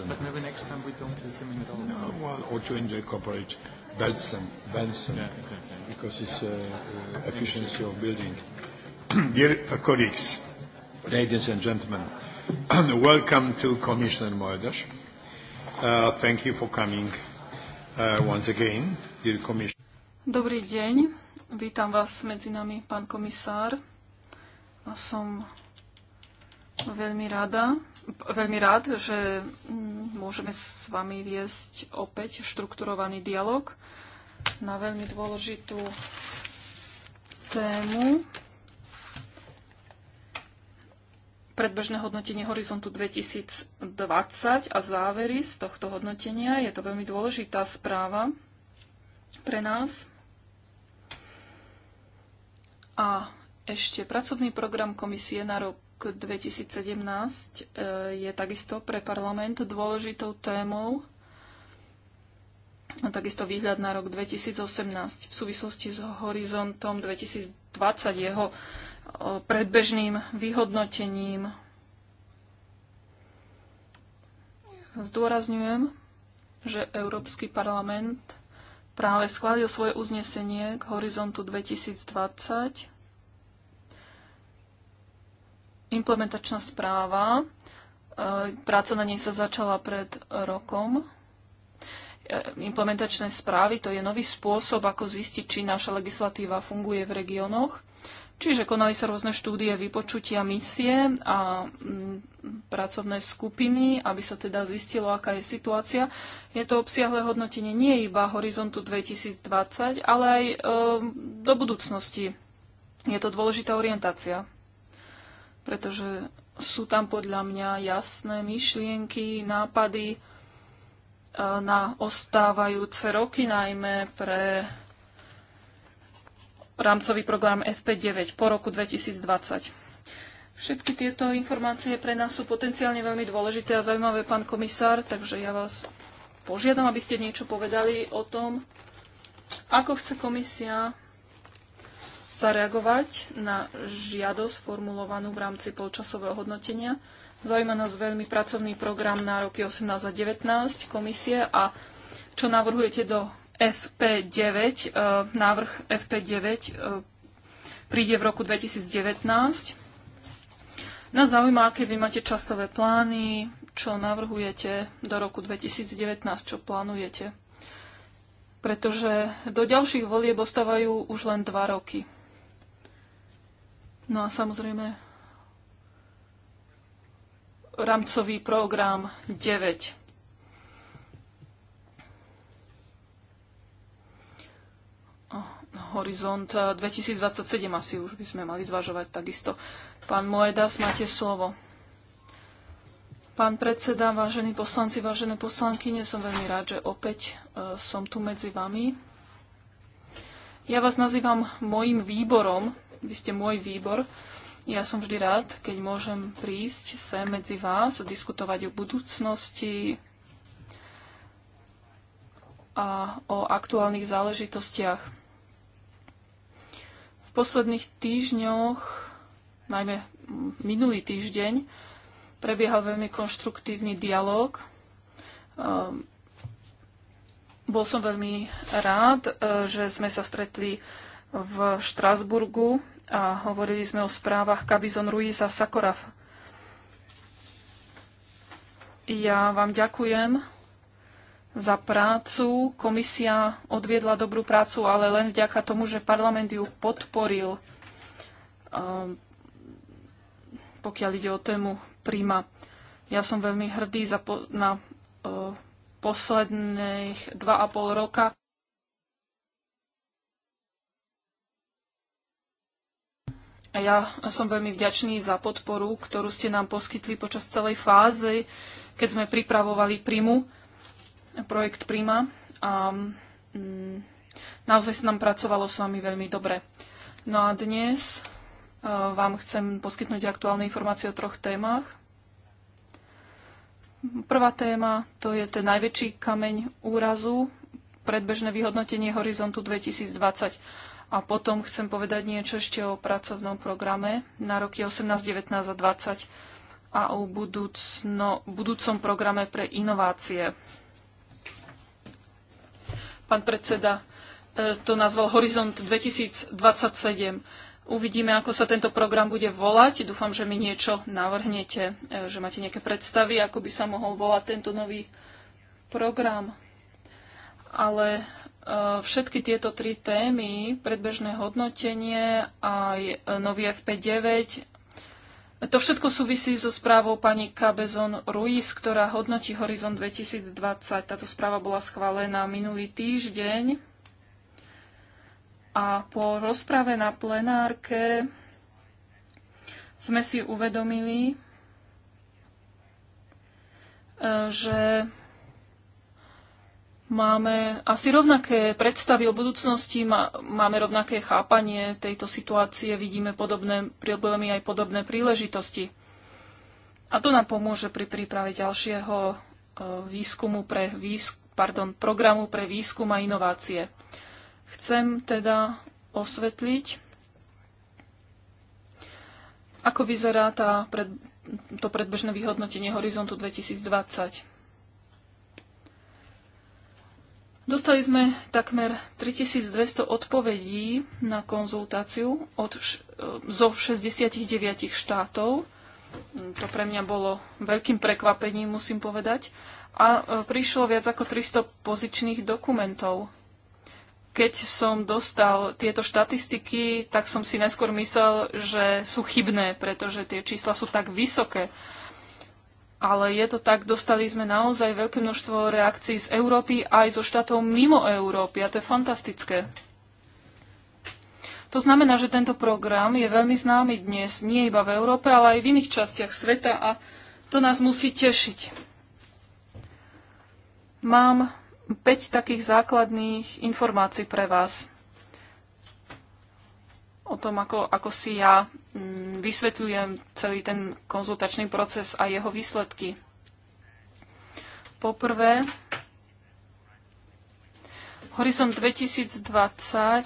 don't. But maybe next time we don't use them at all. No, well, or to incorporate Belsen, Benson, yeah, exactly. because it's uh, uh, efficiency of building. Dear uh, colleagues, ladies and gentlemen, welcome to Commissioner Moedas. Uh, thank you for coming uh, once again, dear Commissioner. Dobrý deň, vítam vás medzi nami, pán komisár. A som Veľmi rada, veľmi rád, že mm, môžeme s vami viesť opäť štrukturovaný dialog na veľmi dôležitú tému predbežné hodnotenie Horizontu 2020 a závery z tohto hodnotenia. Je to veľmi dôležitá správa pre nás. A ešte pracovný program komisie na rok 2017 e, je takisto pre parlament dôležitou témou a takisto výhľad na rok 2018 v súvislosti s horizontom 2020, jeho predbežným vyhodnotením. Zdôrazňujem, že Európsky parlament práve schválil svoje uznesenie k horizontu 2020 implementačná správa. E, práca na nej sa začala pred rokom. E, implementačné správy to je nový spôsob, ako zistiť, či naša legislatíva funguje v regiónoch. Čiže konali sa rôzne štúdie, vypočutia misie a m, pracovné skupiny, aby sa teda zistilo, aká je situácia. Je to obsiahle hodnotenie nie iba horizontu 2020, ale aj e, do budúcnosti. Je to dôležitá orientácia pretože sú tam podľa mňa jasné myšlienky, nápady e, na ostávajúce roky, najmä pre rámcový program FP9 po roku 2020. Všetky tieto informácie pre nás sú potenciálne veľmi dôležité a zaujímavé, pán komisár, takže ja vás požiadam, aby ste niečo povedali o tom, ako chce komisia zareagovať na žiadosť formulovanú v rámci polčasového hodnotenia. Zaujíma nás veľmi pracovný program na roky 18 a 19 komisie a čo navrhujete do FP9, eh, návrh FP9 eh, príde v roku 2019. Nás zaujíma, aké vy máte časové plány, čo navrhujete do roku 2019, čo plánujete. Pretože do ďalších volieb ostávajú už len dva roky. No a samozrejme rámcový program 9. Horizont 2027 eh, asi už by sme mali zvažovať takisto. Pán Moedas, máte slovo. Pán predseda, vážení poslanci, vážené poslankyne, som veľmi rád, že opäť eh, som tu medzi vami. Ja vás nazývam mojim výborom, vy ste môj výbor. Ja som vždy rád, keď môžem prísť sem medzi vás, diskutovať o budúcnosti a o aktuálnych záležitostiach. V posledných týždňoch, najmä minulý týždeň, prebiehal veľmi konštruktívny dialog ehm, bol som veľmi rád, e, že sme sa stretli v Štrásburgu a hovorili sme o správach Kabizon Ruiz a Sakoraf. Ja vám ďakujem za prácu. Komisia odviedla dobrú prácu, ale len vďaka tomu, že parlament ju podporil, ehm, pokiaľ ide o tému príma. Ja som veľmi hrdý za po, na eh, posledných 2,5 roka Ja som veľmi vďačný za podporu, ktorú ste nám poskytli počas celej fázy, keď sme pripravovali Primu, projekt Prima. A mm, naozaj sa nám pracovalo s vami veľmi dobre. No a dnes e, vám chcem poskytnúť aktuálne informácie o troch témach. Prvá téma to je ten najväčší kameň úrazu, predbežné vyhodnotenie horizontu 2020. A potom chcem povedať niečo ešte o pracovnom programe na roky 18, 19 a 20 a o budúcno, budúcom programe pre inovácie. Pán predseda e, to nazval Horizont 2027. Uvidíme, ako sa tento program bude volať. Dúfam, že mi niečo navrhnete, e, že máte nejaké predstavy, ako by sa mohol volať tento nový program. Ale E, všetky tieto tri témy, predbežné hodnotenie a e, nový FP9, to všetko súvisí so správou pani Cabezon Ruiz, ktorá hodnotí Horizon 2020. Táto správa bola schválená minulý týždeň a po rozprave na plenárke sme si uvedomili, e, že Máme asi rovnaké predstavy o budúcnosti, máme rovnaké chápanie tejto situácie, vidíme podobné problémy aj podobné príležitosti. A to nám pomôže pri príprave ďalšieho e, výskumu pre výsk- pardon, programu pre výskum a inovácie. Chcem teda osvetliť, ako vyzerá tá pred, to predbežné vyhodnotenie horizontu 2020. Dostali sme takmer 3200 odpovedí na konzultáciu od, e, zo 69 štátov. To pre mňa bolo veľkým prekvapením, musím povedať. A e, prišlo viac ako 300 pozičných dokumentov. Keď som dostal tieto štatistiky, tak som si neskôr myslel, že sú chybné, pretože tie čísla sú tak vysoké ale je to tak, dostali sme naozaj veľké množstvo reakcií z Európy aj zo štátov mimo Európy a to je fantastické. To znamená, že tento program je veľmi známy dnes, nie iba v Európe, ale aj v iných častiach sveta a to nás musí tešiť. Mám 5 takých základných informácií pre vás o tom, ako, ako si ja mm, vysvetľujem celý ten konzultačný proces a jeho výsledky. Poprvé, Horizont 2020 eh,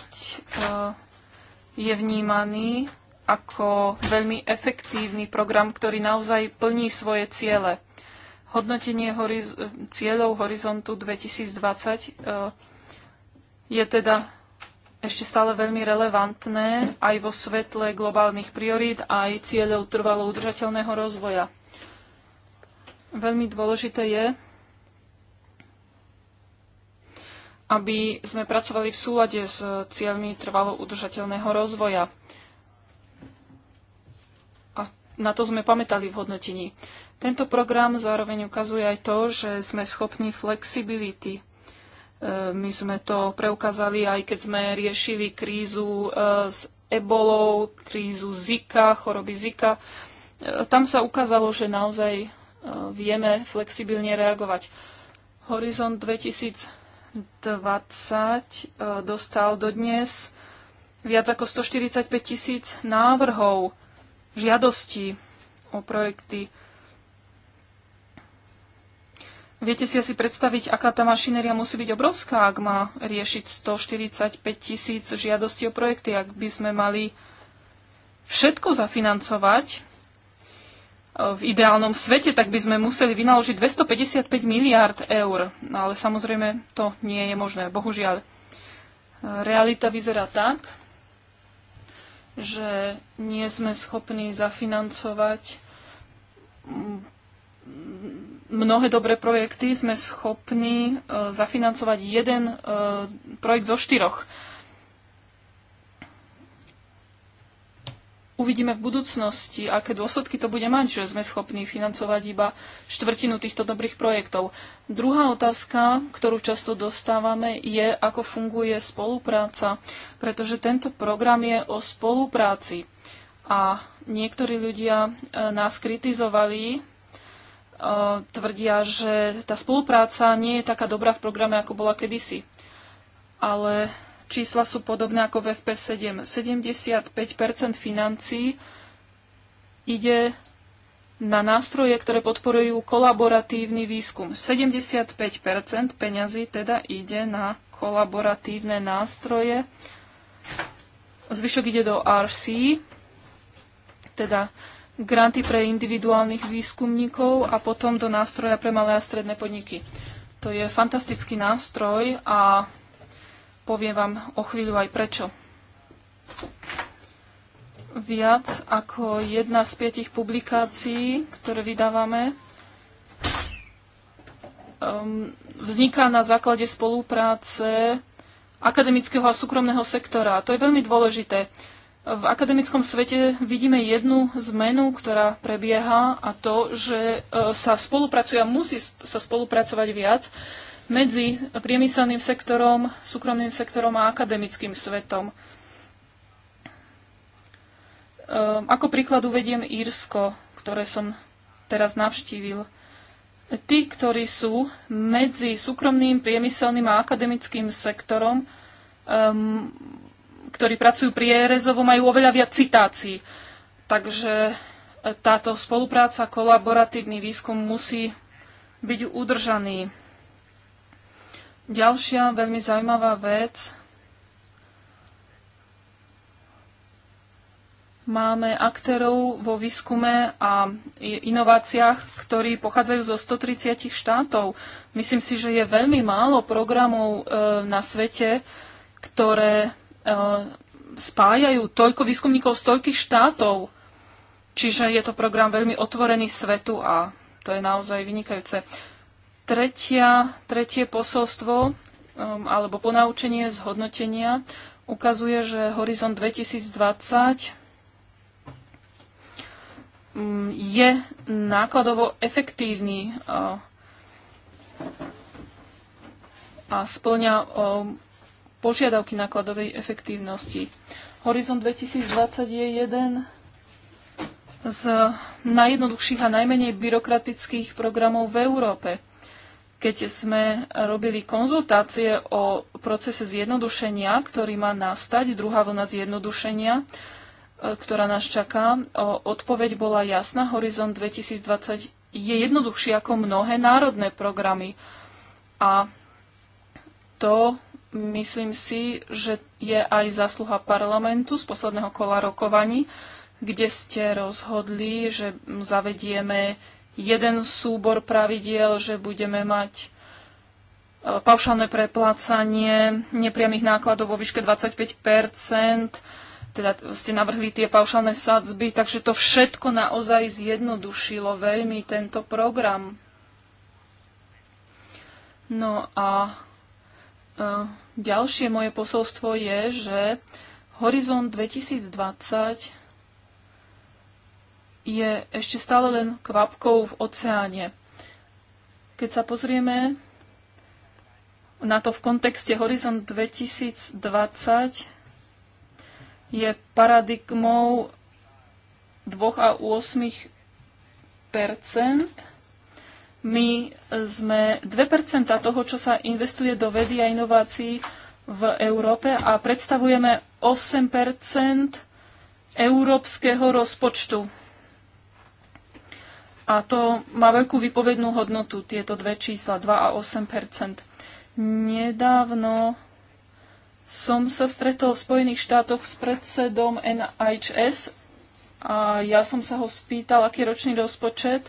je vnímaný ako veľmi efektívny program, ktorý naozaj plní svoje ciele. Hodnotenie horiz- cieľov Horizontu 2020 eh, je teda ešte stále veľmi relevantné aj vo svetle globálnych priorít aj cieľov trvalo udržateľného rozvoja. Veľmi dôležité je, aby sme pracovali v súlade s cieľmi trvalo udržateľného rozvoja. A na to sme pamätali v hodnotení. Tento program zároveň ukazuje aj to, že sme schopní flexibility Eh, my sme to preukázali aj keď sme riešili krízu eh, s ebolou, krízu Zika, choroby Zika. Eh, tam sa ukázalo, že naozaj vieme flexibilne reagovať. Horizont 2020 dostal dodnes viac ako 145 tisíc návrhov, žiadostí o projekty Viete si asi predstaviť, aká tá mašinéria musí byť obrovská, ak má riešiť 145 tisíc žiadostí o projekty, ak by sme mali všetko zafinancovať. E, v ideálnom svete tak by sme museli vynaložiť 255 miliard eur, no, ale samozrejme to nie je možné, bohužiaľ. E, realita vyzerá tak, že nie sme schopní zafinancovať mnohé dobré projekty sme schopní e, zafinancovať jeden e, projekt zo štyroch. Uvidíme v budúcnosti, aké dôsledky to bude mať, že sme schopní financovať iba štvrtinu týchto dobrých projektov. Druhá otázka, ktorú často dostávame, je, ako funguje spolupráca, pretože tento program je o spolupráci. A niektorí ľudia e, nás kritizovali E, tvrdia, že tá spolupráca nie je taká dobrá v programe, ako bola kedysi. Ale čísla sú podobné ako v FP7. 75 financí ide na nástroje, ktoré podporujú kolaboratívny výskum. 75 peňazí teda ide na kolaboratívne nástroje. Zvyšok ide do RC, teda granty pre individuálnych výskumníkov a potom do nástroja pre malé a stredné podniky. To je fantastický nástroj a poviem vám o chvíľu aj prečo. Viac ako jedna z piatich publikácií, ktoré vydávame, um, vzniká na základe spolupráce akademického a súkromného sektora. To je veľmi dôležité. V akademickom svete vidíme jednu zmenu, ktorá prebieha a to, že e, sa spolupracuje a musí sa spolupracovať viac medzi priemyselným sektorom, súkromným sektorom a akademickým svetom. E, ako príklad uvediem Írsko, ktoré som teraz navštívil. Tí, ktorí sú medzi súkromným, priemyselným a akademickým sektorom, e, ktorí pracujú pri Erezovo, majú oveľa viac citácií. Takže e, táto spolupráca, kolaboratívny výskum musí byť udržaný. Ďalšia veľmi zaujímavá vec. Máme aktérov vo výskume a inováciách, ktorí pochádzajú zo 130 štátov. Myslím si, že je veľmi málo programov e, na svete, ktoré Eh, spájajú toľko výskumníkov z toľkých štátov. Čiže je to program veľmi otvorený svetu a to je naozaj vynikajúce. Tretia, tretie posolstvo um, alebo ponaučenie z hodnotenia ukazuje, že Horizont 2020 um, je nákladovo efektívny uh, a splňa um, požiadavky nákladovej efektívnosti. Horizont 2020 je jeden z najjednoduchších a najmenej byrokratických programov v Európe. Keď sme robili konzultácie o procese zjednodušenia, ktorý má nastať, druhá vlna zjednodušenia, e, ktorá nás čaká, odpoveď bola jasná. Horizont 2020 je jednoduchší ako mnohé národné programy. A to myslím si, že je aj zasluha parlamentu z posledného kola rokovaní, kde ste rozhodli, že zavedieme jeden súbor pravidiel, že budeme mať e, paušálne preplácanie nepriamých nákladov vo výške 25 teda ste navrhli tie paušálne sadzby, takže to všetko naozaj zjednodušilo veľmi tento program. No a uh, Ďalšie moje posolstvo je, že Horizont 2020 je ešte stále len kvapkou v oceáne. Keď sa pozrieme na to v kontexte Horizont 2020, je paradigmou 2 a 8 my sme 2% toho, čo sa investuje do vedy a inovácií v Európe a predstavujeme 8% európskeho rozpočtu. A to má veľkú vypovednú hodnotu, tieto dve čísla, 2 a 8 Nedávno som sa stretol v Spojených štátoch s predsedom NHS a ja som sa ho spýtal, aký je ročný rozpočet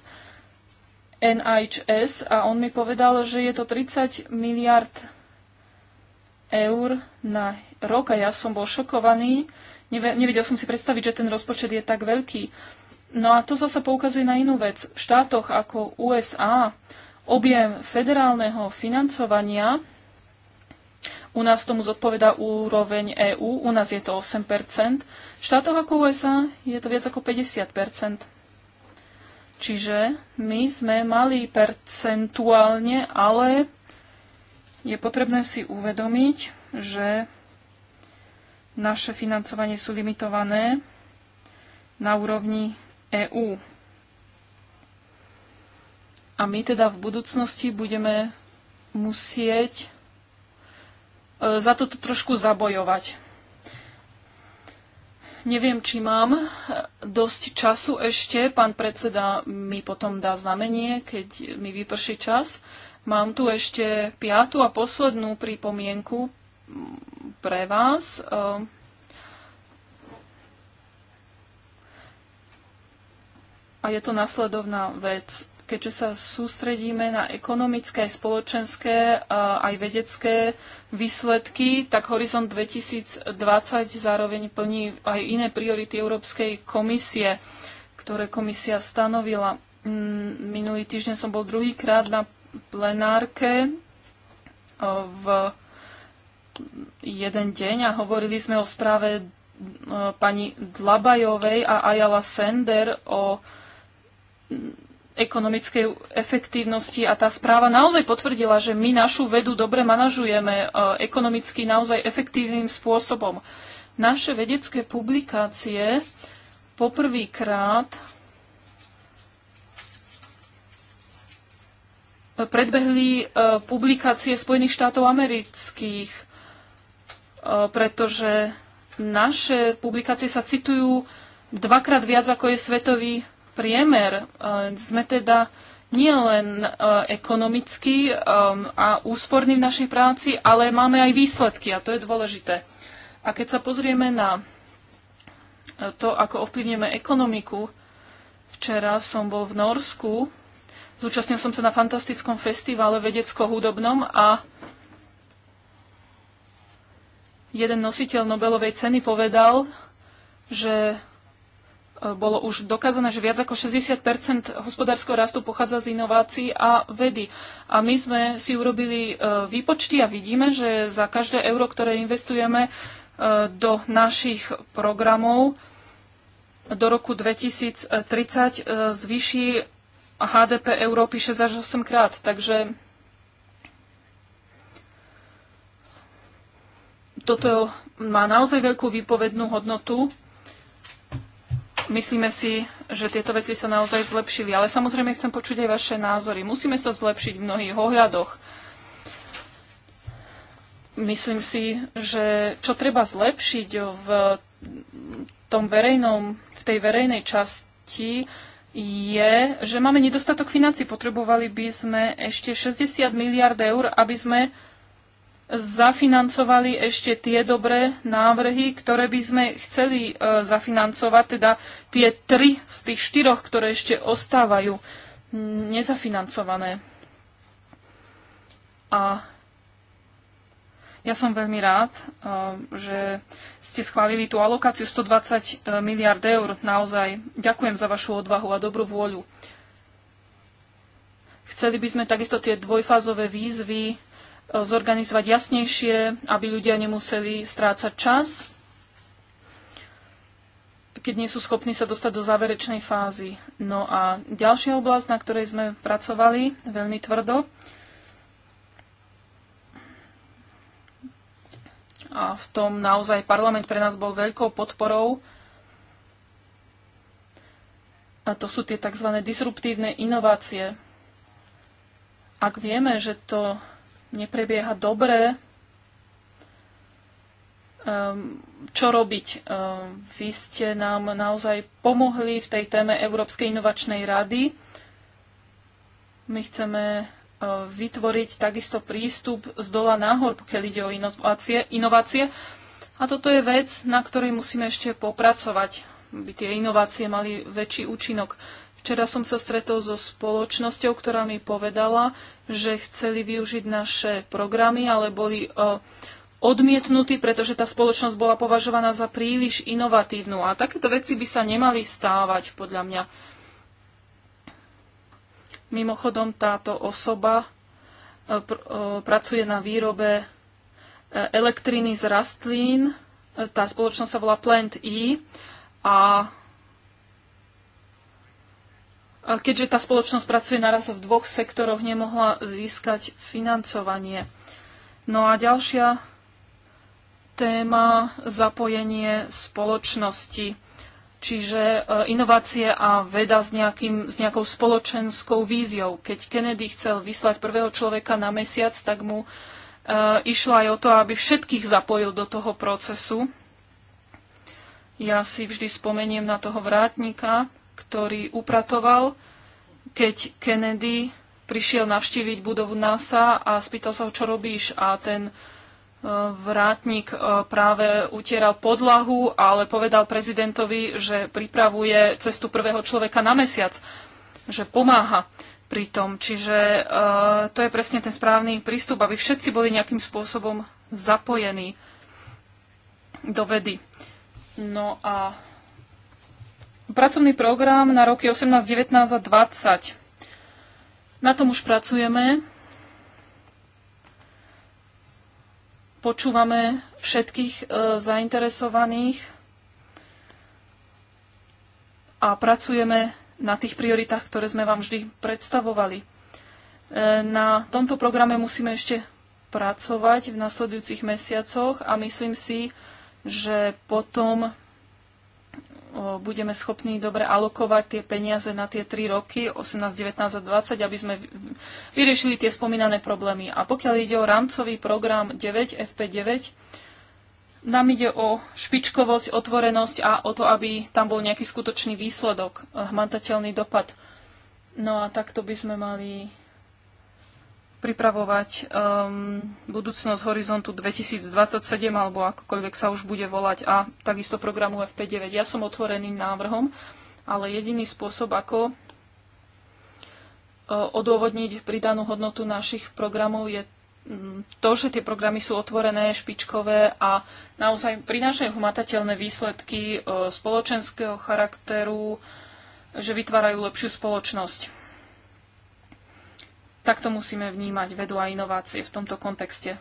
NHS a on mi povedal, že je to 30 miliard eur na rok a ja som bol šokovaný. Nevedel som si predstaviť, že ten rozpočet je tak veľký. No a to zasa poukazuje na inú vec. V štátoch ako USA objem federálneho financovania u nás tomu zodpovedá úroveň EÚ, u nás je to 8%, v štátoch ako USA je to viac ako 50%. Čiže my sme mali percentuálne, ale je potrebné si uvedomiť, že naše financovanie sú limitované na úrovni EÚ. A my teda v budúcnosti budeme musieť e, za toto trošku zabojovať. Neviem, či mám eh, dosť času ešte. Pán predseda mi potom dá znamenie, keď mi vyprší čas. Mám tu ešte piatu a poslednú pripomienku mm, pre vás. Eh, a je to nasledovná vec keďže sa sústredíme na ekonomické, spoločenské spoločenské, aj vedecké výsledky, tak Horizont 2020 zároveň plní aj iné priority Európskej komisie, ktoré komisia stanovila. Mm, minulý týždeň som bol druhýkrát na plenárke v jeden deň a hovorili sme o správe pani Dlabajovej a Ayala Sender o ekonomickej efektívnosti a tá správa naozaj potvrdila, že my našu vedu dobre manažujeme e, ekonomicky naozaj efektívnym spôsobom. Naše vedecké publikácie poprvýkrát predbehli e, publikácie Spojených štátov amerických, e, pretože naše publikácie sa citujú dvakrát viac, ako je svetový priemer. E, sme teda nielen e, ekonomicky e, a úsporní v našej práci, ale máme aj výsledky a to je dôležité. A keď sa pozrieme na to, ako ovplyvňujeme ekonomiku, včera som bol v Norsku, zúčastnil som sa na fantastickom festivále vedecko-hudobnom a jeden nositeľ Nobelovej ceny povedal, že E, bolo už dokázané, že viac ako 60 hospodárskeho rastu pochádza z inovácií a vedy. A my sme si urobili e, výpočty a vidíme, že za každé euro, ktoré investujeme e, do našich programov do roku 2030 zvýši HDP Európy 6 až 8 krát. Takže toto má naozaj veľkú výpovednú hodnotu Myslíme si, že tieto veci sa naozaj zlepšili, ale samozrejme chcem počuť aj vaše názory. Musíme sa zlepšiť v mnohých ohľadoch. Myslím si, že čo treba zlepšiť v tom verejnom, v tej verejnej časti je, že máme nedostatok financí. Potrebovali by sme ešte 60 miliard eur, aby sme zafinancovali ešte tie dobré návrhy, ktoré by sme chceli e, zafinancovať, teda tie tri z tých štyroch, ktoré ešte ostávajú mm, nezafinancované. A ja som veľmi rád, e, že ste schválili tú alokáciu 120 e, miliard eur. Naozaj ďakujem za vašu odvahu a dobrú vôľu. Chceli by sme takisto tie dvojfázové výzvy E, zorganizovať jasnejšie, aby ľudia nemuseli strácať čas, keď nie sú schopní sa dostať do záverečnej fázy. No a ďalšia oblasť, na ktorej sme pracovali veľmi tvrdo, a v tom naozaj parlament pre nás bol veľkou podporou, a to sú tie tzv. disruptívne inovácie. Ak vieme, že to neprebieha dobre, ehm, čo robiť. Ehm, vy ste nám naozaj pomohli v tej téme Európskej inovačnej rady. My chceme e, vytvoriť takisto prístup z dola nahor, pokiaľ ide o inovácie. inovácie. A toto je vec, na ktorej musíme ešte popracovať, aby tie inovácie mali väčší účinok. Včera som sa stretol so spoločnosťou, ktorá mi povedala, že chceli využiť naše programy, ale boli e, odmietnutí, pretože tá spoločnosť bola považovaná za príliš inovatívnu. A takéto veci by sa nemali stávať, podľa mňa. Mimochodom, táto osoba e, e, pracuje na výrobe elektriny z rastlín. Tá spoločnosť sa volá Plant E a keďže tá spoločnosť pracuje naraz v dvoch sektoroch, nemohla získať financovanie. No a ďalšia téma zapojenie spoločnosti, čiže e, inovácie a veda s, nejakým, s nejakou spoločenskou víziou. Keď Kennedy chcel vyslať prvého človeka na mesiac, tak mu e, išlo aj o to, aby všetkých zapojil do toho procesu. Ja si vždy spomeniem na toho vrátnika, ktorý upratoval, keď Kennedy prišiel navštíviť budovu NASA a spýtal sa ho, čo robíš. A ten e, vrátnik e, práve utieral podlahu, ale povedal prezidentovi, že pripravuje cestu prvého človeka na mesiac, že pomáha pri tom. Čiže e, to je presne ten správny prístup, aby všetci boli nejakým spôsobom zapojení do vedy. No a Pracovný program na roky 18, 19 a 20. Na tom už pracujeme. Počúvame všetkých e, zainteresovaných a pracujeme na tých prioritách, ktoré sme vám vždy predstavovali. E, na tomto programe musíme ešte pracovať v nasledujúcich mesiacoch a myslím si, že potom budeme schopní dobre alokovať tie peniaze na tie 3 roky, 18, 19 a 20, aby sme vyriešili tie spomínané problémy. A pokiaľ ide o rámcový program 9, FP9, nám ide o špičkovosť, otvorenosť a o to, aby tam bol nejaký skutočný výsledok, hmatateľný dopad. No a takto by sme mali pripravovať um, budúcnosť Horizontu 2027, alebo akokoľvek sa už bude volať, a takisto programu FP9. Ja som otvorený návrhom, ale jediný spôsob, ako uh, odôvodniť pridanú hodnotu našich programov je mm, to, že tie programy sú otvorené, špičkové a naozaj prinášajú hmatateľné výsledky uh, spoločenského charakteru, že vytvárajú lepšiu spoločnosť. Takto musíme vnímať vedu a inovácie v tomto kontexte.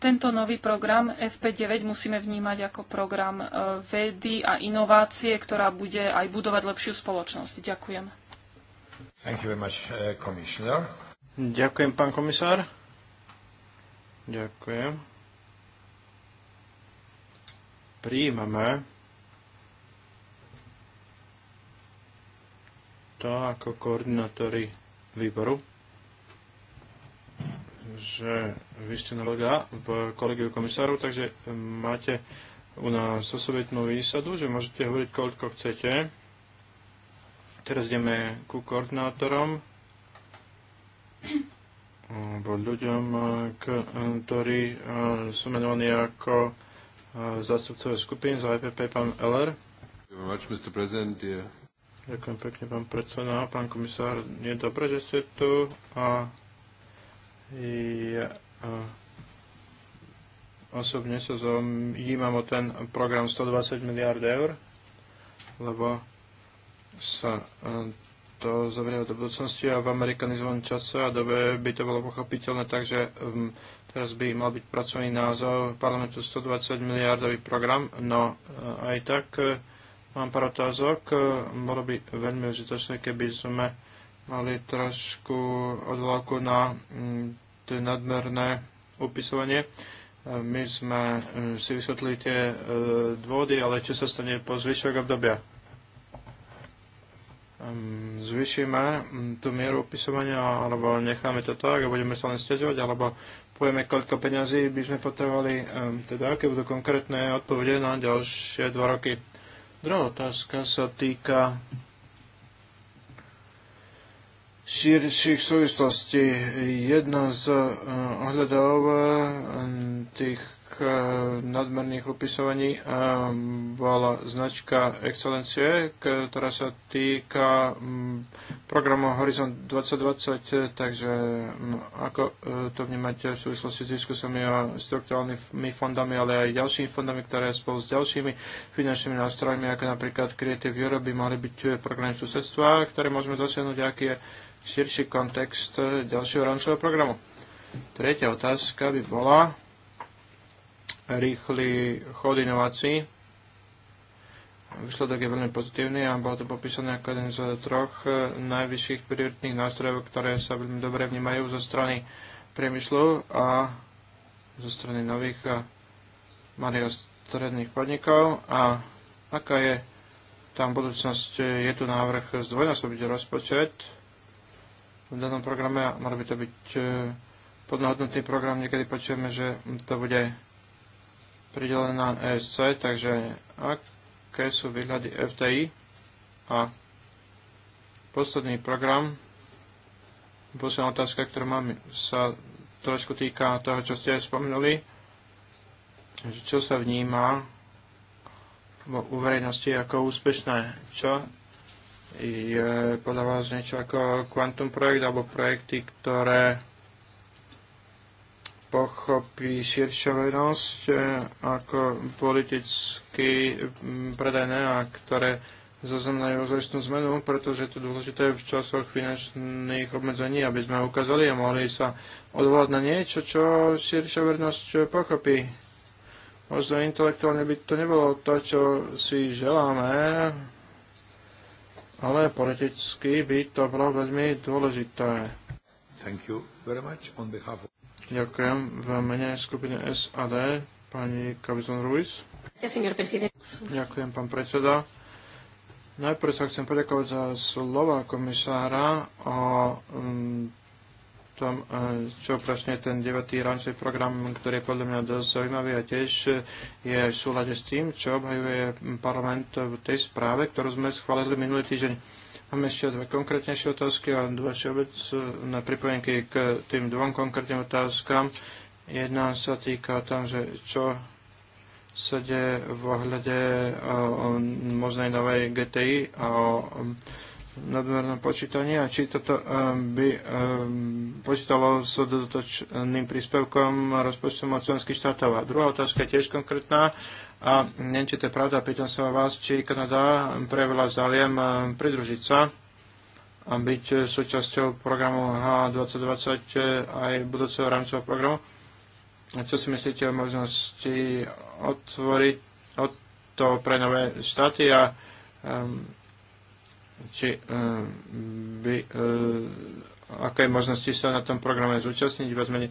Tento nový program FP9 musíme vnímať ako program e, vedy a inovácie, ktorá bude aj budovať lepšiu spoločnosť. Ďakujem. Much, uh, Ďakujem, pán komisár. Ďakujem. Príjmame to ako koordinátori výboru, že vy ste nalega v kolegiu komisárov, takže máte u nás osobitnú výsadu, že môžete hovoriť koľko chcete. Teraz ideme ku koordinátorom alebo ľuďom, ktorí eh, sú menovaní ako eh, zástupcové skupiny za EPP, pán Eller. Much, Mr. President, yeah. Ďakujem pekne, pán predseda. Pán komisár, je dobré, že ste tu a ja a osobne sa zaujímam o ten program 120 miliard eur, lebo sa e, to zavrie do budúcnosti a v amerikanizovanom čase a dobe by to bolo pochopiteľné, takže um, teraz by mal byť pracovný názov parlamentu 120 miliardový program, no e, aj tak e, Mám pár otázok. E, bolo by veľmi užitočné, keby sme mali trošku odvolávku na mm, to nadmerné upisovanie. E, my sme e, si vysvetlili tie dôvody, ale čo sa stane po zvyšok obdobia? Zvyšíme mm, tú mieru upisovania, alebo necháme to tak, a budeme sa len stiažovať, alebo povieme, koľko peňazí by sme potrebovali, teda aké budú konkrétne odpovede na ďalšie dva roky. Druhá otázka sa týka širších súvislostí. Jedna z eh, ohľadov eh, tých E, nadmerných upisovaní e, bola značka excelencie, ktorá sa týka programu Horizon 2020, takže ako e, to vnímať v súvislosti s diskusami o strukturálnymi fondami, ale aj ďalšími fondami, ktoré spolu s ďalšími finančnými nástrojmi, ako napríklad Creative Europe, by mali byť programy susedstva, ktoré môžeme dosiahnuť, aký je širší kontext ďalšieho rámcového programu. Tretia otázka by bola, rýchly chod inovací, Výsledok je veľmi pozitívny a bolo to popísané ako jeden z troch e, najvyšších prioritných nástrojov, ktoré sa veľmi dobre vnímajú zo strany priemyslu a zo strany nových a e, malých a stredných podnikov. A aká je tam budúcnosť? E, je tu návrh zdvojnásobiť rozpočet v danom programe a mal by to byť podnohodnutý program. Niekedy počujeme, že to bude pridelená ESC, takže aké sú výhľady FTI a posledný program, posledná otázka, ktorú mám, sa trošku týka toho, čo ste spomenuli, že čo sa vníma vo uverejnosti ako úspešné, čo je podľa vás niečo ako kvantum projekt alebo projekty, ktoré pochopí širšia verejnosť e, ako politicky predajné a ktoré zaznamenajú ozajstnú zmenu, pretože je to dôležité v časoch finančných obmedzení, aby sme ukázali a mohli sa odvolať na niečo, čo širšia verejnosť pochopí. Možno intelektuálne by to nebolo to, čo si želáme, ale politicky by to bolo veľmi dôležité. Thank you very much on behalf of... Ďakujem. V mene skupiny SAD pani Kavizon Ruiz. Ďakujem, pán predseda. Najprv sa chcem poďakovať za slova komisára o mm, tom, e, čo presne ten 9. rámcový program, ktorý je podľa mňa dosť zaujímavý a tiež je v súlade s tým, čo obhajuje parlament v tej správe, ktorú sme schválili minulý týždeň Mám ešte dve konkrétnejšie otázky a všeobec na pripojenky k tým dvom konkrétnym otázkam. Jedna sa týka tam, že čo sa deje v ohľade možnej novej GTI a o, nadmernom počítaní, a či toto e, by e, počítalo s dodatočným príspevkom rozpočtom od členských štátov. A druhá otázka je tiež konkrétna a neviem, či to je pravda, pýtam sa vás, či Kanada prejavila záujem e, pridružiť sa a byť súčasťou programu H2020 e, aj budúceho rámcového programu. Čo si myslíte o možnosti otvoriť od to pre nové štáty a um, či um, by, um, aké možnosti sa na tom programe zúčastniť, vezmeniť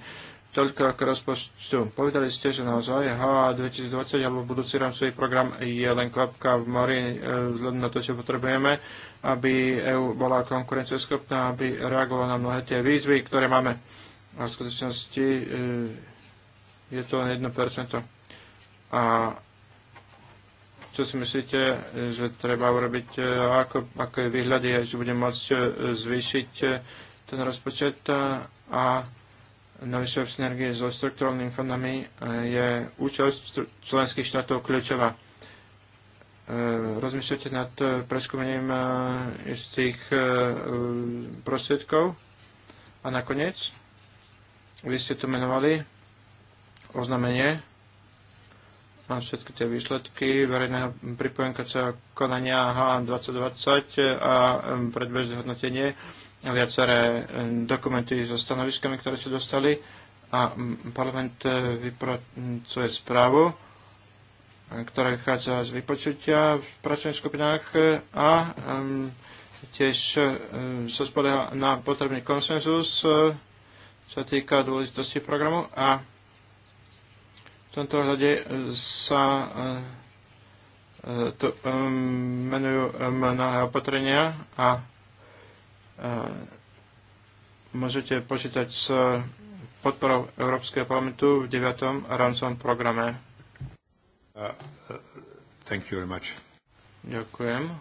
toľko ako rozpočtu. Povedali ste, že naozaj H 2020 alebo budúci rámcový program je len klapka v mori e, vzhľadom na to, čo potrebujeme, aby EU bola konkurencieschopná, aby reagovala na mnohé tie výzvy, ktoré máme. A v skutočnosti e, je to len 1%. A čo si myslíte, že treba urobiť, e, ako, ako je výhľad, že budeme môcť zvýšiť ten rozpočet a najvyššou synergie so štruktúrnymi fondami e, je účasť členských štátov kľúčová. E, rozmýšľate nad e, preskúmením istých prostriedkov? A nakoniec, vy ste tu menovali oznamenie a všetky tie výsledky verejného pripojenka konania H2020 a predbežné hodnotenie viaceré eh, dokumenty so stanoviskami, ktoré sa dostali a mm, parlament eh, vypracuje správu, eh, ktorá vychádza z vypočutia v pracovných skupinách a mm, tiež sa spoleha na potrebný konsenzus, čo týka dôležitosti programu a v tomto hľade sa tu mm, menujú mnohé opatrenia a môžete počítať s podporou Európskeho parlamentu v 9. rámcovom programe. Uh, uh, thank you very much. Ďakujem.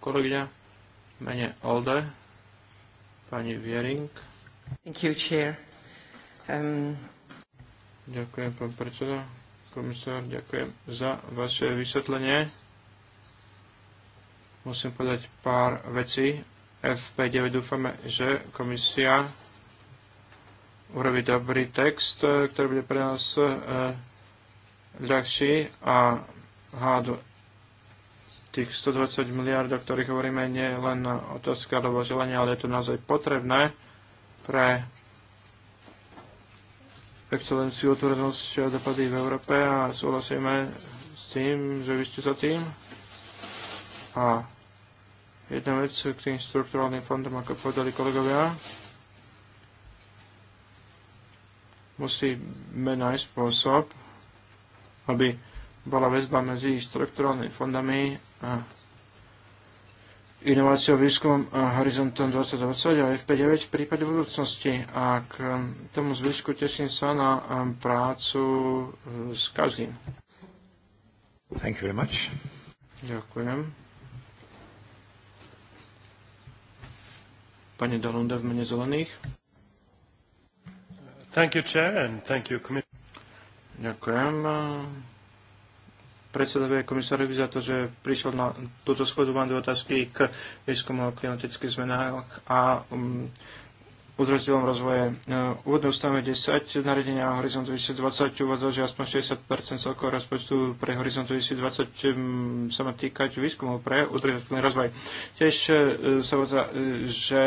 Kolegyňa, mene Olde, pani Viering. Thank you, chair. Um... Ďakujem, pán predseda. Komisár, ďakujem za vaše vysvetlenie. Musím povedať pár vecí FP9 dúfame, že komisia urobí dobrý text, e, ktorý bude pre nás ľahší e, a hádu tých 120 miliard, o ktorých hovoríme, nie je len otázka alebo želania, ale je to naozaj potrebné pre excelenciu, otvorenosť a dopady v Európe a súhlasíme s tým, že vy ste za tým. A Jedna vec k tým štruktúrálnym fondom, ako povedali kolegovia, musíme nájsť spôsob, aby bola väzba medzi štruktúrálnymi fondami a inováciou, výskumom a horizontom 2020 a FP9 v prípade budúcnosti. A k tomu zvyšku teším sa na um, prácu uh, s každým. Thank you very much. Ďakujem. Pani Dalunda v mene zelených. Thank you, Chair, and thank you, Ďakujem predsedovi komisárovi za to, že prišiel na túto schodu. Mám dve otázky k výskumu o klimatických zmenách a um, udržateľom rozvoje. E, úvodné ustanovenie 10 naredenia Horizont 2020 uvádza, že aspoň 60 celkového rozpočtu pre Horizont 2020 sa má týkať výskumu pre udržateľný rozvoj. Tiež e, sa uvádza, e, že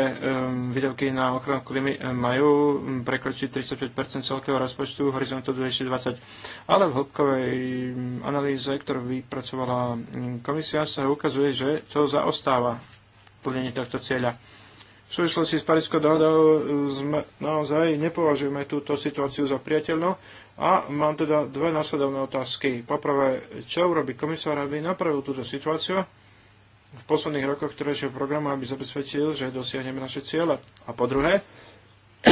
výdavky na ochranu klímy majú prekročiť 35 celkového rozpočtu Horizontu 2020. Ale v hĺbkovej analýze, ktorú vypracovala komisia, sa ukazuje, že to zaostáva plnenie tohto cieľa. V súvislosti s Parískou dohodou eh, sme, naozaj nepovažujeme túto situáciu za priateľnú a mám teda dve následovné otázky. Poprvé, čo urobí komisár, aby napravil túto situáciu v posledných rokoch terajšieho programu, aby zabezpečil, že dosiahneme naše ciele? A po druhé,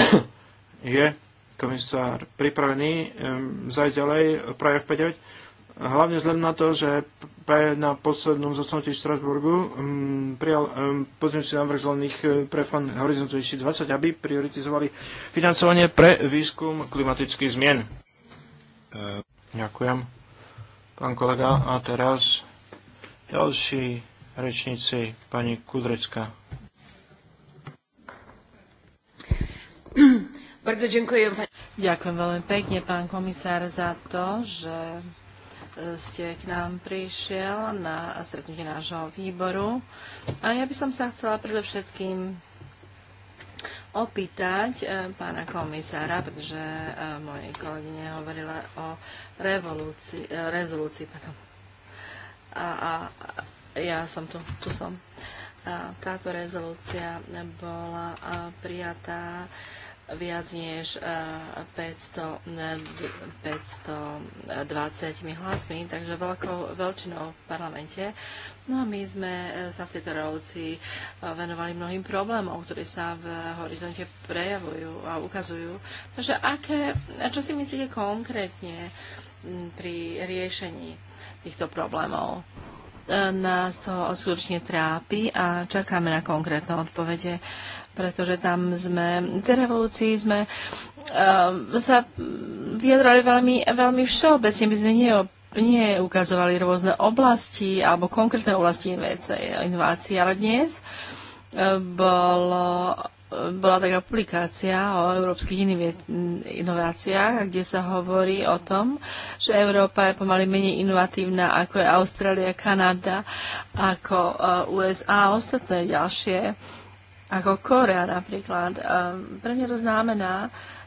je komisár pripravený um, eh, zajť ďalej práve v 5 Hlavne vzhľadom na to, že P na poslednom zosnutí v Štrasburgu um, prijal um, pozmeňujúci návrh zelených e, pre fond Horizont 2020, aby prioritizovali financovanie pre výskum klimatických zmien. Uh. Ďakujem, pán kolega. A teraz ďalší rečníci, pani Kudrecka. Ďakujem veľmi pekne, pán komisár, za to, že ste k nám prišiel na stretnutie nášho výboru. A ja by som sa chcela predovšetkým opýtať eh, pána komisára, pretože eh, mojej kolegyne hovorila o eh, rezolúcii. A, a ja som tu, tu som. A táto rezolúcia bola prijatá viac než 500, eh, 520 hlasmi, takže veľkou veľčinou v parlamente. No a my sme eh, sa v tejto revolúcii eh, venovali mnohým problémom, ktoré sa v horizonte prejavujú a ukazujú. Takže aké, čo si myslíte konkrétne mm, pri riešení týchto problémov? Nás to skutočne trápi a čakáme na konkrétne odpovede pretože tam sme, v tej revolúcii sme uh, sa vyjadrali veľmi, veľmi všeobecne, my sme neukazovali rôzne oblasti alebo konkrétne oblasti inovácií, ale dnes e, bolo, bola taká publikácia o európskych inováciách, kde sa hovorí o tom, že Európa je pomaly menej inovatívna ako je Austrália, Kanada, ako e, USA a ostatné ďalšie ako Korea napríklad. Pre mňa to znamená,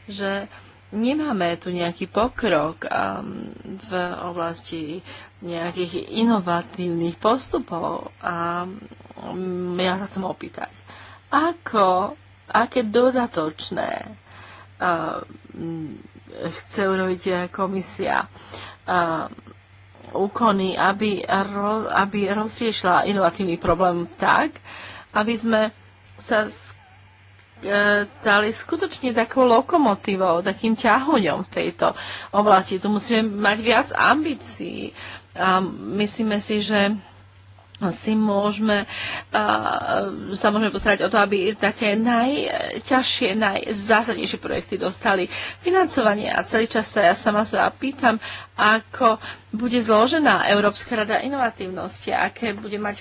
že nemáme tu nejaký pokrok v oblasti nejakých inovatívnych postupov. A mm, ja sa chcem opýtať, ako, aké dodatočné mm, chce urobiť e, komisia úkony, aby, ro, aby rozriešila inovatívny problém tak, aby sme sa stali e, skutočne takou lokomotívou, takým ťahuňom v tejto oblasti. Tu musíme mať viac ambícií a myslíme si, že si môžeme, uh, sa môžeme postarať o to, aby také najťažšie, najzásadnejšie projekty dostali financovanie. A celý čas sa ja sama sa pýtam, ako bude zložená Európska rada inovatívnosti, aké bude mať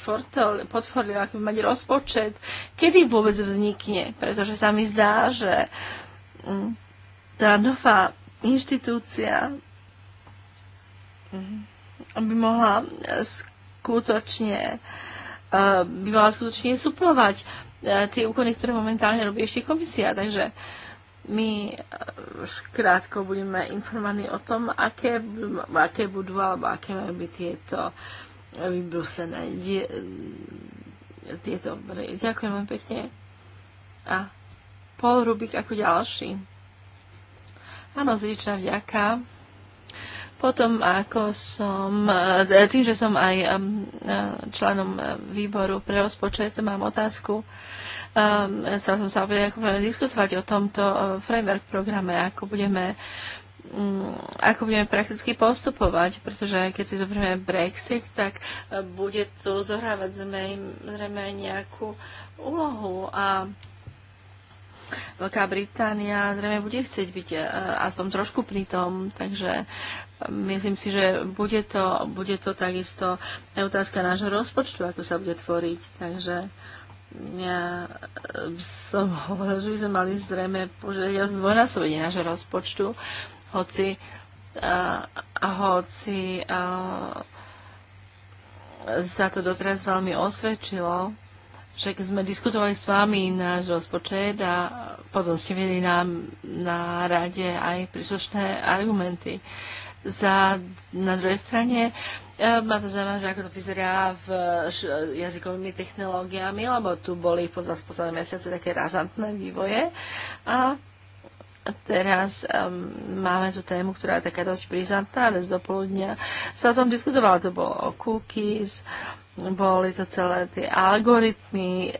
portfólio, aký bude mať rozpočet, kedy vôbec vznikne. Pretože sa mi zdá, že mm, tá nová inštitúcia mm, by mohla skôr skutočne eh, by mala skutočne suplovať eh, tie úkony, ktoré momentálne robí ešte komisia. Takže my eh, už krátko budeme informovaní o tom, aké, aké budú alebo aké majú byť tieto vybrúsené tieto obry. Ďakujem veľmi pekne. A Paul Rubik ako ďalší. Áno, zličná vďaka. Potom, ako som, e, tým, že som aj e, členom e, výboru pre rozpočet, mám otázku. Chcel som sa opäť, ako budeme diskutovať o tomto framework programe, ako budeme mm, ako budeme prakticky postupovať, pretože keď si zoberieme Brexit, tak bude tu zohrávať zrejme aj nejakú úlohu a Veľká Británia zrejme bude chcieť byť aspoň trošku pri tom, takže Myslím si, že bude to, bude to takisto aj otázka nášho rozpočtu, ako sa bude tvoriť. Takže ja eh, som hovoril, že by sme mali zrejme požiadať o zdvojnásobenie nášho rozpočtu, hoci, uh, hoci uh, sa to doteraz veľmi osvedčilo, že keď sme diskutovali s vami náš rozpočet a potom ste videli na, na rade aj príslušné argumenty. Uh, za, na druhej strane e, ma to zaujímavé, že ako to vyzerá v jazykovými technológiami, lebo tu boli v posledné mesiace také razantné vývoje. A teraz um, máme tu tému, ktorá je taká dosť prizantná, dnes do poludnia sa o tom diskutovalo, to bolo o cookies, boli to celé tie algoritmy,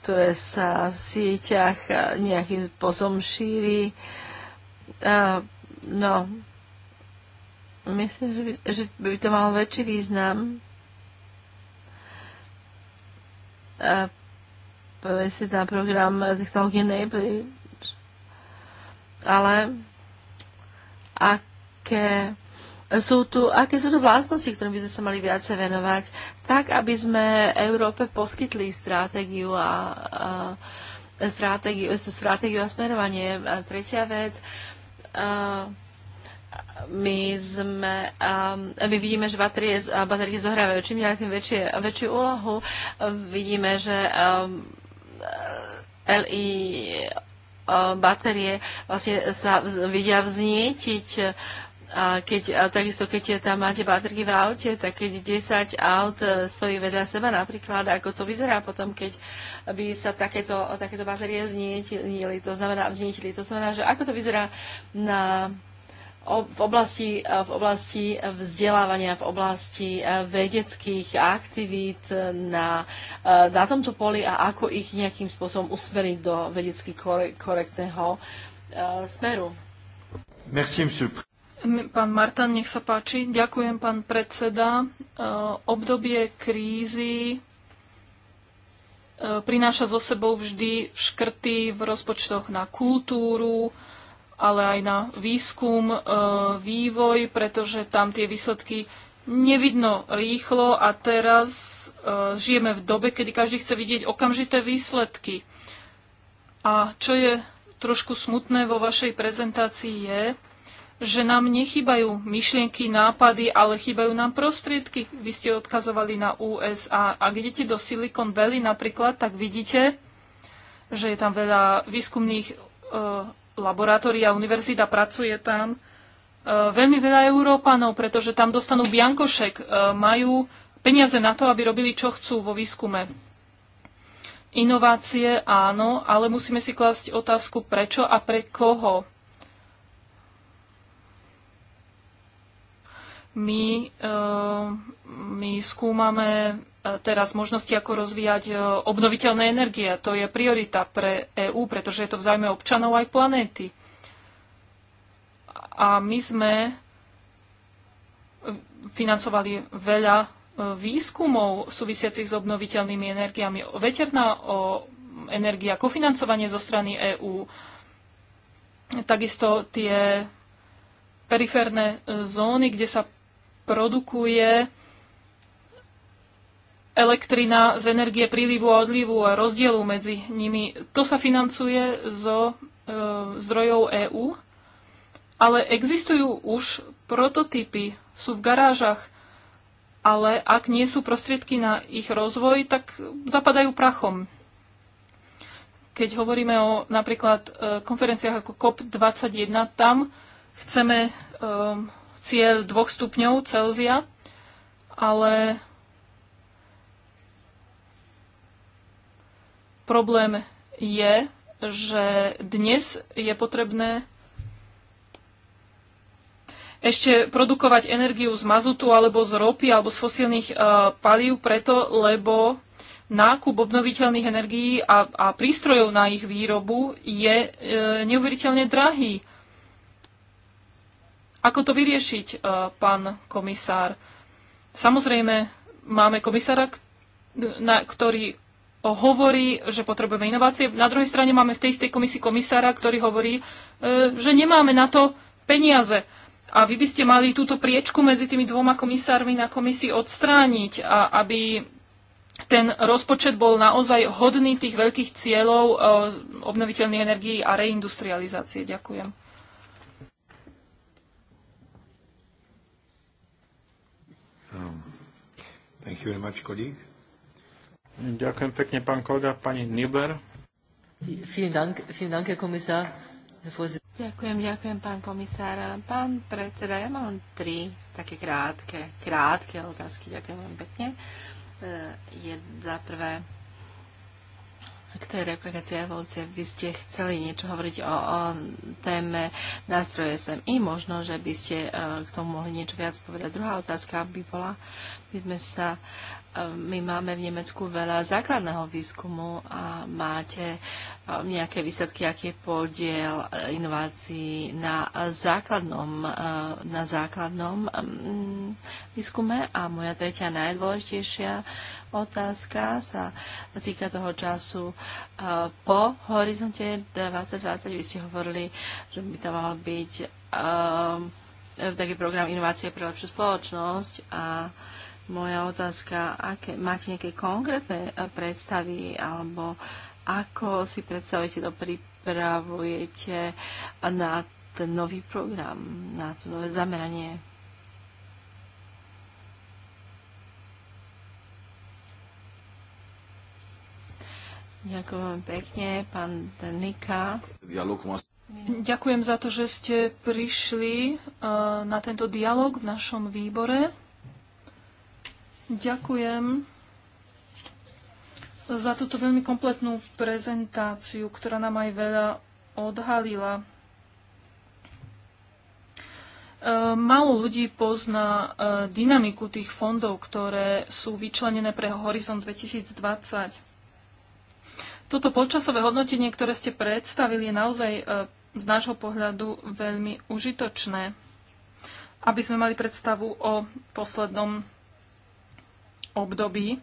ktoré sa v sieťach e, nejakým spôsobom šíri. Uh, no, Myslím, že by že by to malo väčší význam. A povedz si na program technológie Enable. Ale aké sú tu, aké sú tu vlastnosti, ktorým by sme sa mali viacej venovať, tak aby sme Európe poskytli stratégiu a, a stratégiu, stratégiu a smerovanie. A tretia vec, a, my sme, um, my vidíme, že batérie, batérie zohrávajú čím ďalej tým väčšie, väčšiu úlohu. Vidíme, že um, LI batérie vlastne sa vidia vznietiť a keď, a takisto keď tam máte baterky v aute, tak keď 10 aut e, stojí vedľa seba napríklad, ako to vyzerá potom, keď by sa takéto, takéto batérie vznietili, to znamená, vznietili, to znamená, že ako to vyzerá na v oblasti, v oblasti vzdelávania, v oblasti eh, vedeckých aktivít eh, na, eh, na tomto poli a ako ich nejakým spôsobom usmeriť do vedecky korektného smeru. Merci, Pán Martin, nech sa páči. Ďakujem, pán predseda. Obdobie krízy prináša zo sebou vždy škrty v rozpočtoch na kultúru, ale aj na výskum, e, vývoj, pretože tam tie výsledky nevidno rýchlo a teraz e, žijeme v dobe, kedy každý chce vidieť okamžité výsledky. A čo je trošku smutné vo vašej prezentácii je, že nám nechybajú myšlienky, nápady, ale chýbajú nám prostriedky. Vy ste odkazovali na USA. Ak idete do Silicon Valley napríklad, tak vidíte, že je tam veľa výskumných e, laboratória, univerzita pracuje tam. E, veľmi veľa Európanov, pretože tam dostanú biankošek, e, majú peniaze na to, aby robili, čo chcú vo výskume. Inovácie áno, ale musíme si klásť otázku prečo a pre koho. My, e, my skúmame teraz možnosti, ako rozvíjať e, obnoviteľné energie. To je priorita pre EÚ, pretože je to v zájme občanov aj planéty. A my sme e, financovali veľa e, výskumov súvisiacich s obnoviteľnými energiami. Veterná o energia, kofinancovanie zo strany EÚ, takisto tie periférne zóny, kde sa produkuje elektrina z energie prílivu a odlivu a rozdielu medzi nimi. To sa financuje zo e, zdrojov EÚ, ale existujú už prototypy, sú v garážach, ale ak nie sú prostriedky na ich rozvoj, tak zapadajú prachom. Keď hovoríme o napríklad e, konferenciách ako COP21, tam chceme e, cieľ 2 stupňov Celzia, ale Problém je, že dnes je potrebné ešte produkovať energiu z mazutu alebo z ropy alebo z fosílnych e, palív preto, lebo nákup obnoviteľných energií a, a prístrojov na ich výrobu je e, neuveriteľne drahý. Ako to vyriešiť, e, pán komisár? Samozrejme, máme komisára, na, ktorý hovorí, že potrebujeme inovácie. Na druhej strane máme v tej istej komisii komisára, ktorý hovorí, e, že nemáme na to peniaze. A vy by ste mali túto priečku medzi tými dvoma komisármi na komisii odstrániť, a aby ten rozpočet bol naozaj hodný tých veľkých cieľov e, obnoviteľnej energií a reindustrializácie. Ďakujem. Um, thank you very much, colleague. Ďakujem pekne, pán kolega. Pani Nibler. Ďakujem, ďakujem, pán komisár. Pán predseda, ja mám tri také krátke, krátke otázky. Ďakujem vám pekne. E, je za prvé, k tej replikácii evolúcie vy ste chceli niečo hovoriť o, o téme nástroje SMI, možno, že by ste e, k tomu mohli niečo viac povedať. Druhá otázka by bola, by sme sa uh, my máme v Nemecku veľa základného výskumu a máte um, nejaké výsledky, aký je podiel uh, inovácií na základnom, uh, na základnom um, výskume. A moja tretia najdôležitejšia otázka sa týka toho času uh, po horizonte 2020. Vy ste hovorili, že by to mal byť um, taký program Inovácie pre lepšiu spoločnosť a uh, moja otázka, aké, máte nejaké konkrétne e, predstavy alebo ako si predstavujete to pripravujete na ten nový program, na to nové zameranie? Ďakujem pekne, pán Denika. Ďakujem za to, že ste prišli e, na tento dialog v našom výbore. Ďakujem za túto veľmi kompletnú prezentáciu, ktorá nám aj veľa odhalila. E, málo ľudí pozná e, dynamiku tých fondov, ktoré sú vyčlenené pre Horizont 2020. Toto polčasové hodnotenie, ktoré ste predstavili, je naozaj e, z nášho pohľadu veľmi užitočné, aby sme mali predstavu o poslednom období,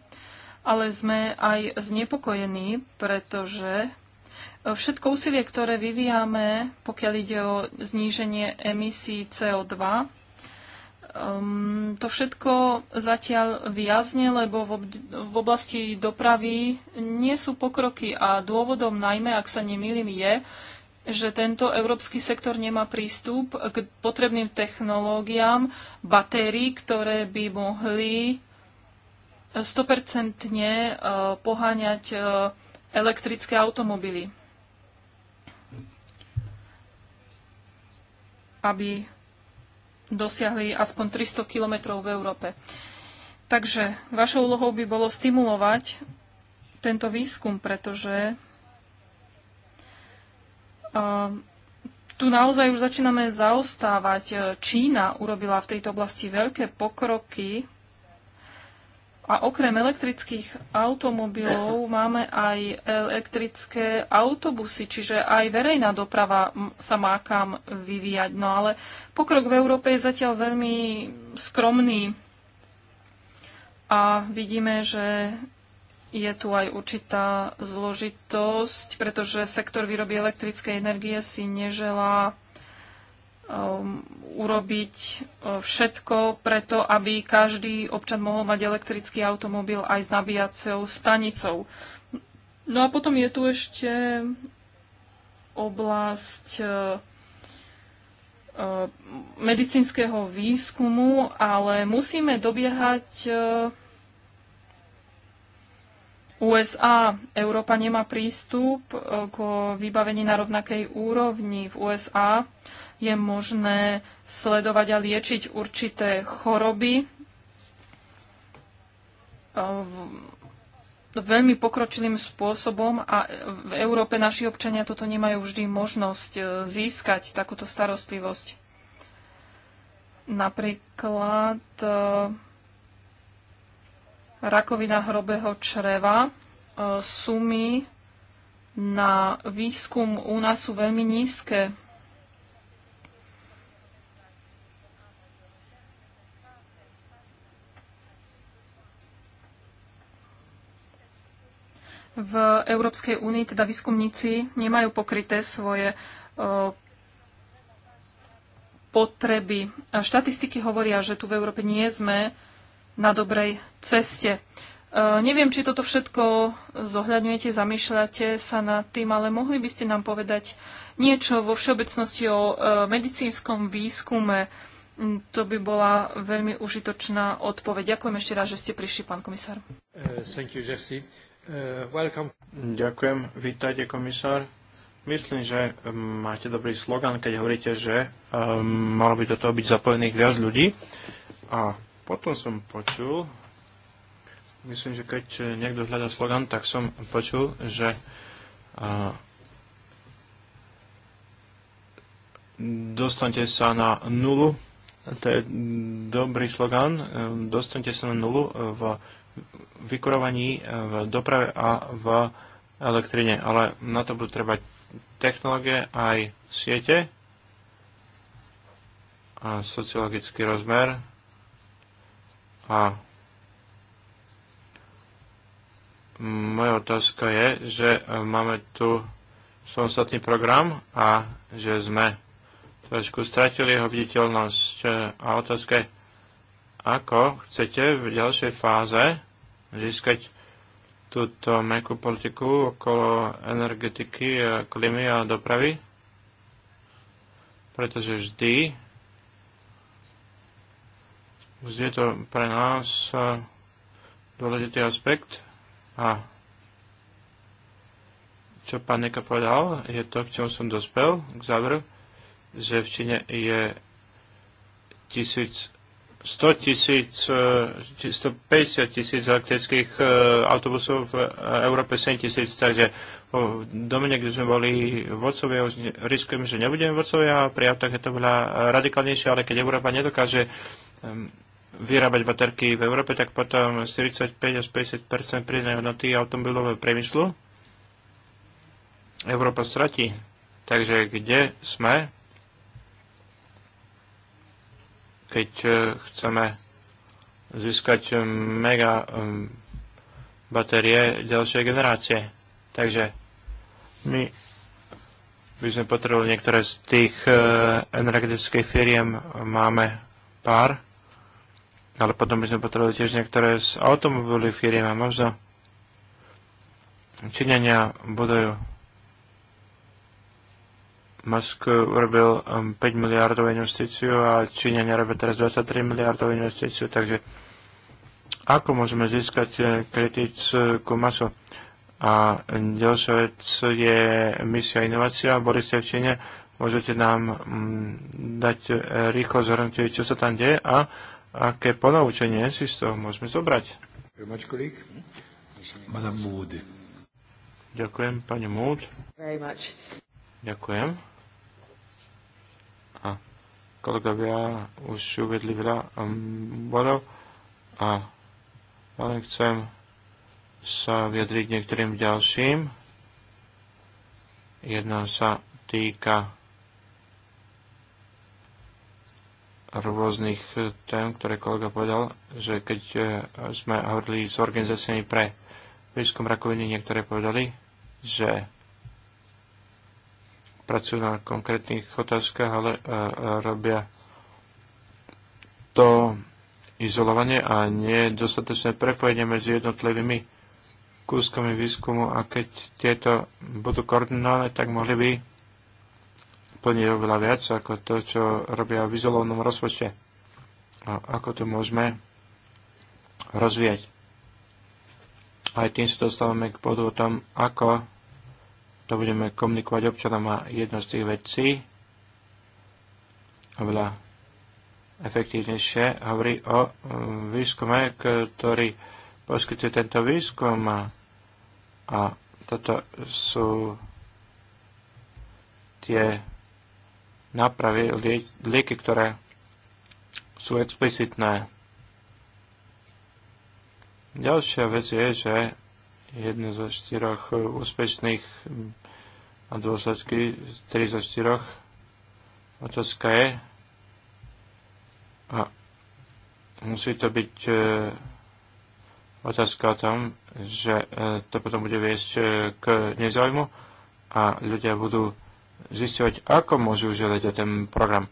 ale sme aj znepokojení, pretože e, všetko úsilie, ktoré vyvíjame, pokiaľ ide o zníženie emisí CO2, Um, to všetko zatiaľ viazne, lebo v, ob- v oblasti dopravy nie sú pokroky a dôvodom najmä, ak sa nemýlim, je, že tento európsky sektor nemá prístup k potrebným technológiám batérií, ktoré by mohli 100% e, poháňať e, elektrické automobily. Aby dosiahli aspoň 300 kilometrov v Európe. Takže vašou úlohou by bolo stimulovať tento výskum, pretože e, tu naozaj už začíname zaostávať. Čína urobila v tejto oblasti veľké pokroky a okrem elektrických automobilov máme aj elektrické autobusy, čiže aj verejná doprava sa má kam vyvíjať. No ale pokrok v Európe je zatiaľ veľmi skromný a vidíme, že je tu aj určitá zložitosť, pretože sektor výroby elektrickej energie si neželá um, urobiť uh, všetko preto, aby každý občan mohol mať elektrický automobil aj s nabíjacou stanicou. No a potom je tu ešte oblasť uh, uh, medicínskeho výskumu, ale musíme dobiehať USA. Európa nemá prístup e, k vybavení na rovnakej úrovni. V USA je možné sledovať a liečiť určité choroby e, veľmi pokročilým spôsobom a v Európe naši občania toto nemajú vždy možnosť e, získať takúto starostlivosť. Napríklad rakovina hrobého čreva. E, sumy na výskum u nás sú veľmi nízke. v Európskej únii, teda výskumníci, nemajú pokryté svoje e, potreby. štatistiky hovoria, že tu v Európe nie sme na dobrej ceste. E, neviem, či toto všetko zohľadňujete, zamýšľate sa nad tým, ale mohli by ste nám povedať niečo vo všeobecnosti o e, medicínskom výskume. Mm, to by bola veľmi užitočná odpoveď. Ďakujem ešte raz, že ste prišli, pán komisár. Uh, you, uh, Ďakujem. Vítajte, komisár. Myslím, že máte dobrý slogan, keď hovoríte, že um, malo by do toho byť zapojených viac ľudí. A potom som počul, myslím, že keď niekto hľadá slogan, tak som počul, že uh, dostanete sa na nulu, to je dobrý slogan, dostanete sa na nulu v vykurovaní, v doprave a v elektrine, ale na to budú trebať technológie aj siete a sociologický rozmer a moja otázka je, že e, máme tu samostatný program a že sme trošku stratili jeho viditeľnosť. E, a otázka je, ako chcete v ďalšej fáze získať túto mekú politiku okolo energetiky, e, klímy a dopravy, pretože vždy je to pre nás eh, dôležitý aspekt a čo pán Neka povedal, je to, k čomu som dospel, k záveru, že v Číne je tisíc 100 tisíc, 150 eh, tisíc elektrických eh, autobusov v Európe 7 tisíc, takže v domene, kde sme boli vodcovia, už riskujem, že nebudeme vodcovia a pri autách je to veľa radikálnejšie, ale keď Európa nedokáže vyrábať baterky v Európe, tak potom 45 až 50 prídnej hodnoty automobilového priemyslu Európa stratí. Takže kde sme, keď e, chceme získať mega batérie ďalšej generácie. Takže my by sme potrebovali niektoré z tých e, energetických firiem, máme pár ale potom by sme potrebovali tiež niektoré z automobilových firiem a možno Číňania budujú. Musk urobil 5 um, miliardov investíciu a Číňania robia teraz 23 miliardov investíciu, takže ako môžeme získať eh, kritickú masu? A ďalšia vec je misia inovácia. Boli ste v Číne, môžete nám mm, dať eh, rýchlo zhrnutie, čo sa tam deje a aké ponaučenie si z toho môžeme zobrať. Ďakujem, pani Múd. Ďakujem. A kolegovia už uvedli veľa um, bodov a len chcem sa vyjadriť niektorým ďalším. Jedna sa týka rôznych e, tém, ktoré kolega povedal, že keď e, sme hovorili s organizáciami pre výskum rakoviny, niektoré povedali, že pracujú na konkrétnych otázkach, ale e, robia to izolovanie a nie je dostatečné prepojenie medzi jednotlivými kúskami výskumu a keď tieto budú koordinované, tak mohli by plniť oveľa viac ako to, čo robia v izolovnom rozpočte. A ako to môžeme rozvíjať. Aj tým sa dostávame k bodu o tom, ako to budeme komunikovať občanom a jedno z tých vecí oveľa efektívnejšie hovorí o mm, výskume, ktorý poskytuje tento výskum a, a toto sú tie nápravy lieky, ktoré sú explicitné. Ďalšia vec je, že jedno zo štyroch úspešných a dôsledky, 3 zo štyroch, otázka je, a musí to byť e, otázka o tom, že e, to potom bude viesť e, k nezaujmu a ľudia budú e, zistiť, ako môžu užívať o ten program.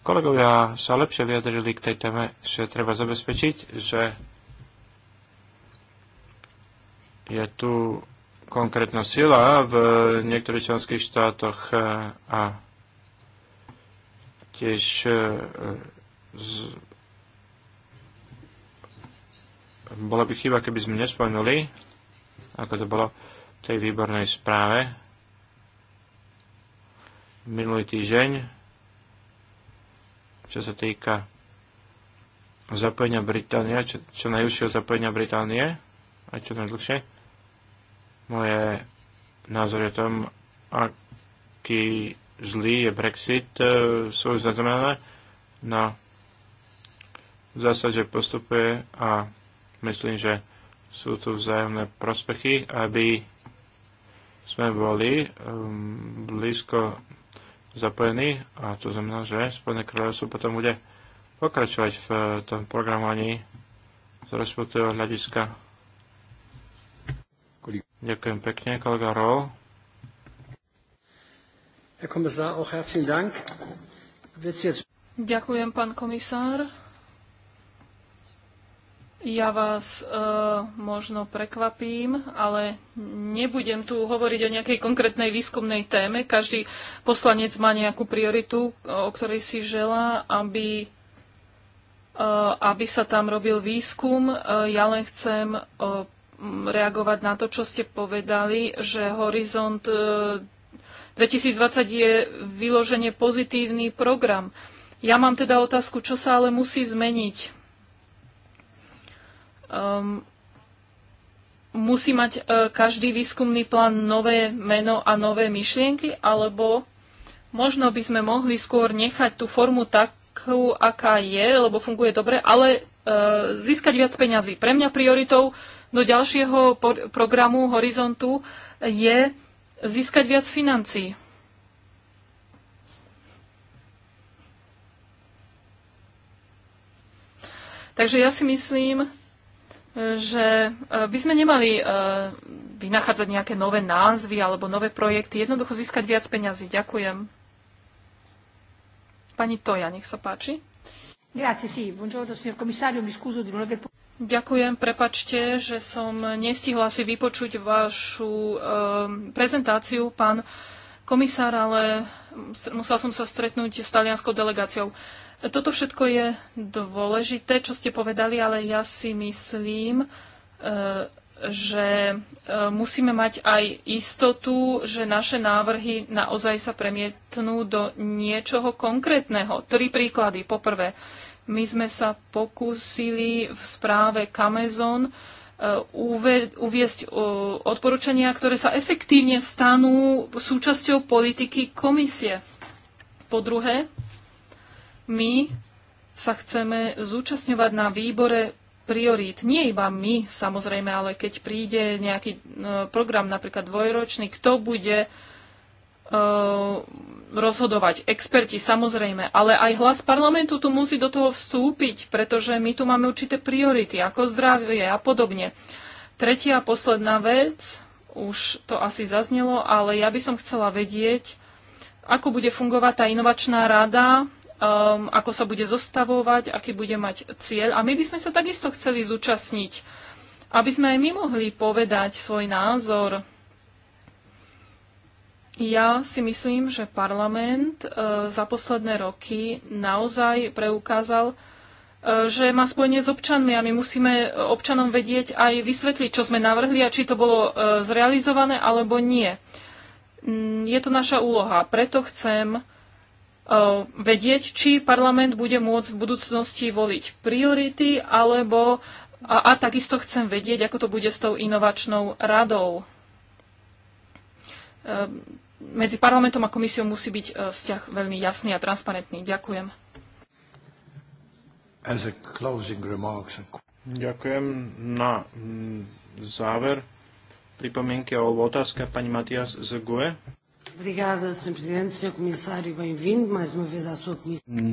Kolegovia sa lepšie vyjadrili k tej téme, že treba zabezpečiť, že je tu konkrétna sila v niektorých členských štátoch e, a tiež e, z... bola by chyba, keby sme nespomenuli, ako to bolo v tej výbornej správe, minulý týždeň, čo sa týka zapojenia Británie, čo, čo najúžšieho zapojenia Británie a čo najdlhšie. Moje názor je tom, aký zlý je Brexit, e, sú zaznamenané na zásade postupuje a myslím, že sú tu vzájomné prospechy, aby sme boli e, blízko zapojení a to znamená, že Spojené kráľovstvo potom bude pokračovať v eh, tom programovaní z rozpočtového hľadiska. Ďakujem pekne, kolega Roll. Ďakujem, pán komisár. Ja vás e, možno prekvapím, ale nebudem tu hovoriť o nejakej konkrétnej výskumnej téme. Každý poslanec má nejakú prioritu, o ktorej si želá, aby, e, aby sa tam robil výskum. E, ja len chcem e, reagovať na to, čo ste povedali, že Horizont e, 2020 je vyložene pozitívny program. Ja mám teda otázku, čo sa ale musí zmeniť um, musí mať uh, každý výskumný plán nové meno a nové myšlienky, alebo možno by sme mohli skôr nechať tú formu takú, aká je, lebo funguje dobre, ale uh, získať viac peňazí. Pre mňa prioritou do ďalšieho programu Horizontu je získať viac financií. Takže ja si myslím, že e, by sme nemali e, vynachádzať nejaké nové názvy alebo nové projekty. Jednoducho získať viac peňazí. Ďakujem. Pani Toja, nech sa páči. Ďakujem, prepačte, že som nestihla si vypočuť vašu e, prezentáciu, pán komisár, ale musela som sa stretnúť s talianskou delegáciou. Toto všetko je dôležité, čo ste povedali, ale ja si myslím, e, že e, musíme mať aj istotu, že naše návrhy naozaj sa premietnú do niečoho konkrétneho. Tri príklady. Poprvé, my sme sa pokúsili v správe Kamezon e, uviesť odporúčania, ktoré sa efektívne stanú súčasťou politiky komisie. Po druhé, my sa chceme zúčastňovať na výbore priorít. Nie iba my, samozrejme, ale keď príde nejaký e, program, napríklad dvojročný, kto bude e, rozhodovať. Experti samozrejme, ale aj hlas parlamentu tu musí do toho vstúpiť, pretože my tu máme určité priority, ako zdravie a podobne. Tretia a posledná vec, už to asi zaznelo, ale ja by som chcela vedieť, ako bude fungovať tá inovačná rada um, ako sa bude zostavovať, aký bude mať cieľ. A my by sme sa takisto chceli zúčastniť, aby sme aj my mohli povedať svoj názor. Ja si myslím, že parlament uh, za posledné roky naozaj preukázal, uh, že má spojenie s občanmi a my musíme občanom vedieť aj vysvetliť, čo sme navrhli a či to bolo uh, zrealizované alebo nie. Mm, je to naša úloha. Preto chcem vedieť, či parlament bude môcť v budúcnosti voliť priority, alebo a, a takisto chcem vedieť, ako to bude s tou inovačnou radou. Medzi parlamentom a komisiou musí byť vzťah veľmi jasný a transparentný. Ďakujem. Remarks... Ďakujem. Na mm, záver pripomienky alebo otázka pani Matias z GUE.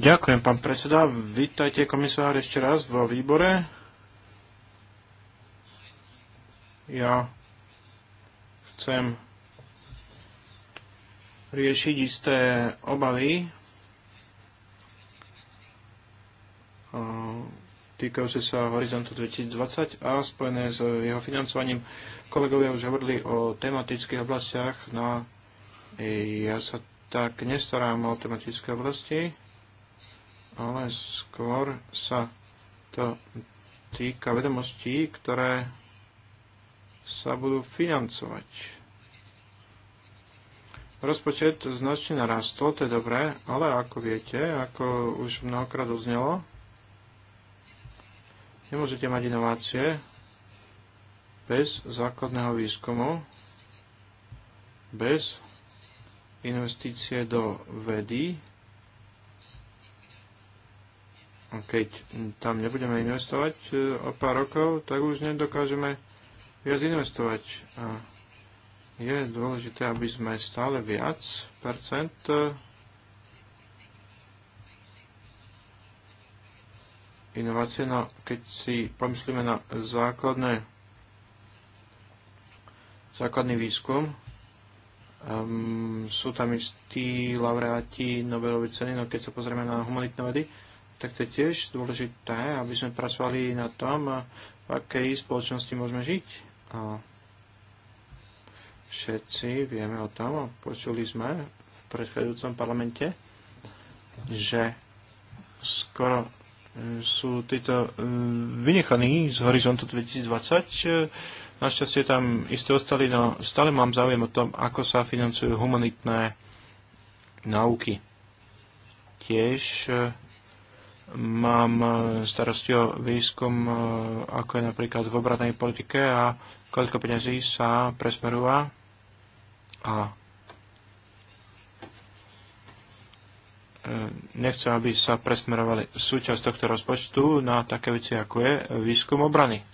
Ďakujem, pán predseda. Vítajte, komisár, ešte raz vo výbore. Ja chcem riešiť isté obavy týkajúce sa Horizontu 2020 a spojené s jeho financovaním. Kolegovia už hovorili o tematických oblastiach na ja sa tak nestarám o tematické oblasti, ale skôr sa to týka vedomostí, ktoré sa budú financovať. Rozpočet značne narastol, to je dobré, ale ako viete, ako už mnohokrát uznelo, nemôžete mať inovácie bez základného výskumu, bez investície do vedy, a keď tam nebudeme investovať e, o pár rokov, tak už nedokážeme viac investovať. A je dôležité, aby sme stále viac percent e, inovácie, no keď si pomyslíme na základné, základný výskum, Um, sú tam istí laureáti Nobelovej ceny, no keď sa pozrieme na humanitné vedy, tak to je tiež dôležité, aby sme pracovali na tom, v akej spoločnosti môžeme žiť. A všetci vieme o tom, a počuli sme v predchádzajúcom parlamente, že skoro e, sú títo e, vynechaní z horizontu 2020 Našťastie tam isté ostali, no stále mám záujem o tom, ako sa financujú humanitné nauky. Tiež e, mám e, starosti o výskum, e, ako je napríklad v obradnej politike a koľko peňazí sa presmerúva a nechcem, aby sa presmerovali súčasť tohto rozpočtu na také veci, ako je výskum obrany.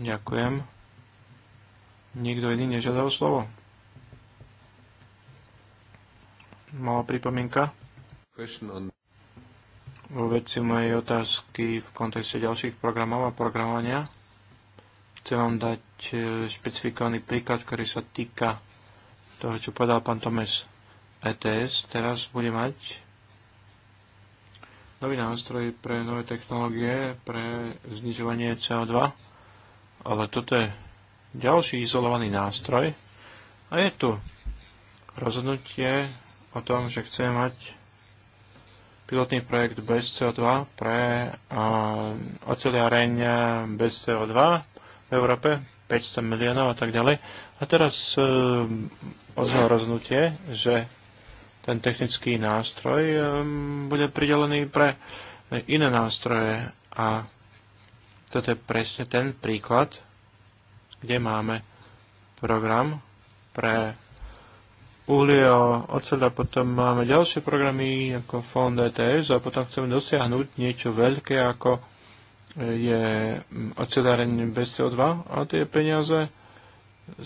Ďakujem. Nikto iný nežiadal slovo? Malá pripomienka? Vo veci mojej otázky v kontexte ďalších programov a programovania chcem vám dať e, špecifikovaný príklad, ktorý sa týka toho, čo povedal pán Tomes. ETS teraz bude mať nový nástroj pre nové technológie, pre znižovanie CO2 ale toto je ďalší izolovaný nástroj a je tu rozhodnutie o tom, že chce mať pilotný projekt bez CO2 pre uh, oceliareň bez CO2 v Európe, 500 miliónov a tak ďalej. A teraz uh, e, odznelo rozhodnutie, že ten technický nástroj um, bude pridelený pre iné nástroje a toto je presne ten príklad, kde máme program pre uhlio, oceľ a potom máme ďalšie programy ako fond ETS a potom chceme dosiahnuť niečo veľké ako je mm, oceľareň bez CO2 a tie peniaze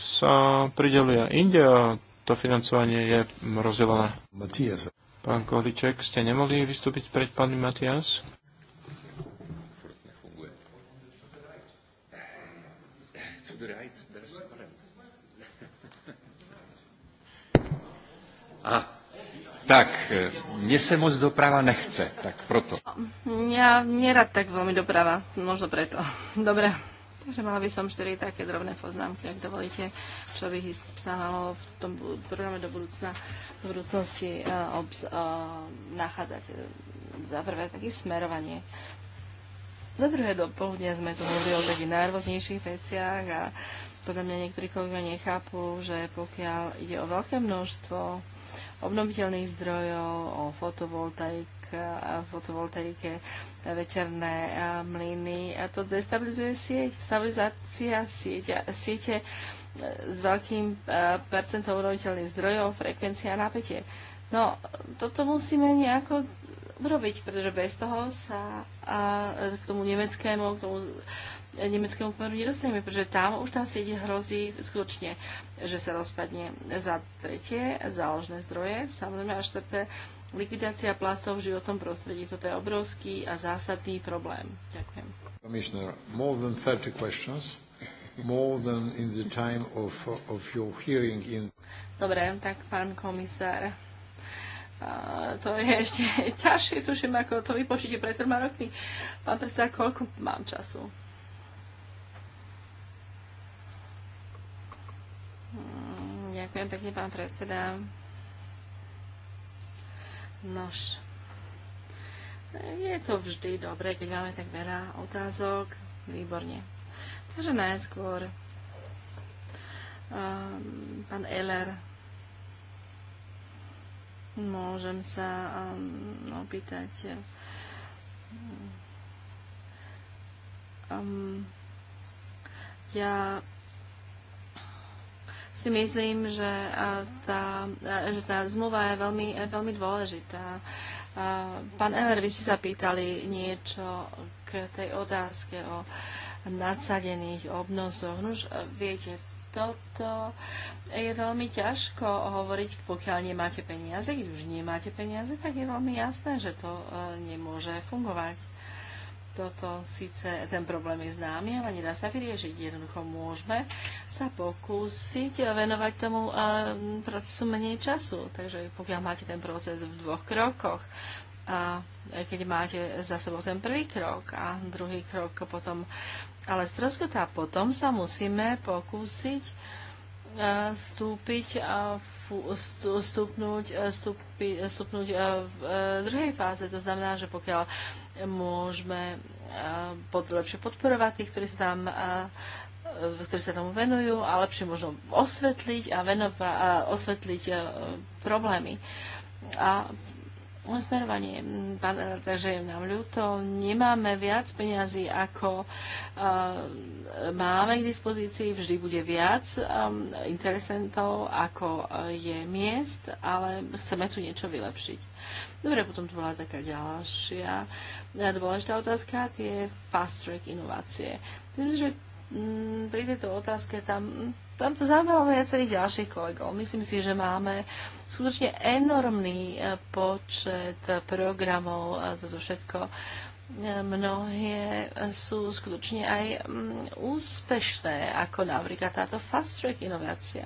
sa pridelia inde a to financovanie je mm, rozdelené. Matias. Pán Kohliček, ste nemohli vystúpiť pred pánom Matias? A tak, e, mne sa moc doprava nechce, tak proto. Ja nerad tak veľmi doprava, možno preto. Dobre, takže mala by som 4 také drobné poznámky, ak dovolíte, čo by sa malo v tom programe do budúcna, v budúcnosti uh, obs, uh, nachádzať. Za prvé, také smerovanie. Za druhé, do poludnia sme tu hovorili o takých najrôznejších veciach a podľa mňa niektorí kolegovia nechápu, že pokiaľ ide o veľké množstvo obnoviteľných zdrojov, o fotovoltaik, fotovoltaike, veterné mlyny. A to destabilizuje sieť. Stabilizácia sieťa, siete e, s veľkým e, percentom obnoviteľných zdrojov, frekvencia a napätie. No, toto musíme nejako urobiť, pretože bez toho sa a, k tomu nemeckému, k tomu nemeckému pomeru nedostaneme, pretože tam už tam siede hrozí skutočne, že sa rozpadne za tretie záložné zdroje, samozrejme a štvrté likvidácia plastov v životnom prostredí. Toto je obrovský a zásadný problém. Ďakujem. Commissioner, more than 30 questions, more than in the time of, of your hearing in... Dobre, tak pán komisár, a to je ešte ťažšie, tuším, ako to vypočíte pred troma rokmi. Pán predseda, koľko mám času? Ďakujem pekne, pán predseda. Nož. Je to vždy dobre, keď máme tak veľa otázok. Výborne. Takže najskôr um, pán Eller. Môžem sa um, opýtať. Um, ja si myslím, že tá, že tá zmluva je veľmi, veľmi dôležitá. Pán Eller, vy ste sa pýtali niečo k tej otázke o nadsadených obnozoch. Nož, viete, toto je veľmi ťažko hovoriť, pokiaľ nemáte peniaze. Keď už nemáte peniaze, tak je veľmi jasné, že to e, nemôže fungovať toto síce, ten problém je známy, ale nedá sa vyriešiť. Jednoducho môžeme sa pokúsiť venovať tomu procesu menej času. Takže pokiaľ máte ten proces v dvoch krokoch, a keď máte za sebou ten prvý krok a druhý krok potom ale stroskotá potom sa musíme pokúsiť e, stúpiť a stúpnuť, e, stúpi, e, stúpnuť v druhej fáze. To znamená, že pokiaľ môžeme eh, pod, lepšie podporovať tých, ktorí sa tam eh, eh, ktorí sa tomu venujú a lepšie možno osvetliť a, venova, a osvetliť a, problémy. A smerovanie. Mm, pán, takže je nám ľúto, nemáme viac peňazí, ako a, máme k dispozícii, vždy bude viac a, interesentov, ako je miest, ale chceme tu niečo vylepšiť. Dobre, potom tu bola taká ďalšia e, dôležitá otázka, tie fast track inovácie. Myslím, že mm, pri tejto otázke tam, tam to zaujímalo viacerých ďalších kolegov. Myslím si, že máme skutočne enormný e, počet programov, e, toto všetko mnohé sú skutočne aj mm, úspešné, ako napríklad táto fast track inovácia.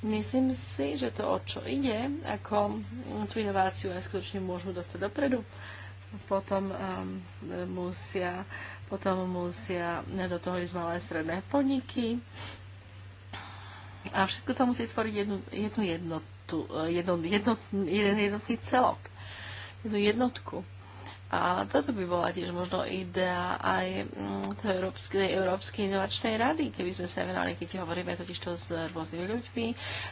Myslím si, že to, o čo ide, ako tú inováciu aj skutočne môžu dostať dopredu, potom um, musia, potom musia do toho ísť malé stredné podniky a všetko to musí tvoriť jednu, jednu jednotu, eh, jedno, jedno, jeden jednotný celok, jednu jednotku. A toto by bola tiež možno idea aj mm, tej Európskej, Európskej inovačnej rady, keby sme sa venovali, keď hovoríme totiž to s rôznymi ľuďmi,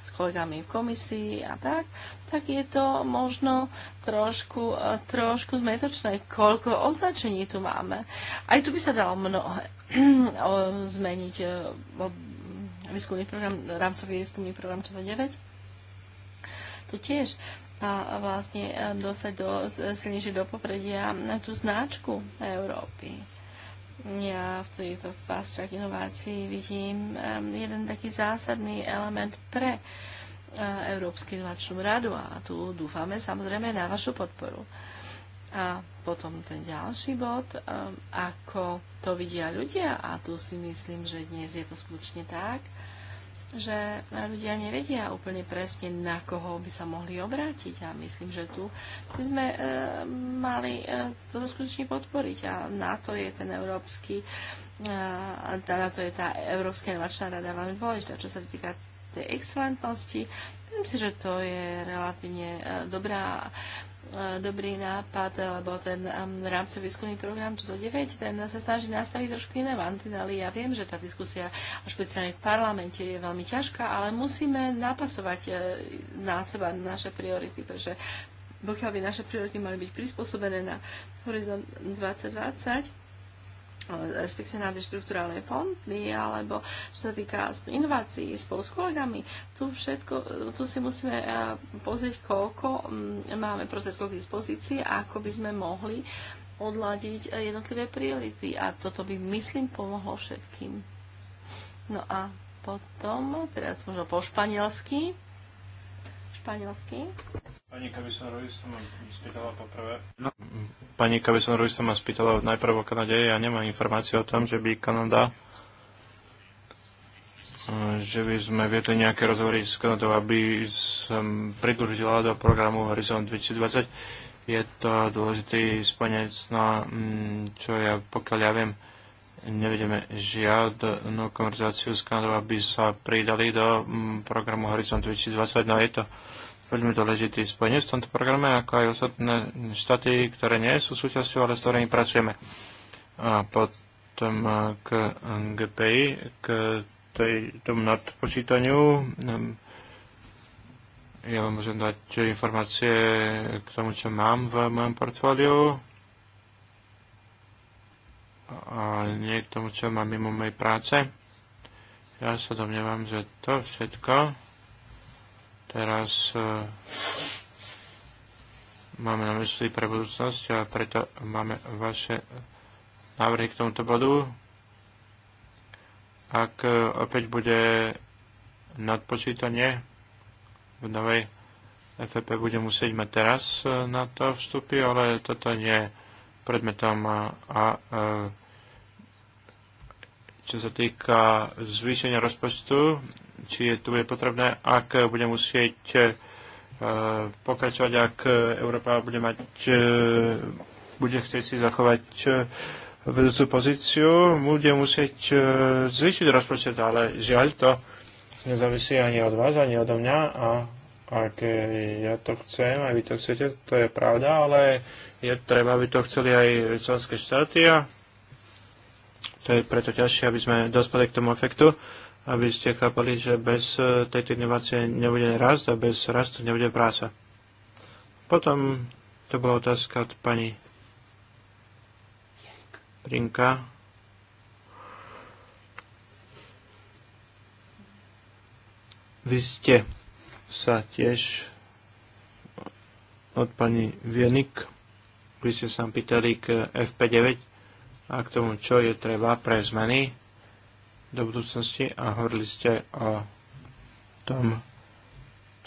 s kolegami v komisii a tak, tak je to možno trošku, trošku zmetočné, koľko označení tu máme. Aj tu by sa dalo mnohé zmeniť e, od výskumný program, rámcový výskumný program 9. Tu tiež a vlastne e, dostať do, silnejšie do popredia na tú značku Európy. Ja v tejto fast track inovácii vidím jeden taký zásadný element pre e, Európsky inovačnú radu a tu dúfame samozrejme na vašu podporu. A potom ten ďalší bod, ako to vidia ľudia a tu si myslím, že dnes je to skutočne tak, že ľudia nevedia úplne presne, na koho by sa mohli obrátiť. A myslím, že tu by sme e, mali e, toto skutočne podporiť. A na to je ten európsky, e, na to je tá Európska inovačná rada veľmi dôležitá, čo sa týka tej excelentnosti. Myslím si, že to je relatívne e, dobrá E, dobrý nápad, lebo ten rámcový výskumný program tuto 9, ten sa snaží nastaviť trošku iné mantinely. No ja viem, že tá diskusia, špeciálne v parlamente, je veľmi ťažká, ale musíme napasovať e, na seba naše priority, pretože pokiaľ by naše priority mali byť prispôsobené na horizont 2020, Eh, respektíve na tie štruktúrálne fondy, alebo čo sa týka inovácií spolu s kolegami. Tu, všetko, eh, tu si musíme eh, pozrieť, koľko mm, máme prostriedkov k dispozícii a ako by sme mohli odladiť jednotlivé priority. A toto by, myslím, pomohlo všetkým. No a potom, teraz možno po španielsky španielsky. Pani Kavison Ruiz sa ma spýtala poprvé. No, pani Ruiz sa ma spýtala najprv o Kanade. Ja nemám informácie o tom, že by Kanada že by sme viedli nejaké rozhovory s Kanadou, aby som pridružila do programu Horizon 2020. Je to dôležitý spanec, na no, mm, čo ja, pokiaľ ja viem, nevidíme žiadnu konverzáciu s Kanadou, aby sa pridali do mm, programu Horizont 2020. No je to veľmi dôležitý spojenie v tomto programe, ako aj ostatné štáty, ktoré nie sú súčasťou, ale s ktorými pracujeme. A potom e, k GPI, k tej, tomu nadpočítaniu. Ja vám môžem dať informácie k tomu, čo mám v mojom portfóliu a nie k tomu, čo mám mimo mojej práce. Ja sa domnievam, že to všetko teraz uh, máme na mysli pre budúcnosť a preto máme vaše návrhy k tomuto bodu. Ak uh, opäť bude nadpočítanie v novej FP bude musieť mať teraz e, na to vstupy, ale toto nie je predmetom a, a e, čo sa týka zvýšenia rozpočtu, či je tu bude potrebné, ak bude musieť e, pokračovať, ak Európa bude mať, e, bude chcieť si zachovať vedúcu pozíciu, bude musieť zvýšiť rozpočet, ale žiaľ to nezávisí ani od vás, ani odo mňa a ak ja to chcem, aj vy to chcete, to je pravda, ale je treba, aby to chceli aj členské štáty a to je preto ťažšie, aby sme dospeli k tomu efektu, aby ste chápali, že bez eh, tejto inovácie nebude rast a bez rastu nebude práca. Potom to bola otázka od pani Prinka. Vy ste sa tiež od pani Vienik. Vy ste sa pýtali k FP9 a k tomu, čo je treba pre zmeny do budúcnosti a hovorili ste o tom,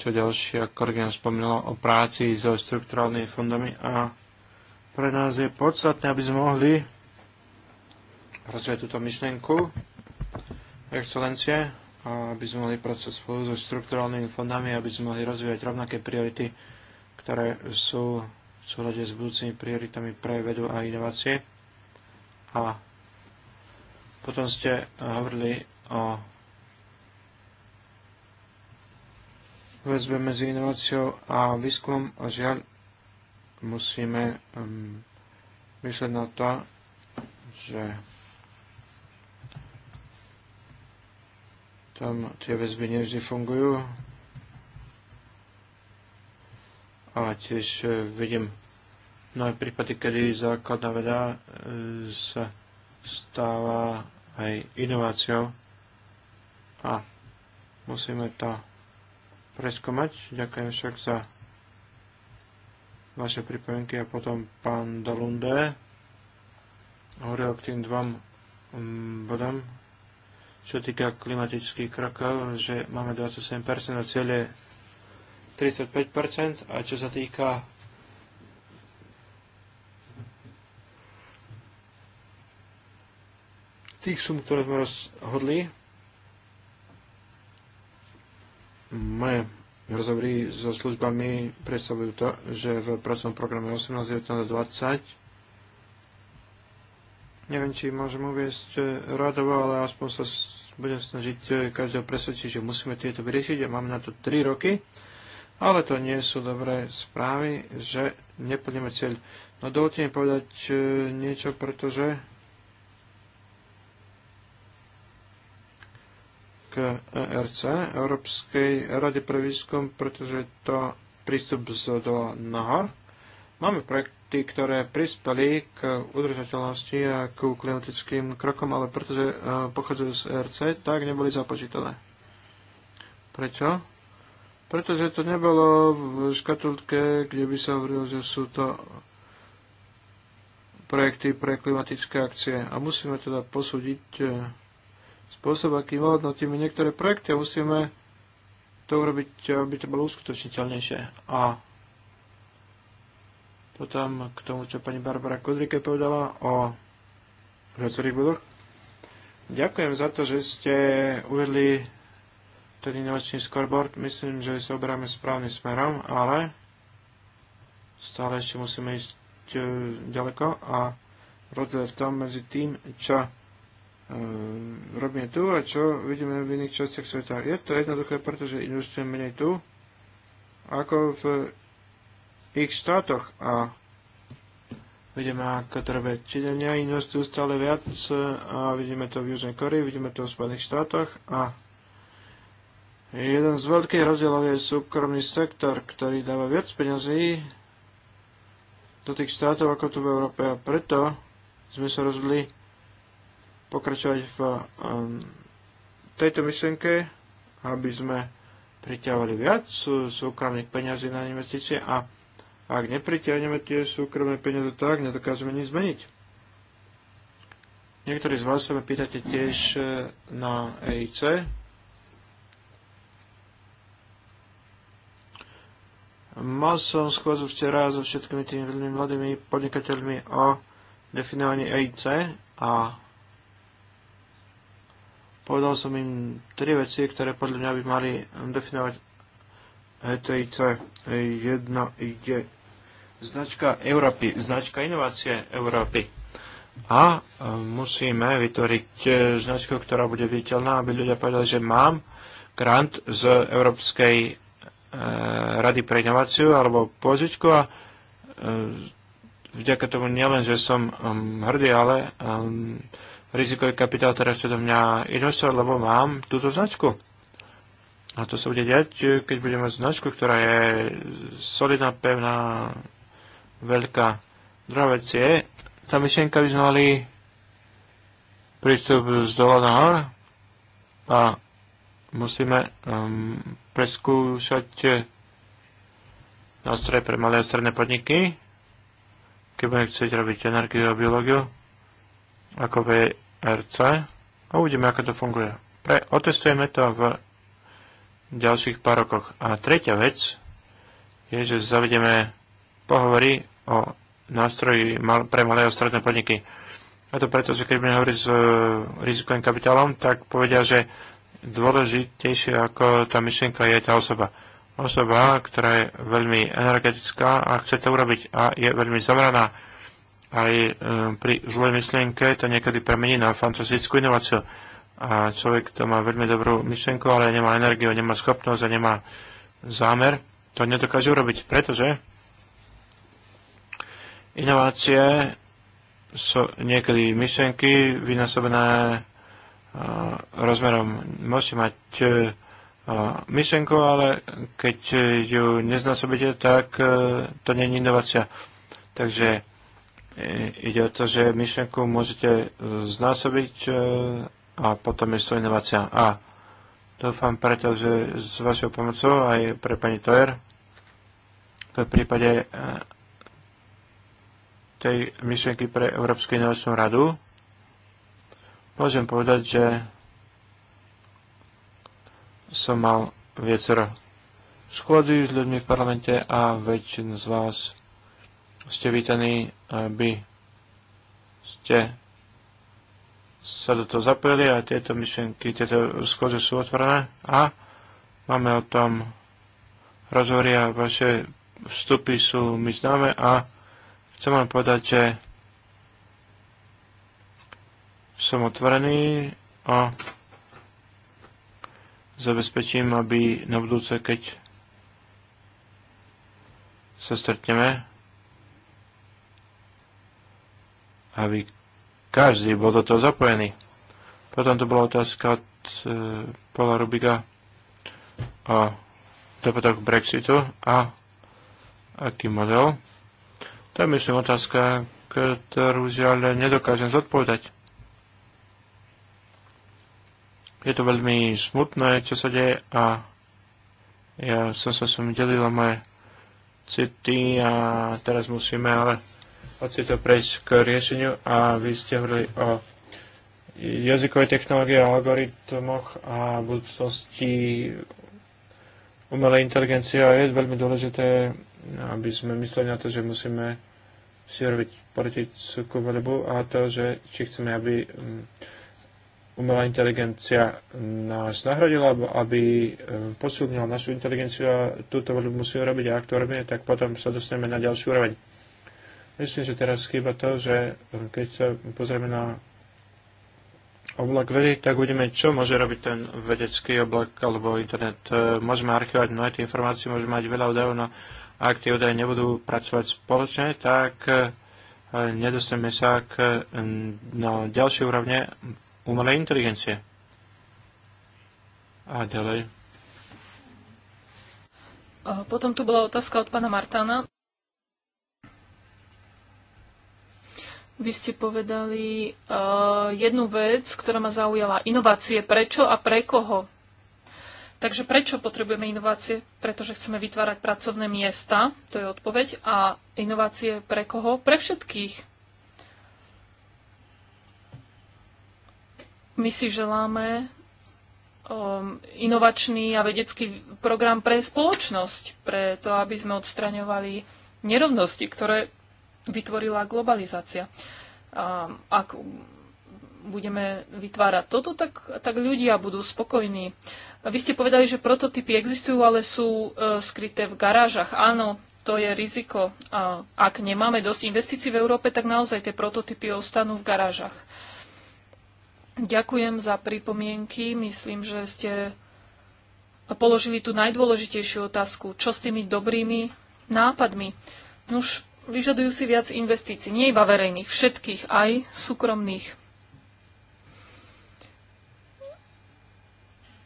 čo ďalšia Korgina spomínala o práci so štruktúralnými fondami a pre nás je podstatné, aby sme mohli rozvieť túto myšlienku excelencie aby sme mali pracovať spolu so štrukturálnymi fondami, aby sme mohli rozvíjať rovnaké priority, ktoré sú v súhľade s budúcimi prioritami pre vedu a inovácie. A potom ste hovorili o väzbe medzi inováciou a výskumom a žiaľ musíme um, ehm, mysleť na to, že Tam tie väzby nevždy fungujú. A tiež e, vidím mnohé prípady, kedy základná veda e, sa stáva aj inováciou. A musíme to preskúmať. Ďakujem však za vaše pripomienky a potom pán Dalunde hovoril k tým dvom bodom, čo týka klimatických krokov, že máme 27% a cieľ je 35% a čo sa týka tých sum, ktoré sme rozhodli, moje rozhovory so službami predstavujú to, že v pracovnom programe 18, 19 20 Neviem, či môžem uviesť e, radovo, ale aspoň sa budem snažiť e, každého presvedčiť, že musíme tieto vyriešiť a máme na to 3 roky. Ale to nie sú dobré správy, že neplníme cieľ. No dovolte mi povedať e, niečo, pretože k ERC, Európskej rade pre výskum, pretože to prístup z dola nahor. Máme projekty, ktoré prispeli k udržateľnosti a k klimatickým krokom, ale pretože e, pochádzajú z ERC, tak neboli započítané. Prečo? Pretože to nebolo v škatulke, kde by sa hovorilo, že sú to projekty pre klimatické akcie. A musíme teda posúdiť e, spôsob, akým hodnotíme niektoré projekty a musíme to urobiť, aby to bolo uskutočniteľnejšie. A potom k tomu, čo pani Barbara Kudrike povedala o viacerých bodoch. Ďakujem za to, že ste uvedli ten inovačný scoreboard. Myslím, že sa oberáme správnym smerom, ale stále ešte musíme ísť e, ďaleko a rozdiel v tom medzi tým, čo e, robíme tu a čo vidíme v iných častiach sveta. Je to jednoduché, pretože investujeme menej tu, ako v ich štátoch a vidíme, ako to robia Číňania, investujú stále viac e, a vidíme to v Južnej Koreji, vidíme to v Spojených štátoch a jeden z veľkých rozdielov je súkromný sektor, ktorý dáva viac peňazí do tých štátov ako tu v Európe a preto sme sa rozhodli pokračovať v tejto myšlenke, aby sme priťahovali viac súkromných peňazí na investície a ak nepritiahneme tie súkromné peniaze tak, nedokážeme nič zmeniť. Niektorí z vás sa ma pýtate tiež e, na EIC. Mal som schôdzu včera so všetkými tými veľmi mladými podnikateľmi o definovaní EIC a povedal som im tri veci, ktoré podľa mňa by mali definovať ETIC. E jedna ide značka Európy, značka inovácie Európy. A e, musíme vytvoriť e, značku, ktorá bude viditeľná, aby ľudia povedali, že mám grant z Európskej e, rady pre inováciu alebo pozičku. a vďaka tomu nielen, že som um, hrdý, ale um, rizikový kapitál teraz chce do mňa investovať, lebo mám túto značku. A to sa bude diať, keď budeme mať značku, ktorá je solidná, pevná, veľká. Druhá vec je, tá myšlienka by sme mali prístup z dola nahor a musíme um, preskúšať eh, nástroje pre malé a stredné podniky, keď budeme chcieť robiť energiu a biológiu, ako VRC a uvidíme, ako to funguje. Pre, otestujeme to v ďalších pár rokoch. A tretia vec je, že zavedeme pohovory o nástroji pre malé a stredné podniky. A to preto, že keď budeme hovoriť s e, rizikovým kapitálom, tak povedia, že dôležitejšie ako tá myšlienka je tá osoba. Osoba, ktorá je veľmi energetická a chce to urobiť a je veľmi zameraná aj e, pri zlej myšlienke to niekedy premení na fantastickú inováciu. A človek to má veľmi dobrú myšlienku, ale nemá energiu, nemá schopnosť a nemá zámer. To nedokáže urobiť, pretože Inovácie sú niekedy myšlenky vynásobené e, rozmerom. Môžete mať e, e, myšlenku, ale keď ju neznásobíte, tak to nie je inovácia. Takže ide o to, že myšlenku môžete znásobiť a potom je to inovácia. A dúfam preto, že s vašou pomocou aj pre pani Toer v prípade tej myšlenky pre Európsku inovačnú radu, môžem povedať, že som mal viacero schôdzi s ľuďmi v parlamente a väčšin z vás ste vítaní, aby ste sa do toho zapojili a tieto myšlenky, tieto schôdze sú otvorené a máme o tom rozhovory a vaše vstupy sú mi známe a Chcem vám povedať, že som otvorený a zabezpečím, aby na budúce, keď sa stretneme, aby každý bol do toho zapojený. Potom to bola otázka od e, Paula Rubiga o dopadok Brexitu a aký model. To je myslím otázka, ktorú žiaľ nedokážem zodpovedať. Je to veľmi smutné, čo sa deje a ja som sa som delil moje city a teraz musíme ale od to prejsť k riešeniu a vy ste hovorili o jazykovej technológie a algoritmoch a budúcnosti umelá inteligencia je veľmi dôležité, aby sme mysleli na to, že musíme si robiť politickú voľbu a to, že či chceme, aby mm, umelá inteligencia nás nahradila, aby mm, posilnila našu inteligenciu a túto voľbu musíme robiť a ak to robíme, tak potom sa dostaneme na ďalšiu úroveň. Myslím, že teraz chýba to, že keď sa pozrieme na oblak vedy, tak uvidíme, čo môže robiť ten vedecký oblak alebo internet. E, môžeme archivovať mnohé tie informácie, môžeme mať veľa údajov, no ak tie údaje nebudú pracovať spoločne, tak e, nedostaneme sa k na ďalšej úrovne umelej inteligencie. A ďalej. Potom tu bola otázka od pána Martana. Vy ste povedali uh, jednu vec, ktorá ma zaujala. Inovácie. Prečo a pre koho? Takže prečo potrebujeme inovácie? Pretože chceme vytvárať pracovné miesta, to je odpoveď. A inovácie pre koho? Pre všetkých. My si želáme um, inovačný a vedecký program pre spoločnosť, pre to, aby sme odstraňovali nerovnosti, ktoré vytvorila globalizácia. A ak budeme vytvárať toto, tak, tak ľudia budú spokojní. Vy ste povedali, že prototypy existujú, ale sú e, skryté v garážach. Áno, to je riziko. ak nemáme dosť investícií v Európe, tak naozaj tie prototypy ostanú v garážach. Ďakujem za pripomienky. Myslím, že ste položili tú najdôležitejšiu otázku. Čo s tými dobrými nápadmi? Nuž, vyžadujú si viac investícií, nie iba verejných, všetkých, aj súkromných.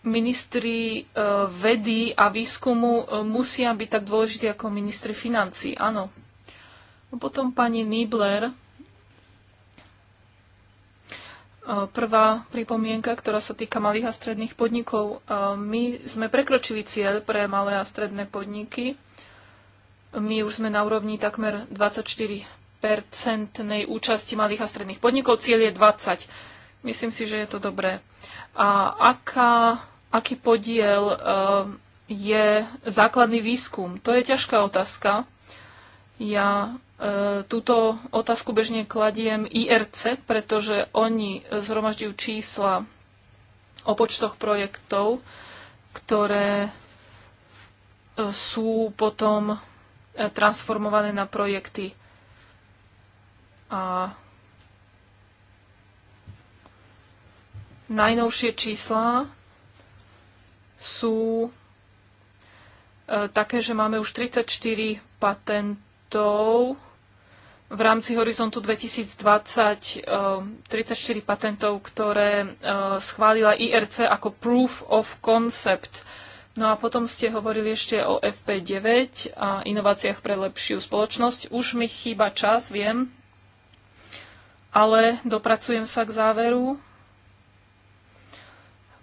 Ministri e, vedy a výskumu e, musia byť tak dôležití ako ministri financí, áno. No potom pani Nibler, e, Prvá pripomienka, ktorá sa týka malých a stredných podnikov. My sme prekročili cieľ pre malé a stredné podniky my už sme na úrovni takmer 24-percentnej účasti malých a stredných podnikov. Cieľ je 20. Myslím si, že je to dobré. A aká, aký podiel uh, je základný výskum? To je ťažká otázka. Ja uh, túto otázku bežne kladiem IRC, pretože oni zhromažďujú čísla o počtoch projektov, ktoré eh, sú potom transformované na projekty. A najnovšie čísla sú e, také, že máme už 34 patentov v rámci Horizontu 2020 34 e, patentov, ktoré e, schválila IRC ako proof of concept No a potom ste hovorili ešte o FP9 a inováciách pre lepšiu spoločnosť. Už mi chýba čas, viem, ale dopracujem sa k záveru.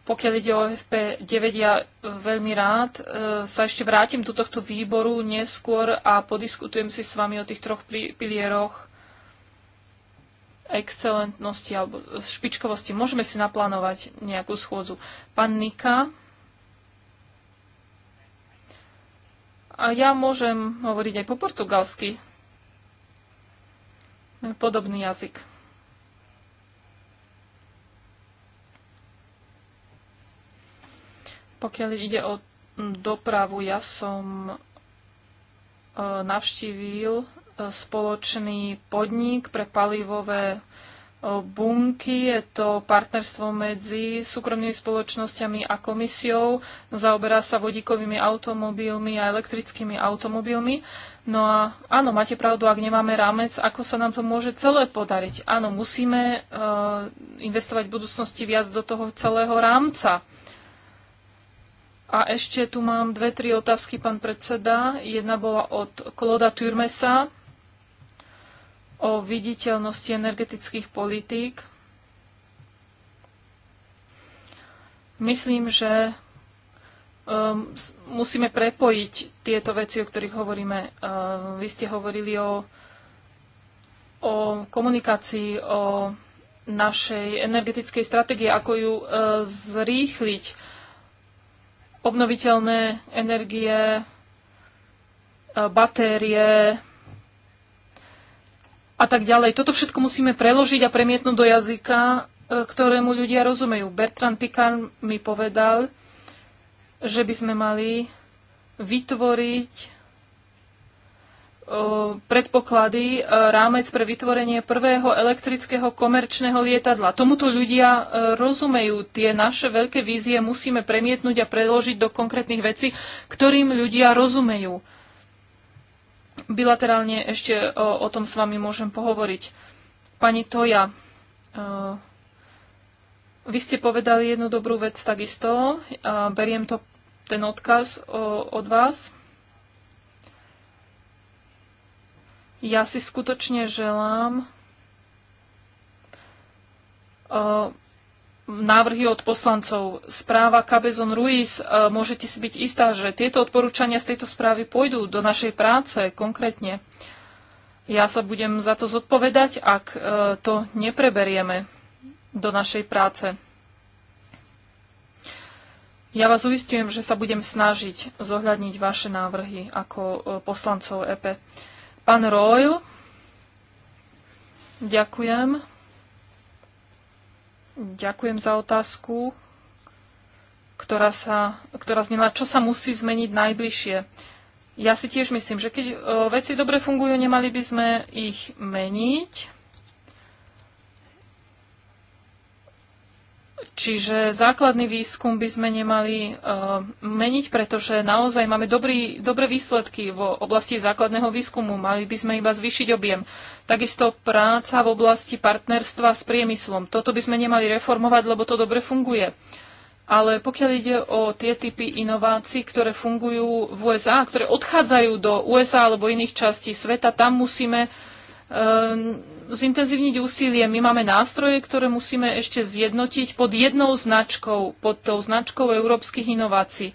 Pokiaľ ide o FP9, ja veľmi rád e, sa ešte vrátim do tohto výboru neskôr a podiskutujem si s vami o tých troch pilieroch excelentnosti alebo špičkovosti. Môžeme si naplánovať nejakú schôdzu. Pán Nika, A ja môžem hovoriť aj po portugalsky. Podobný jazyk. Pokiaľ ide o dopravu, ja som e, navštívil e, spoločný podnik pre palivové bunky. Je to partnerstvo medzi súkromnými spoločnosťami a komisiou. Zaoberá sa vodíkovými automobilmi a elektrickými automobilmi. No a áno, máte pravdu, ak nemáme rámec, ako sa nám to môže celé podariť? Áno, musíme uh, investovať v budúcnosti viac do toho celého rámca. A ešte tu mám dve, tri otázky, pán predseda. Jedna bola od Kloda Turmesa o viditeľnosti energetických politík. Myslím, že um, musíme prepojiť tieto veci, o ktorých hovoríme. Um, vy ste hovorili o, o komunikácii, o našej energetickej stratégie, ako ju uh, zrýchliť. Obnoviteľné energie, uh, batérie, a tak ďalej. Toto všetko musíme preložiť a premietnúť do jazyka, e, ktorému ľudia rozumejú. Bertrand Picard mi povedal, že by sme mali vytvoriť e, predpoklady, e, rámec pre vytvorenie prvého elektrického komerčného lietadla. Tomuto ľudia rozumejú. Tie naše veľké vízie musíme premietnúť a preložiť do konkrétnych vecí, ktorým ľudia rozumejú. Bilaterálne ešte o, e, o tom s vami môžem pohovoriť. Pani Toja, e, vy ste povedali jednu dobrú vec takisto. A beriem to, ten odkaz o, od vás. Ja si skutočne želám, e, návrhy od poslancov. Správa Cabezon Ruiz, e, môžete si byť istá, že tieto odporúčania z tejto správy pôjdu do našej práce konkrétne. Ja sa budem za to zodpovedať, ak e, to nepreberieme do našej práce. Ja vás uistujem, že sa budem snažiť zohľadniť vaše návrhy ako e, poslancov EP. Pán Royl, ďakujem. Ďakujem za otázku, ktorá, sa, ktorá znela, čo sa musí zmeniť najbližšie. Ja si tiež myslím, že keď e, veci dobre fungujú, nemali by sme ich meniť, Čiže základný výskum by sme nemali uh, meniť, pretože naozaj máme dobrý, dobré výsledky v oblasti základného výskumu. Mali by sme iba zvýšiť objem. Takisto práca v oblasti partnerstva s priemyslom. Toto by sme nemali reformovať, lebo to dobre funguje. Ale pokiaľ ide o tie typy inovácií, ktoré fungujú v USA, ktoré odchádzajú do USA alebo iných častí sveta, tam musíme uh, Ehm, zintenzívniť úsilie. My máme nástroje, ktoré musíme ešte zjednotiť pod jednou značkou, pod tou značkou európskych inovácií.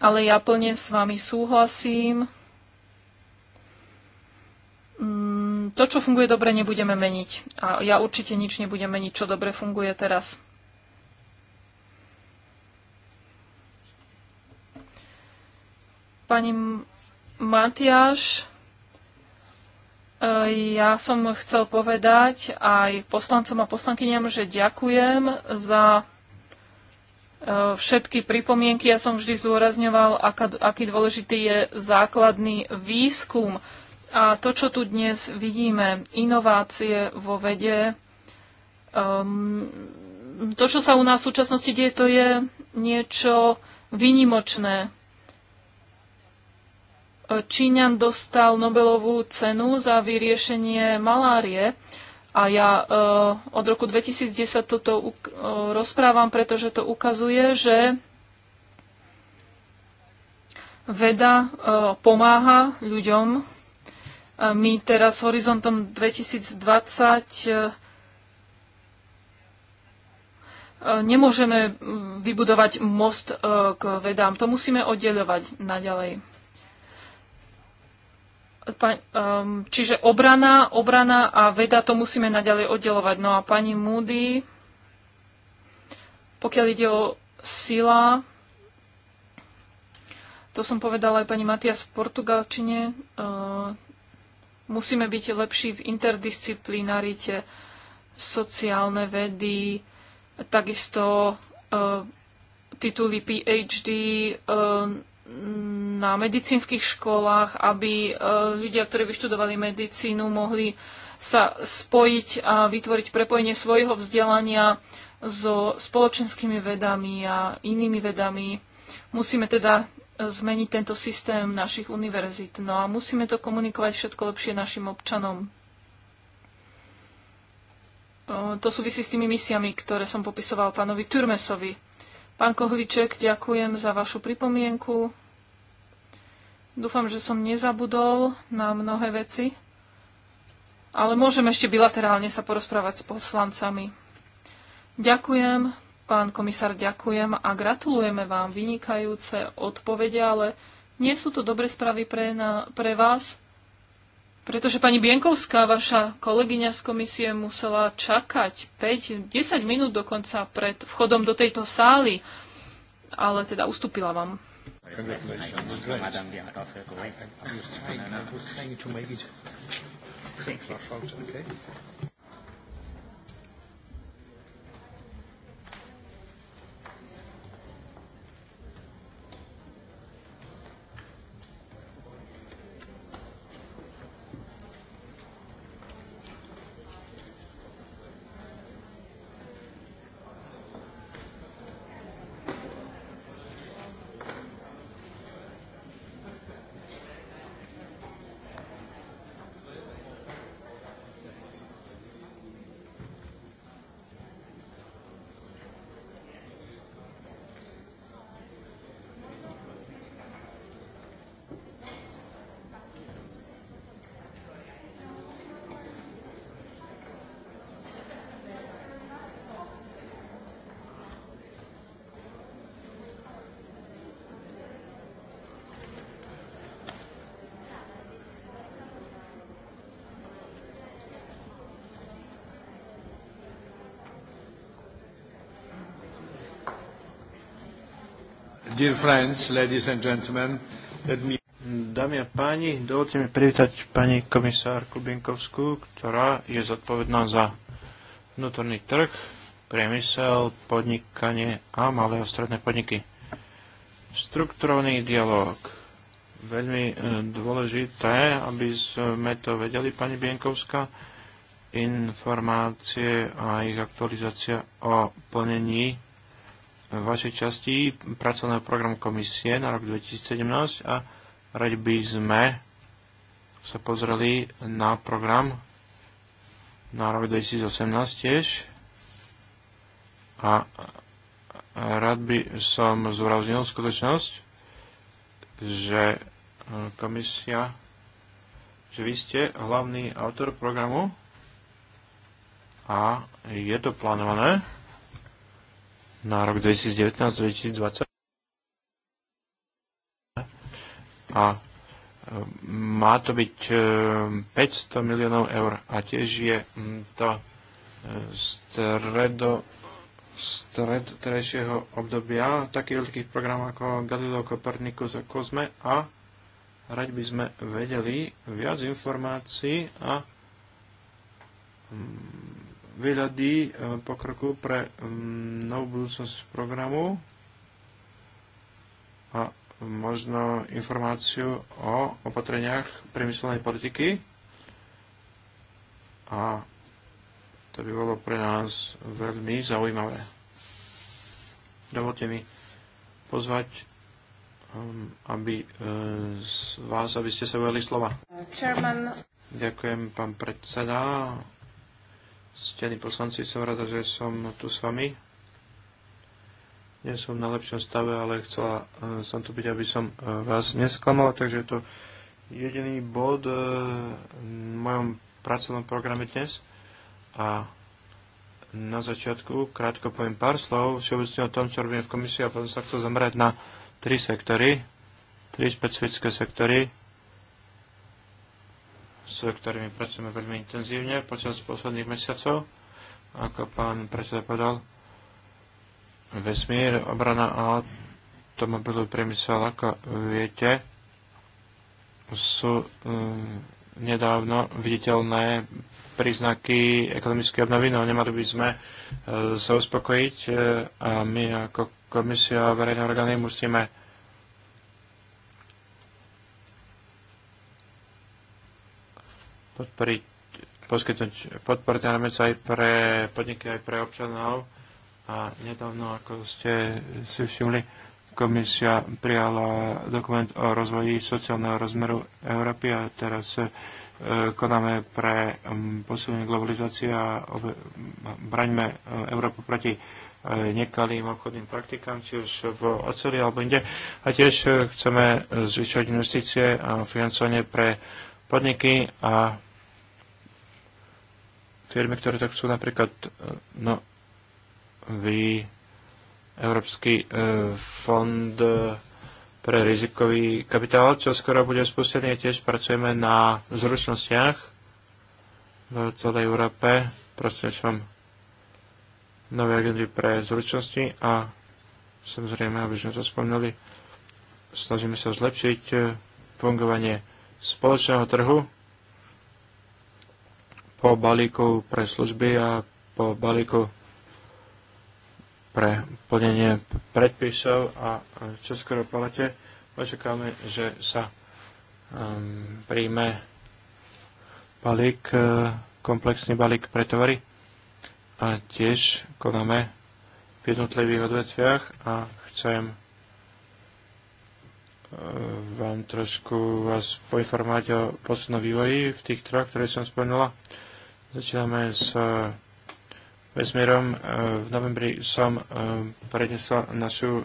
Ale ja plne s vami súhlasím. Mm, to, čo funguje dobre, nebudeme meniť. A ja určite nič nebudem meniť, čo dobre funguje teraz. Pani Matiáš, ja som chcel povedať aj poslancom a poslankyňam, že ďakujem za e, všetky pripomienky. Ja som vždy zdôrazňoval, aký dôležitý je základný výskum. A to, čo tu dnes vidíme, inovácie vo vede, ehm, to, čo sa u nás v súčasnosti deje, to je niečo vynimočné. Číňan dostal Nobelovú cenu za vyriešenie malárie a ja e, od roku 2010 toto e, rozprávam, pretože to ukazuje, že veda e, pomáha ľuďom. E, my teraz horizontom 2020 e, e, nemôžeme vybudovať most k vedám. To musíme oddeľovať naďalej. Um, čiže obrana, obrana a veda to musíme naďalej oddelovať. No a pani Moody, pokiaľ ide o sila, to som povedala aj pani Matias v Portugalčine, uh, musíme byť lepší v interdisciplinarite, sociálne vedy, takisto uh, tituly PhD, uh, na medicínskych školách, aby e, ľudia, ktorí vyštudovali medicínu, mohli sa spojiť a vytvoriť prepojenie svojho vzdelania so spoločenskými vedami a inými vedami. Musíme teda e, zmeniť tento systém našich univerzít. No a musíme to komunikovať všetko lepšie našim občanom. E, to súvisí s tými misiami, ktoré som popisoval pánovi Turmesovi. Pán Kohliček, ďakujem za vašu pripomienku. Dúfam, že som nezabudol na mnohé veci, ale môžem ešte bilaterálne sa porozprávať s poslancami. Ďakujem, pán komisár, ďakujem a gratulujeme vám vynikajúce odpovede, ale nie sú to dobre správy pre, na, pre vás, pretože pani Bienkovská, vaša kolegyňa z komisie, musela čakať 5-10 minút dokonca pred vchodom do tejto sály, ale teda ustúpila vám. Congratulations. Dear friends, ladies and gentlemen, let me... Dámy a páni, dovolte mi privítať pani komisárku Binkovskú, ktorá je zodpovedná za vnútorný trh, priemysel, podnikanie a malé a stredné podniky. Struktúrovný dialog. Veľmi e, dôležité, aby sme to vedeli, pani Bienkovská, informácie a ich aktualizácia o plnení vašej časti pracovného programu komisie na rok 2017 a radi by sme sa pozreli na program na rok 2018 tiež a rád by som zúraznil skutočnosť, že e, komisia, že vy ste hlavný autor programu a je to plánované na rok 2019-2020 a e, má to byť 500 e, miliónov eur a tiež je to e, stredo stred terajšieho obdobia takých veľkých programov ako Galileo, Copernicus a Kozme a rať by sme vedeli viac informácií a výhľady e, pokroku pre mm, novú budúcnosť programu a možno informáciu o opatreniach priemyselnej politiky a to by bolo pre nás veľmi zaujímavé. Dovolte mi pozvať, mm, aby z e, vás, aby ste sa vedeli slova. Chairman. Ďakujem, pán predseda. Stení poslanci, som rada, že som tu s vami. Nie som na lepšom stave, ale chcela som eh, tu byť, aby som eh, vás nesklamala, takže je to jediný bod eh, v mojom pracovnom programe dnes. A na začiatku krátko poviem pár slov všeobecne o tom, čo robím v komisii a potom sa chcel zamerať na tri sektory, tri špecifické sektory, s ktorými pracujeme veľmi intenzívne počas posledných mesiacov. Ako pán predseda povedal, vesmír, obrana a automobilový priemysel, ako viete, sú um, nedávno viditeľné príznaky ekonomickej obnovy, no nemali by sme uh, sa uspokojiť uh, a my ako komisia a verejné orgány musíme podporiť, poskytnúť podpory sa aj pre podniky, aj pre občanov. A nedávno, ako ste si všimli, komisia prijala dokument o rozvoji sociálneho rozmeru Európy a teraz e, konáme pre posilnenie globalizácie a braňme e, Európu proti e, nekalým obchodným praktikám, či už v oceli alebo inde. A tiež chceme zvyšovať investície a financovanie pre podniky a firmy, ktoré tak chcú napríklad eh, no, vy Európsky e, fond eh, pre rizikový kapitál, čo skoro bude spustený. Tiež pracujeme na zručnostiach v celej Európe prostredníctvom nové agendy pre zručnosti a samozrejme, aby sme to spomnali, snažíme sa zlepšiť fungovanie spoločného trhu po balíku pre služby a po balíku pre plnenie predpisov a čoskoro po lete očakáme, že sa um, príjme balík, e, komplexný balík pre tovary a tiež konáme v jednotlivých odvetviach a chcem e, vám trošku vás poinformovať o poslednom vývoji v tých troch, ktoré som spomenula. Začíname s e, vesmírom. E, v novembri som e, prednesla našu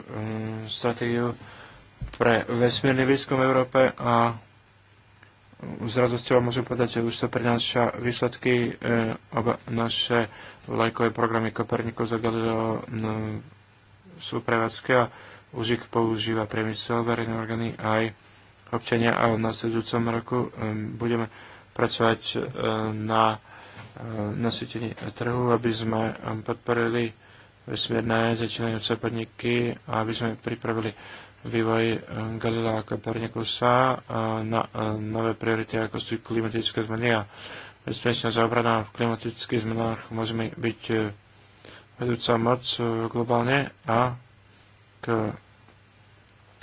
stratégiu pre vesmírny výskum v Európe a s radosťou môžem povedať, že už sa prináša výsledky oba naše vlajkové programy Kopernikus za Galileo sú prevádzke a už ich používa priemysel, verejné orgány aj občania a v nasledujúcom roku budeme pracovať na nasýtení trhu, aby sme podporili vesmírne začínajúce podniky a aby sme pripravili vývoj eh, Galilea a Kopernikusa eh, na eh, nové priority, ako sú klimatické zmeny a bezpečnosť a obrana v klimatických zmenách môžeme byť vedúca moc globálne a k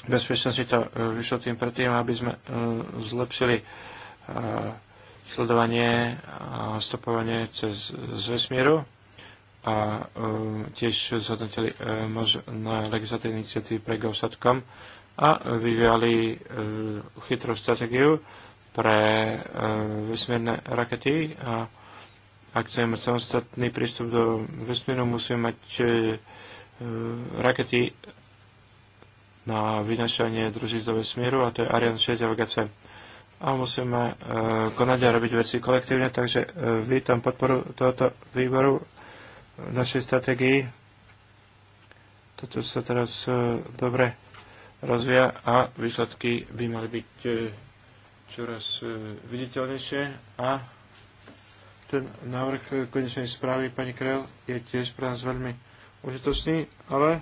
bezpečnosti to vyšlo tým predtým, aby sme zlepšili sledovanie a stopovanie cez, z vesmíru a e, tiež zhodnotili e, možné legislatívne iniciatívy pre GovSatcom a vyvíjali e, chytrú stratégiu pre e, vesmírne rakety a ak chceme mať samostatný prístup do vesmíru, musíme mať e, e rakety na vynašanie družíc do vesmíru a to je Ariane 6 a VGC a musíme e, konať a robiť veci kolektívne, takže e, vítam podporu tohoto výboru v e, našej strategii. Toto sa teraz dobre rozvíja a výsledky by mali byť čoraz viditeľnejšie a ten návrh konečnej správy pani Krel je tiež pre nás veľmi užitočný, ale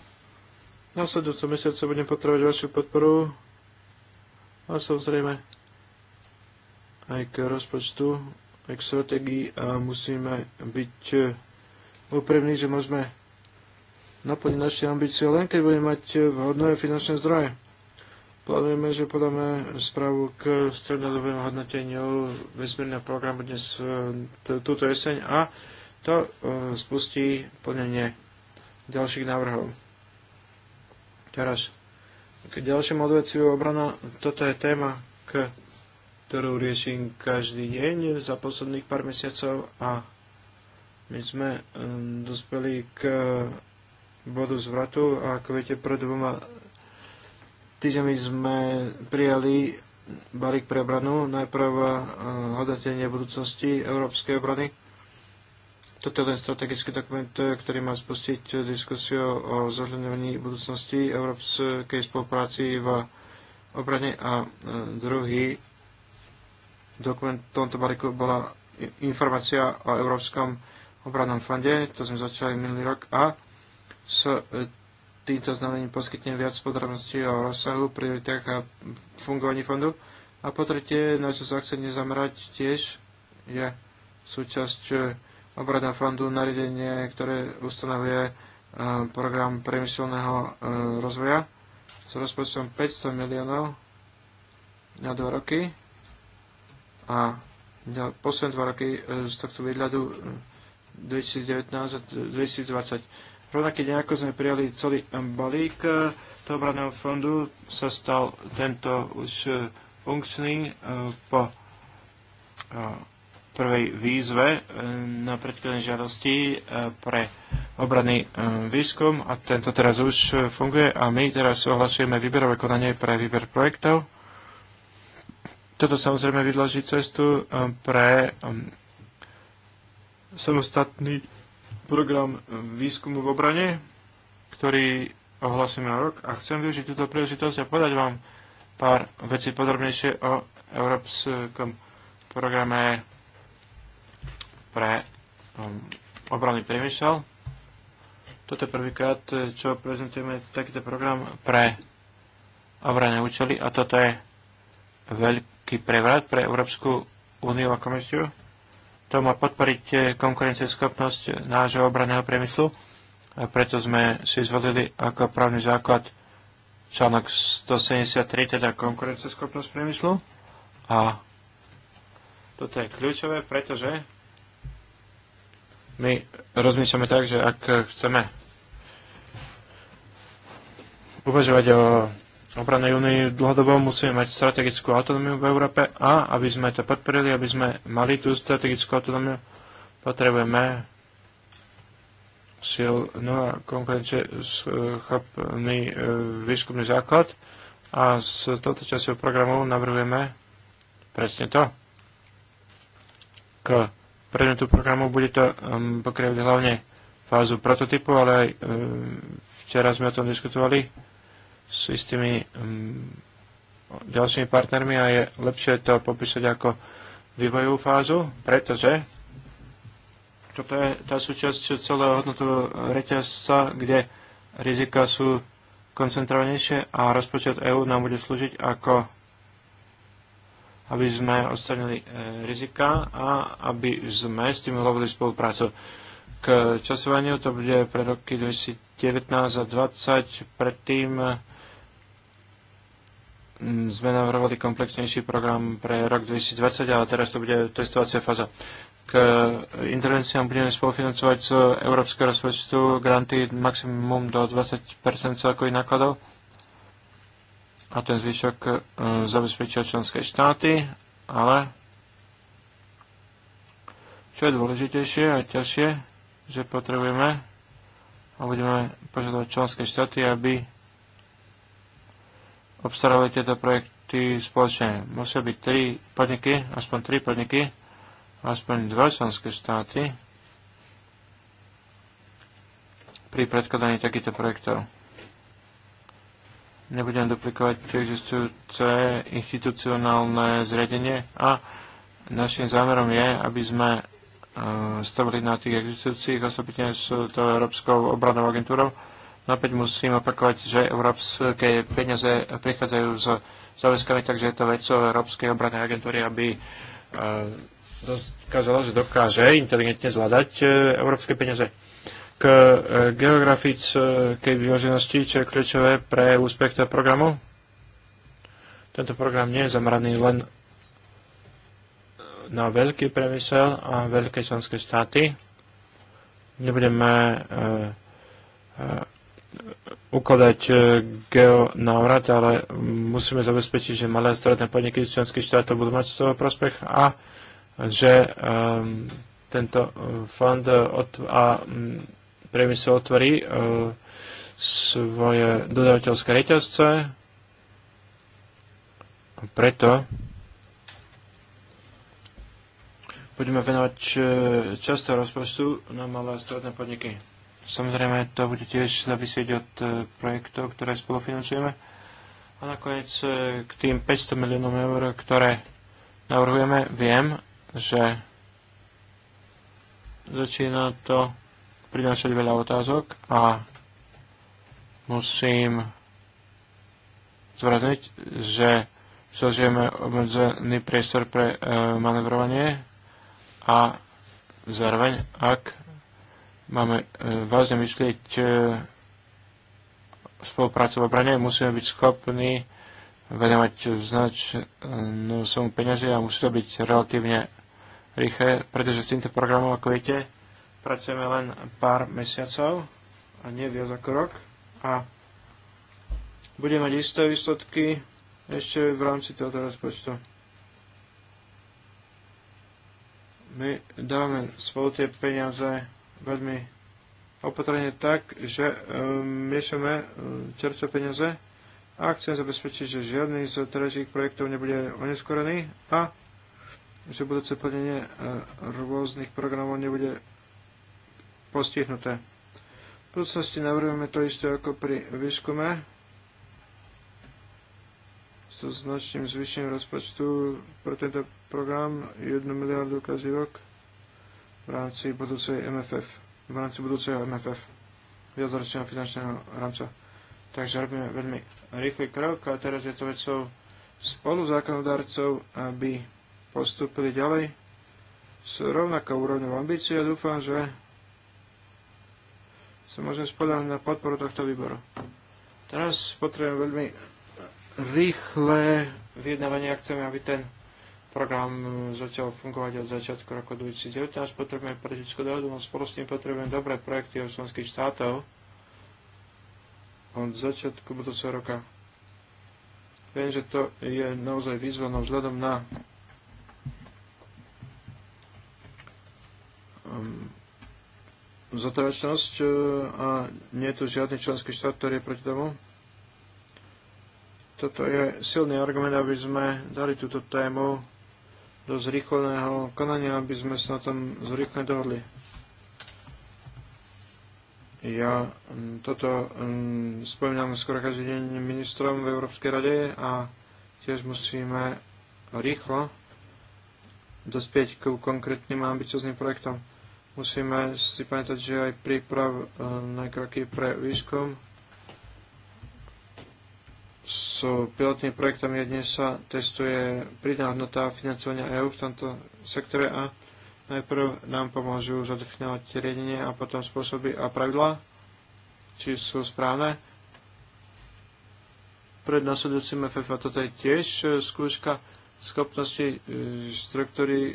na nasledujúcom mesiace budem potrebovať vašu podporu a samozrejme aj k rozpočtu, aj k strategii a musíme byť e, úprimní, že môžeme naplniť naše ambície len keď budeme mať e, vhodné finančné zdroje. Plánujeme, že podáme správu k strednodobému hodnoteniu vesmírneho programu dnes e, túto jeseň a to spustí plnenie ďalších návrhov. Teraz k ďalšiemu obrana. Toto je téma, k ktorú riešim každý deň za posledných pár mesiacov a my sme um, dospeli k uh, bodu zvratu a ako viete, pred dvoma týždňami sme prijali balík pre obranu, najprv uh, hodnotenie budúcnosti európskej obrany. Toto je ten strategický dokument, uh, ktorý má spustiť diskusiu o zohľadňovaní budúcnosti európskej spolupráci v obrane a druhý dokument, v tomto balíku bola informácia o Európskom obradnom fonde, to sme začali minulý rok a s e, týmto znamením poskytnem viac podrobností o rozsahu, prioritách a fungovaní fondu. A po tretie, na čo sa chcem nezamerať tiež, je súčasť e, obradného fondu nariadenie, ktoré ustanovuje e, program priemyselného rozvoja s rozpočtom 500 miliónov na dva roky a posledné dva roky e, z tohto výhľadu 2019 e, a 2020. Rovnaký deň, ako sme prijali celý e, balík toho obranného fondu, sa stal tento už funkčný po prvej výzve na predkladné žiadosti pre obranný výskum a tento teraz už funguje a my teraz ohlasujeme výberové konanie pre výber projektov toto samozrejme vydlaží cestu um, pre um, samostatný program um, výskumu v obrane, ktorý ohlasím na rok a chcem využiť túto príležitosť a podať vám pár vecí podrobnejšie o európskom programe pre obranný priemysel. Toto je prvýkrát, čo prezentujeme takýto program pre obranné účely a toto je veľký veľký prevrat pre Európsku úniu a komisiu. To má podporiť eh, konkurencieschopnosť nášho obraného priemyslu. A preto sme si zvolili ako právny základ článok 173, teda konkurencieschopnosť priemyslu. A toto je kľúčové, pretože my rozmýšľame tak, že ak chceme uvažovať o obranej únii dlhodobo musíme mať strategickú autonómiu v Európe a aby sme to podporili, aby sme mali tú strategickú autonómiu, potrebujeme silnú no a konkurenčný e, výskumný základ a z tohto časového programu navrhujeme presne to. K predmetu programu bude to e, pokrývať hlavne fázu prototypu, ale aj e, včera sme o tom diskutovali s istými mm, ďalšími partnermi a je lepšie to popísať ako vývojovú fázu, pretože toto je tá súčasť celého hodnotového reťazca, kde rizika sú koncentrovanejšie a rozpočet EÚ nám bude slúžiť ako aby sme odstranili e, rizika a aby sme stimulovali spoluprácu. K časovaniu to bude pre roky 2019 a 2020 predtým Mm, sme navrhovali komplexnejší program pre rok 2020, ale teraz to bude testovacia fáza. K intervenciám budeme spolufinancovať z európskeho rozpočtu granty maximum do 20 celkových nákladov a ten zvyšok e, zabezpečia členské štáty, ale čo je dôležitejšie a ťažšie, že potrebujeme a budeme požiadať členské štáty, aby obstarávať tieto projekty spoločne. Musia byť tri podniky, aspoň tri podniky, aspoň dva členské štáty pri predkladaní takýchto projektov. Nebudem duplikovať existujúce inštitucionálne zriadenie a našim zámerom je, aby sme e, stavili na tých existujúcich, osobitne s tou Európskou obranou agentúrou, Napäť musím opakovať, že európske peniaze prichádzajú z záväzkami, takže je to vecou Európskej obrannej agentúry, aby e, dokázala, že dokáže inteligentne zvládať e, európske peniaze k e, geografickej vyváženosti, čo je kľúčové pre úspech toho programu. Tento program nie je zameraný len na veľký premysel a veľké členské štáty. Nebudeme ukladať e, geonávrat, ale musíme zabezpečiť, že malé a stredné podniky členských štátov budú mať z toho prospech a že um, tento fond a mm, priemysel otvorí uh, svoje dodavateľské reťazce. preto budeme venovať e, často rozpočtu na malé a stredné podniky. Samozrejme, to bude tiež závisieť od e, projektov, ktoré spolufinancujeme. A nakoniec e, k tým 500 miliónov eur, ktoré navrhujeme, viem, že začína to prinášať veľa otázok a musím zvrazniť, že zažijeme obmedzený priestor pre e, manevrovanie a zároveň, ak máme e, vážne myslieť spoluprácu v obrane, musíme byť schopní venovať značnú sumu peňazí a musí to byť relatívne rýchle, pretože s týmto programom, ako viete, pracujeme len pár mesiacov a nie viac ako rok a budeme mať isté výsledky ešte v rámci tohoto rozpočtu. My dáme spolu tie peniaze veľmi opatrne tak, že um, miešame um, čerstvé peniaze a chcem zabezpečiť, že žiadny z terajších projektov nebude oneskorený a že budúce plnenie e, rôznych programov nebude postihnuté. V budúcnosti navrhujeme to isté ako pri výskume so značným zvýšením rozpočtu pre tento program 1 miliardu každý rok v rámci budúcej MFF, v rámci budúceho MFF, viacročného finančného rámca. Takže robíme veľmi rýchly krok a teraz je to vecou spolu zákonodarcov, aby postúpili ďalej s rovnakou úrovňou ambície a dúfam, že sa môžem spodávať na podporu tohto výboru. Teraz potrebujem veľmi rýchle vyjednávanie, ak chceme, aby ten program začal fungovať od začiatku roku 2019. Potrebujeme politickú dohodu, no spolu s tým potrebujeme dobré projekty od členských štátov od začiatku budúceho roka. Viem, že to je naozaj výzvanou vzhľadom na um, zotračnosť uh, a nie je tu žiadny členský štát, ktorý je proti tomu. Toto je silný argument, aby sme dali túto tému do zrýchleného konania, aby sme sa na tom zrýchle dohodli. Ja mm, toto mm, spomínam skoro každý deň ministrom v Európskej rade a tiež musíme rýchlo dospieť k konkrétnym a ambiciozným projektom. Musíme si pamätať, že aj príprav mm, na kroky pre výskum s pilotnými projektami a dnes sa testuje pridaná hodnota financovania EÚ v tomto sektore a najprv nám pomôžu zadefinovať riadenie a potom spôsoby a pravidlá, či sú správne. Pred nasledujúcim FFA toto je tiež e, skúška schopnosti e, štruktúry, e,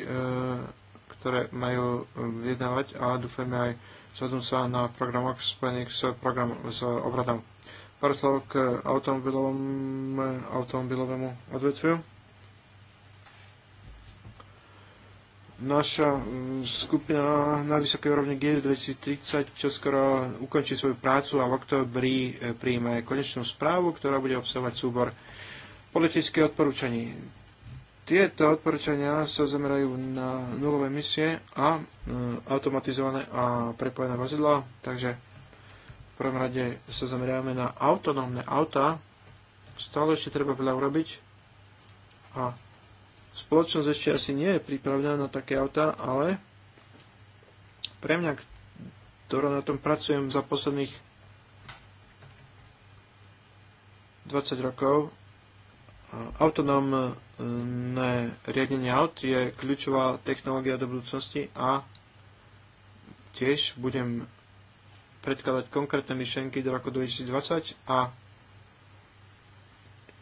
ktoré majú vyjednávať a dúfame aj zhodnú sa na programoch spojených s, program, s obradom Pár slov k automobilovému odvetviu. Naša mm, skupina na vysokej úrovni G2030 čoskoro ukončí svoju prácu a v oktobri e, príjme konečnú správu, ktorá bude obsahovať súbor Politické odporúčaní. Tieto odporúčania sa zamerajú na nulové misie a e, automatizované a prepojené vozidlo, takže prvom rade sa zameriavame na autonómne autá, stále ešte treba veľa urobiť a spoločnosť ešte asi nie je pripravená na také autá, ale pre mňa, ktorá na tom pracujem za posledných 20 rokov, autonómne riadenie aut je kľúčová technológia do budúcnosti a tiež budem predkladať konkrétne myšlenky do roku 2020 a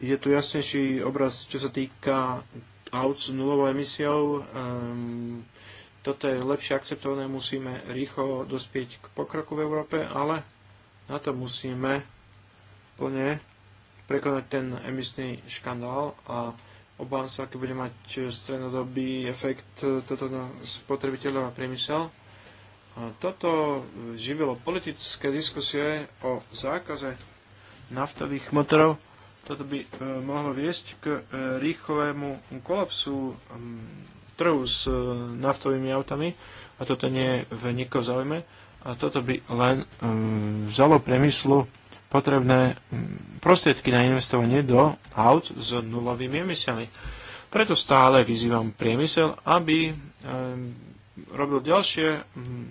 je tu jasnejší obraz, čo sa týka aut s nulovou emisiou. Um, toto je lepšie akceptované, musíme rýchlo dospieť k pokroku v Európe, ale na to musíme plne prekonať ten emisný škandál a obávam sa, aký bude mať strednodobý efekt toto na spotrebiteľov a priemysel. Toto živilo politické diskusie o zákaze naftových motorov. Toto by e, mohlo viesť k e, rýchlemu kolapsu trhu s e, naftovými autami a toto nie je v nikom zaujme. A toto by len vzalo priemyslu potrebné prostriedky na investovanie do aut s nulovými emisiami. Preto stále vyzývam priemysel, aby robil ďalšie mhm,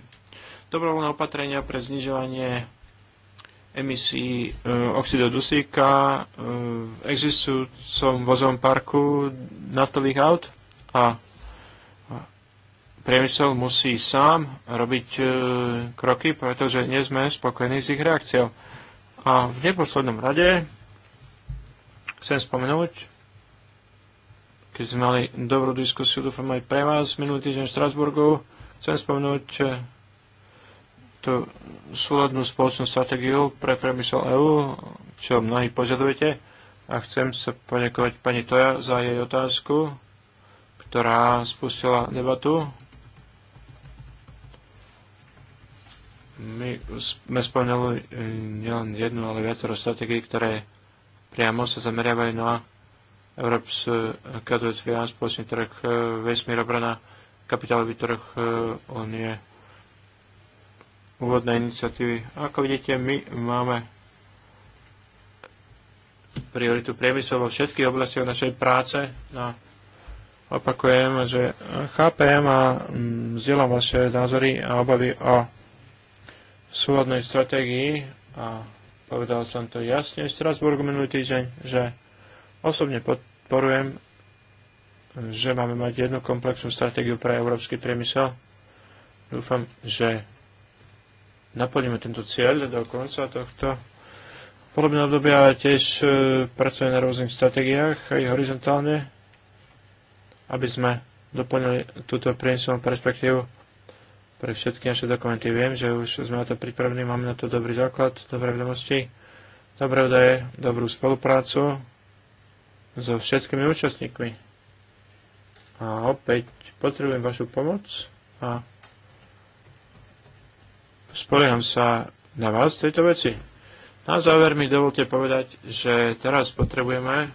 dobrovoľné opatrenia pre znižovanie emisí e, oxidu dusíka e, v existujúcom vozovom parku naftových aut a priemysel musí sám robiť e, kroky, pretože nie sme spokojní s ich reakciou. A v neposlednom rade chcem spomenúť, keď sme mali dobrú diskusiu, dúfam aj pre vás, minulý týždeň v Štrasburgu. Chcem spomenúť tú súladnú spoločnú stratégiu pre priemysel EÚ, čo mnohí požadujete. A chcem sa poďakovať pani Toja za jej otázku, ktorá spustila debatu. My sme spomenuli nielen jednu, ale viacero stratégií, ktoré priamo sa zameriavajú na Európska odvetvia, spoločný trh, e, vesmír, kapitalovi kapitálový trh je úvodné iniciatívy. Ako vidíte, my máme prioritu priemysel vo všetkých oblastiach našej práce. No, opakujem, že chápem a mm, zdieľam vaše názory a obavy o súhodnej stratégii a povedal som to jasne v Strasburgu minulý týždeň, že Osobne podporujem, že máme mať jednu komplexnú stratégiu pre európsky priemysel. Dúfam, že naplníme tento cieľ do konca tohto podobné obdobia tiež e, pracujem na rôznych stratégiách aj horizontálne, aby sme doplnili túto priemyselnú perspektívu pre všetky naše dokumenty. Viem, že už sme na to pripravení, máme na to dobrý základ, dobré vedomosti, dobré údaje, dobrú spoluprácu so všetkými účastníkmi. A opäť potrebujem vašu pomoc a spolieham sa na vás v tejto veci. Na záver mi dovolte povedať, že teraz potrebujeme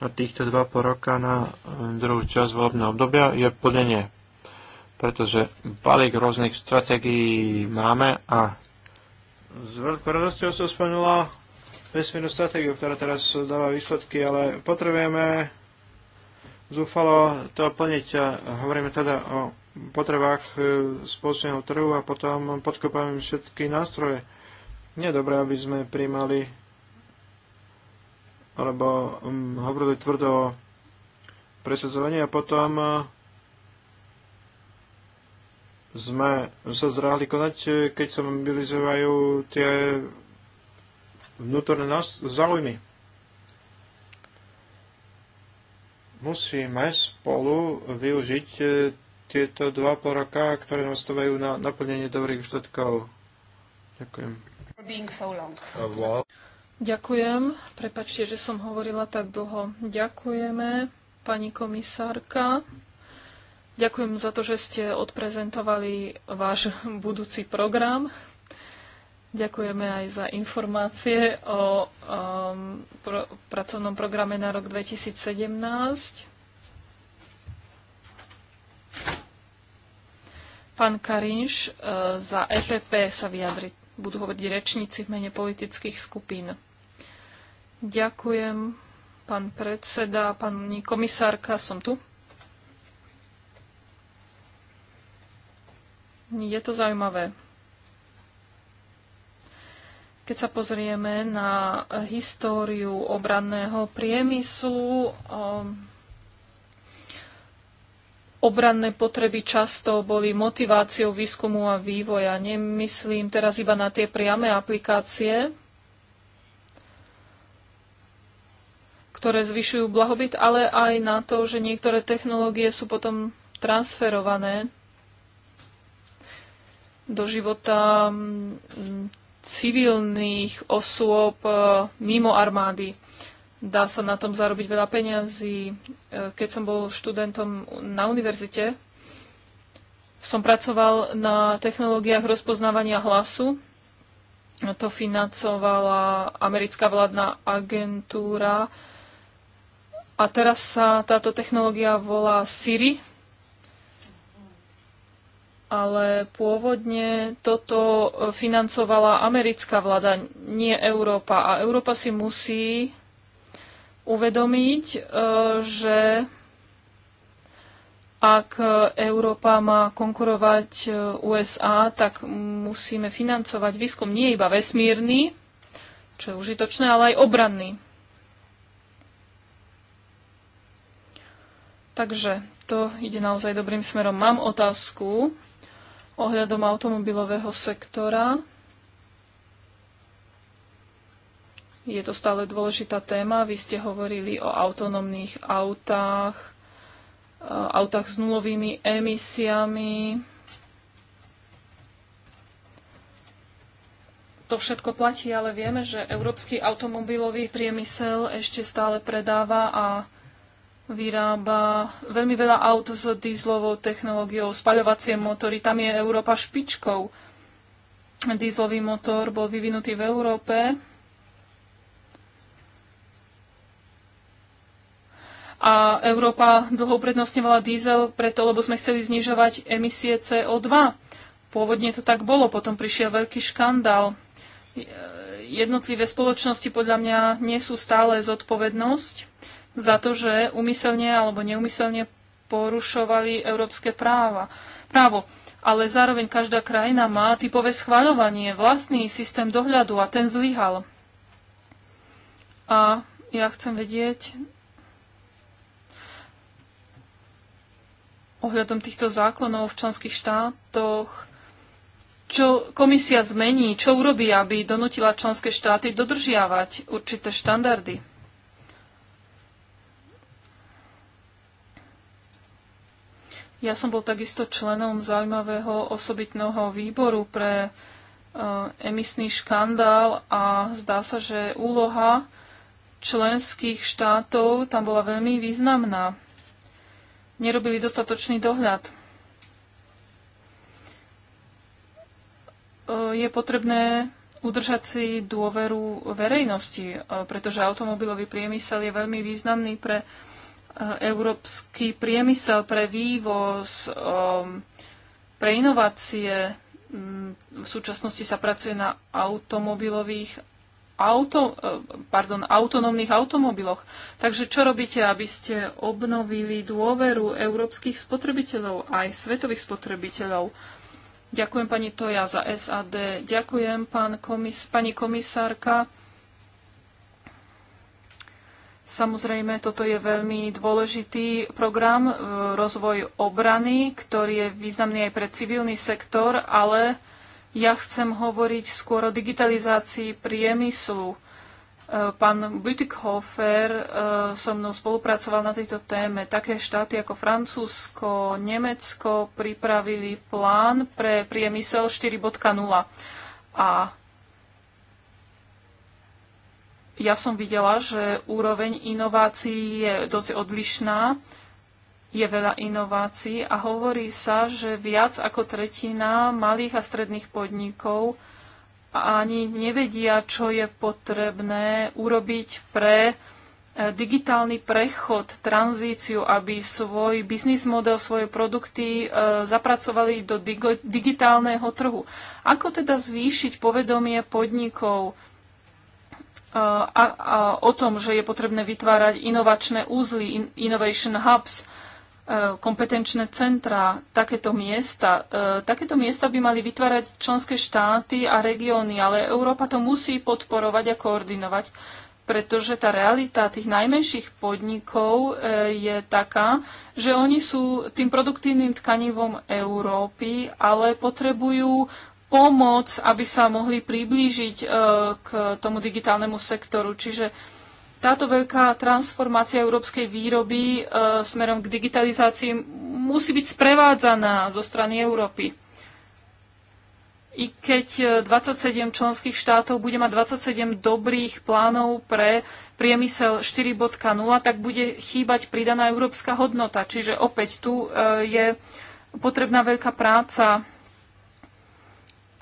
na týchto dva po roka na e, druhú časť volebného obdobia je plnenie. Pretože balík rôznych stratégií máme a s veľkou radosťou sa spomenula vesmírnu stratégiu, ktorá teraz dáva výsledky, ale potrebujeme zúfalo to plniť. A hovoríme teda o potrebách e, spoločného trhu a potom podkopávame všetky nástroje. Nie je dobré, aby sme príjmali alebo um, hovorili tvrdo o presadzovaní a potom uh, sme sa zráhli konať, e, keď sa mobilizujú tie vnútorné zaujmy. Musíme spolu využiť e, tieto dva pol roka, ktoré stavajú na naplnenie dobrých výsledkov. Ďakujem. Ďakujem. Prepačte, že som hovorila tak dlho. Ďakujeme, pani komisárka. Ďakujem za to, že ste odprezentovali váš budúci program. Ďakujeme aj za informácie o um, pro, pracovnom programe na rok 2017. Pán Karinš uh, za EPP sa vyjadri. Budú hovoriť rečníci v mene politických skupín. Ďakujem, pán predseda, pani komisárka, som tu. Je to zaujímavé. Keď sa pozrieme na históriu obranného priemyslu, um, obranné potreby často boli motiváciou výskumu a vývoja. Nemyslím teraz iba na tie priame aplikácie, ktoré zvyšujú blahobyt, ale aj na to, že niektoré technológie sú potom transferované do života civilných osôb e, mimo armády. Dá sa na tom zarobiť veľa peňazí. E, keď som bol študentom na univerzite, som pracoval na technológiách rozpoznávania hlasu. To financovala americká vládna agentúra. A teraz sa táto technológia volá Siri, ale pôvodne toto financovala americká vláda, nie Európa. A Európa si musí uvedomiť, e, že ak Európa má konkurovať e, USA, tak musíme financovať výskum nie iba vesmírny, čo je užitočné, ale aj obranný. Takže to ide naozaj dobrým smerom. Mám otázku ohľadom automobilového sektora. Je to stále dôležitá téma. Vy ste hovorili o autonómnych autách, eh, autách s nulovými emisiami. To všetko platí, ale vieme, že európsky automobilový priemysel ešte stále predáva a vyrába veľmi veľa aut s dízlovou technológiou, spaľovacie motory, tam je Európa špičkou. Dízlový motor bol vyvinutý v Európe. A Európa dlho uprednostňovala dízel preto, lebo sme chceli znižovať emisie CO2. Pôvodne to tak bolo, potom prišiel veľký škandál. Jednotlivé spoločnosti podľa mňa nie sú stále zodpovednosť za to, že umyselne alebo neumyselne porušovali európske práva, právo. Ale zároveň každá krajina má typové schváľovanie, vlastný systém dohľadu a ten zlyhal. A ja chcem vedieť ohľadom týchto zákonov v členských štátoch, čo komisia zmení, čo urobí, aby donutila členské štáty dodržiavať určité štandardy. Ja som bol takisto členom zaujímavého osobitného výboru pre e, emisný škandál a zdá sa, že úloha členských štátov tam bola veľmi významná. Nerobili dostatočný dohľad. E, je potrebné udržať si dôveru verejnosti, e, pretože automobilový priemysel je veľmi významný pre E, európsky priemysel pre vývoz, e, pre inovácie. Mm, v súčasnosti sa pracuje na automobilových auto, e, pardon, autonómnych automobiloch. Takže čo robíte, aby ste obnovili dôveru európskych spotrebiteľov aj svetových spotrebiteľov? Ďakujem pani Toja za SAD. Ďakujem pán komis, pani komisárka. Samozrejme, toto je veľmi dôležitý program, e, rozvoj obrany, ktorý je významný aj pre civilný sektor, ale ja chcem hovoriť skôr o digitalizácii priemyslu. E, pán Bütikhofer e, so mnou spolupracoval na tejto téme. Také štáty ako Francúzsko, Nemecko pripravili plán pre priemysel 4.0. A ja som videla, že úroveň inovácií je dosť odlišná. Je veľa inovácií a hovorí sa, že viac ako tretina malých a stredných podnikov ani nevedia, čo je potrebné urobiť pre eh, digitálny prechod, tranzíciu, aby svoj biznis model, svoje produkty eh, zapracovali do digitálneho trhu. Ako teda zvýšiť povedomie podnikov a, a o tom, že je potrebné vytvárať inovačné úzly, in, innovation hubs, e, kompetenčné centra, takéto miesta. E, takéto miesta by mali vytvárať členské štáty a regióny, ale Európa to musí podporovať a koordinovať, pretože tá realita tých najmenších podnikov e, je taká, že oni sú tým produktívnym tkanivom Európy, ale potrebujú pomoc, aby sa mohli priblížiť e, k tomu digitálnemu sektoru. Čiže táto veľká transformácia európskej výroby e, smerom k digitalizácii musí byť sprevádzaná zo strany Európy. I keď 27 e, členských štátov bude mať 27 dobrých plánov pre priemysel 4.0, tak bude chýbať pridaná európska hodnota. Čiže opäť tu je potrebná veľká práca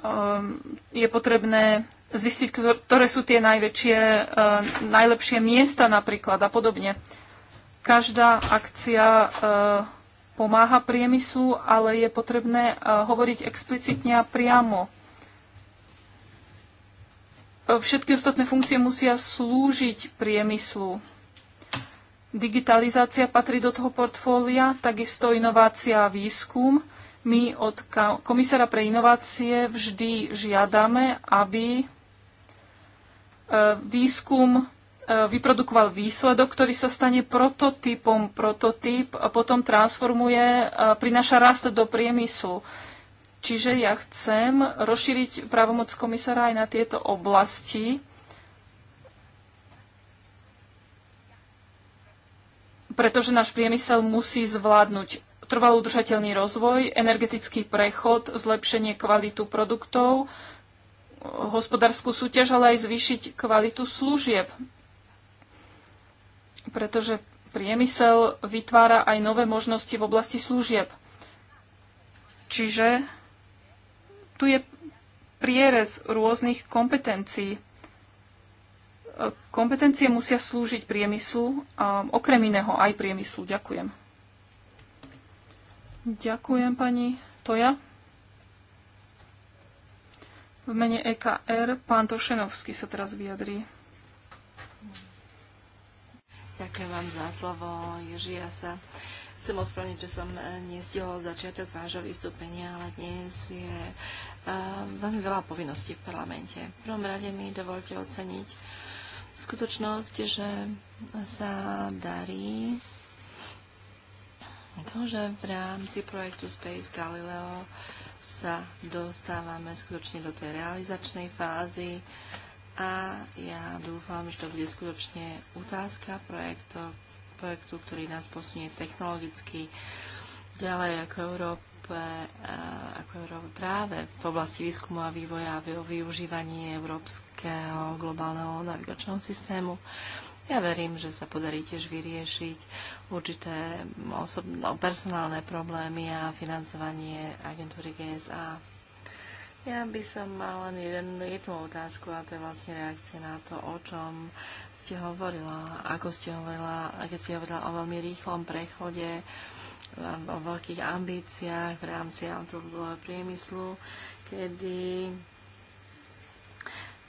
Ehm, je potrebné zistiť, ktoré sú tie najväčšie, ehm, najlepšie miesta napríklad a podobne. Každá akcia ehm, pomáha priemyslu, ale je potrebné hovoriť explicitne a priamo. Všetky ostatné funkcie musia slúžiť priemyslu. Digitalizácia patrí do toho portfólia, takisto inovácia a výskum my od komisára pre inovácie vždy žiadame, aby e, výskum e, vyprodukoval výsledok, ktorý sa stane prototypom. Prototyp potom transformuje, e, prináša rast do priemyslu. Čiže ja chcem rozšíriť právomoc komisára aj na tieto oblasti. pretože náš priemysel musí zvládnuť trvalo udržateľný rozvoj, energetický prechod, zlepšenie kvalitu produktov, hospodárskú súťaž, ale aj zvýšiť kvalitu služieb. Pretože priemysel vytvára aj nové možnosti v oblasti služieb. Čiže tu je prierez rôznych kompetencií. Kompetencie musia slúžiť priemyslu, okrem iného aj priemyslu. Ďakujem. Ďakujem pani Toja. V mene EKR pán Tošenovský sa teraz vyjadrí. Ďakujem vám za slovo, Ježi, ja sa chcem ospravniť, že som eh, nestihol začiatok vášho vystúpenia, ale dnes je eh, veľmi veľa povinností v parlamente. V prvom rade mi dovolte oceniť skutočnosť, že sa darí to, že v rámci projektu Space Galileo sa dostávame skutočne do tej realizačnej fázy a ja dúfam, že to bude skutočne otázka projektu, projektu ktorý nás posunie technologicky ďalej ako Európe, ako Európe práve v oblasti výskumu a vývoja a využívanie európskeho globálneho navigačného systému ja verím, že sa podarí tiež vyriešiť určité osobno, personálne problémy a financovanie agentúry GSA. Ja by som mala len jeden, jednu otázku a to je vlastne reakcia na to, o čom ste hovorila, ako ste hovorila, keď ste hovorila o veľmi rýchlom prechode, o veľkých ambíciách v rámci automobilového priemyslu, kedy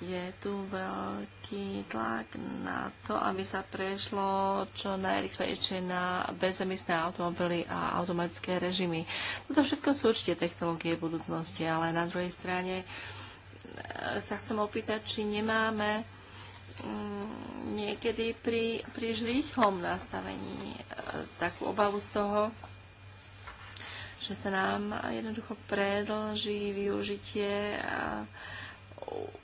je tu veľký tlak na to, aby sa prešlo čo najrychlejšie na bezemisné automobily a automatické režimy. Toto všetko sú určite technológie budúcnosti, ale na druhej strane e, sa chcem opýtať, či nemáme mm, niekedy pri pri žlýchom nastavení e, takú obavu z toho, že sa nám jednoducho predlží využitie a,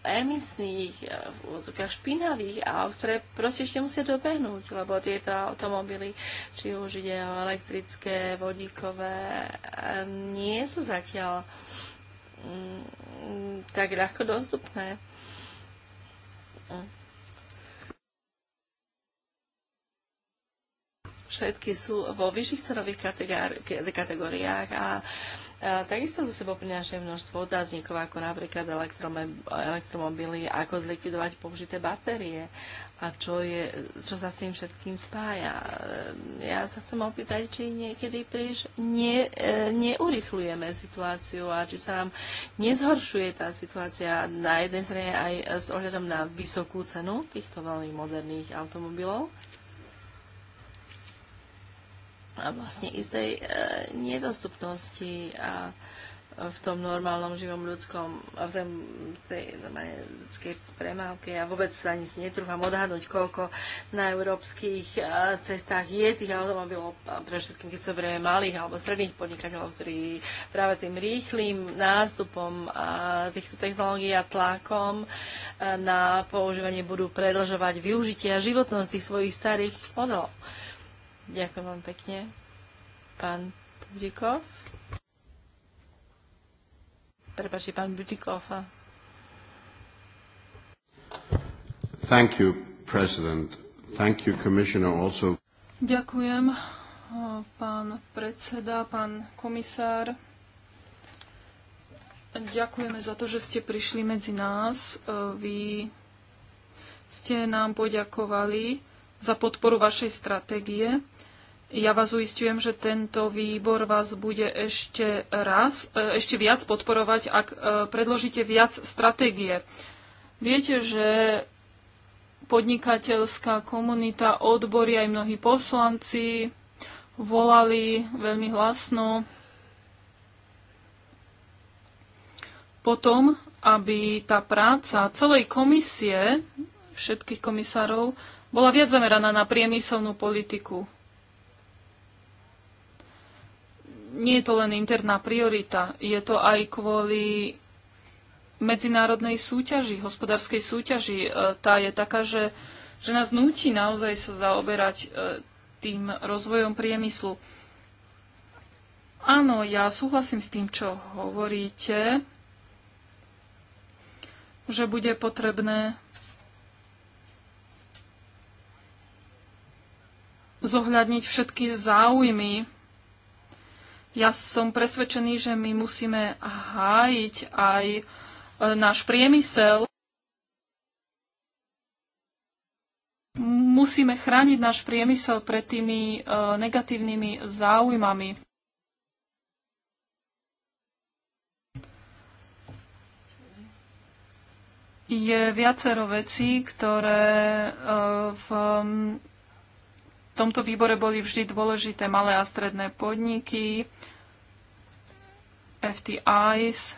emisných, e, špinavých a ktoré proste ešte musia dobehnúť, lebo tieto automobily, či už ide o elektrické, vodíkové, e, nie sú zatiaľ mm, tak ľahko dostupné. Všetky sú vo vyšších cenových kategóriách a Eh, takisto zo sebou prinášajú množstvo otáznikov, ako napríklad elektromobily, ako zlikvidovať použité batérie a čo, je, čo sa s tým všetkým spája. Eh, ja sa chcem opýtať, či niekedy príliš ne, eh, neurychlujeme situáciu a či sa nám nezhoršuje tá situácia na jednej strane aj s ohľadom na vysokú cenu týchto veľmi moderných automobilov vlastne istej e, nedostupnosti a v tom normálnom živom ľudskom, v tej, tej normálne ľudskej premávke. Ja vôbec sa ani si netrúfam odhadnúť, koľko na európskych e, cestách je tých automobilov, pre všetkým, keď sa berieme malých alebo stredných podnikateľov, ktorí práve tým rýchlým nástupom týchto technológií a tlakom e, na používanie budú predlžovať využitia životnosti tých svojich starých modelov. Ďakujem vám pekne. Pán Budikov. Prepačte, pán Budikov. Thank you, President. Thank you, Commissioner, also. Ďakujem, pán predseda, pán komisár. Ďakujeme za to, že ste prišli medzi nás. E, vy ste nám poďakovali za podporu vašej stratégie. Ja vás uistujem, že tento výbor vás bude ešte raz, e, ešte viac podporovať, ak e, predložíte viac stratégie. Viete, že podnikateľská komunita, odbory, aj mnohí poslanci volali veľmi hlasno Po tom, aby tá práca celej komisie, všetkých komisárov, bola viac zameraná na priemyselnú politiku. Nie je to len interná priorita, je to aj kvôli medzinárodnej súťaži, hospodárskej súťaži. E, tá je taká, že, že nás núti naozaj sa zaoberať e, tým rozvojom priemyslu. Áno, ja súhlasím s tým, čo hovoríte, že bude potrebné zohľadniť všetky záujmy. Ja som presvedčený, že my musíme hájiť aj e, náš priemysel. Musíme chrániť náš priemysel pred tými e, negatívnymi záujmami. je viacero vecí, ktoré e, v tomto výbore boli vždy dôležité malé a stredné podniky, FTIs.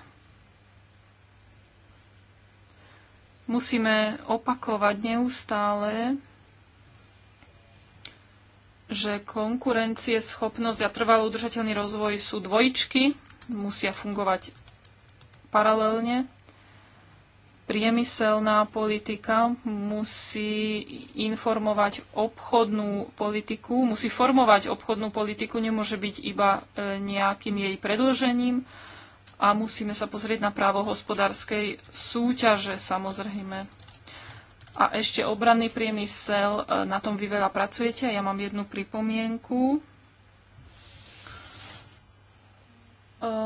Musíme opakovať neustále, že konkurencie, schopnosť a trvalý udržateľný rozvoj sú dvojičky, musia fungovať paralelne. Priemyselná politika musí informovať obchodnú politiku, musí formovať obchodnú politiku, nemôže byť iba e, nejakým jej predlžením a musíme sa pozrieť na právo hospodárskej súťaže samozrejme. A ešte obranný priemysel, e, na tom vy veľa pracujete a ja mám jednu pripomienku. E,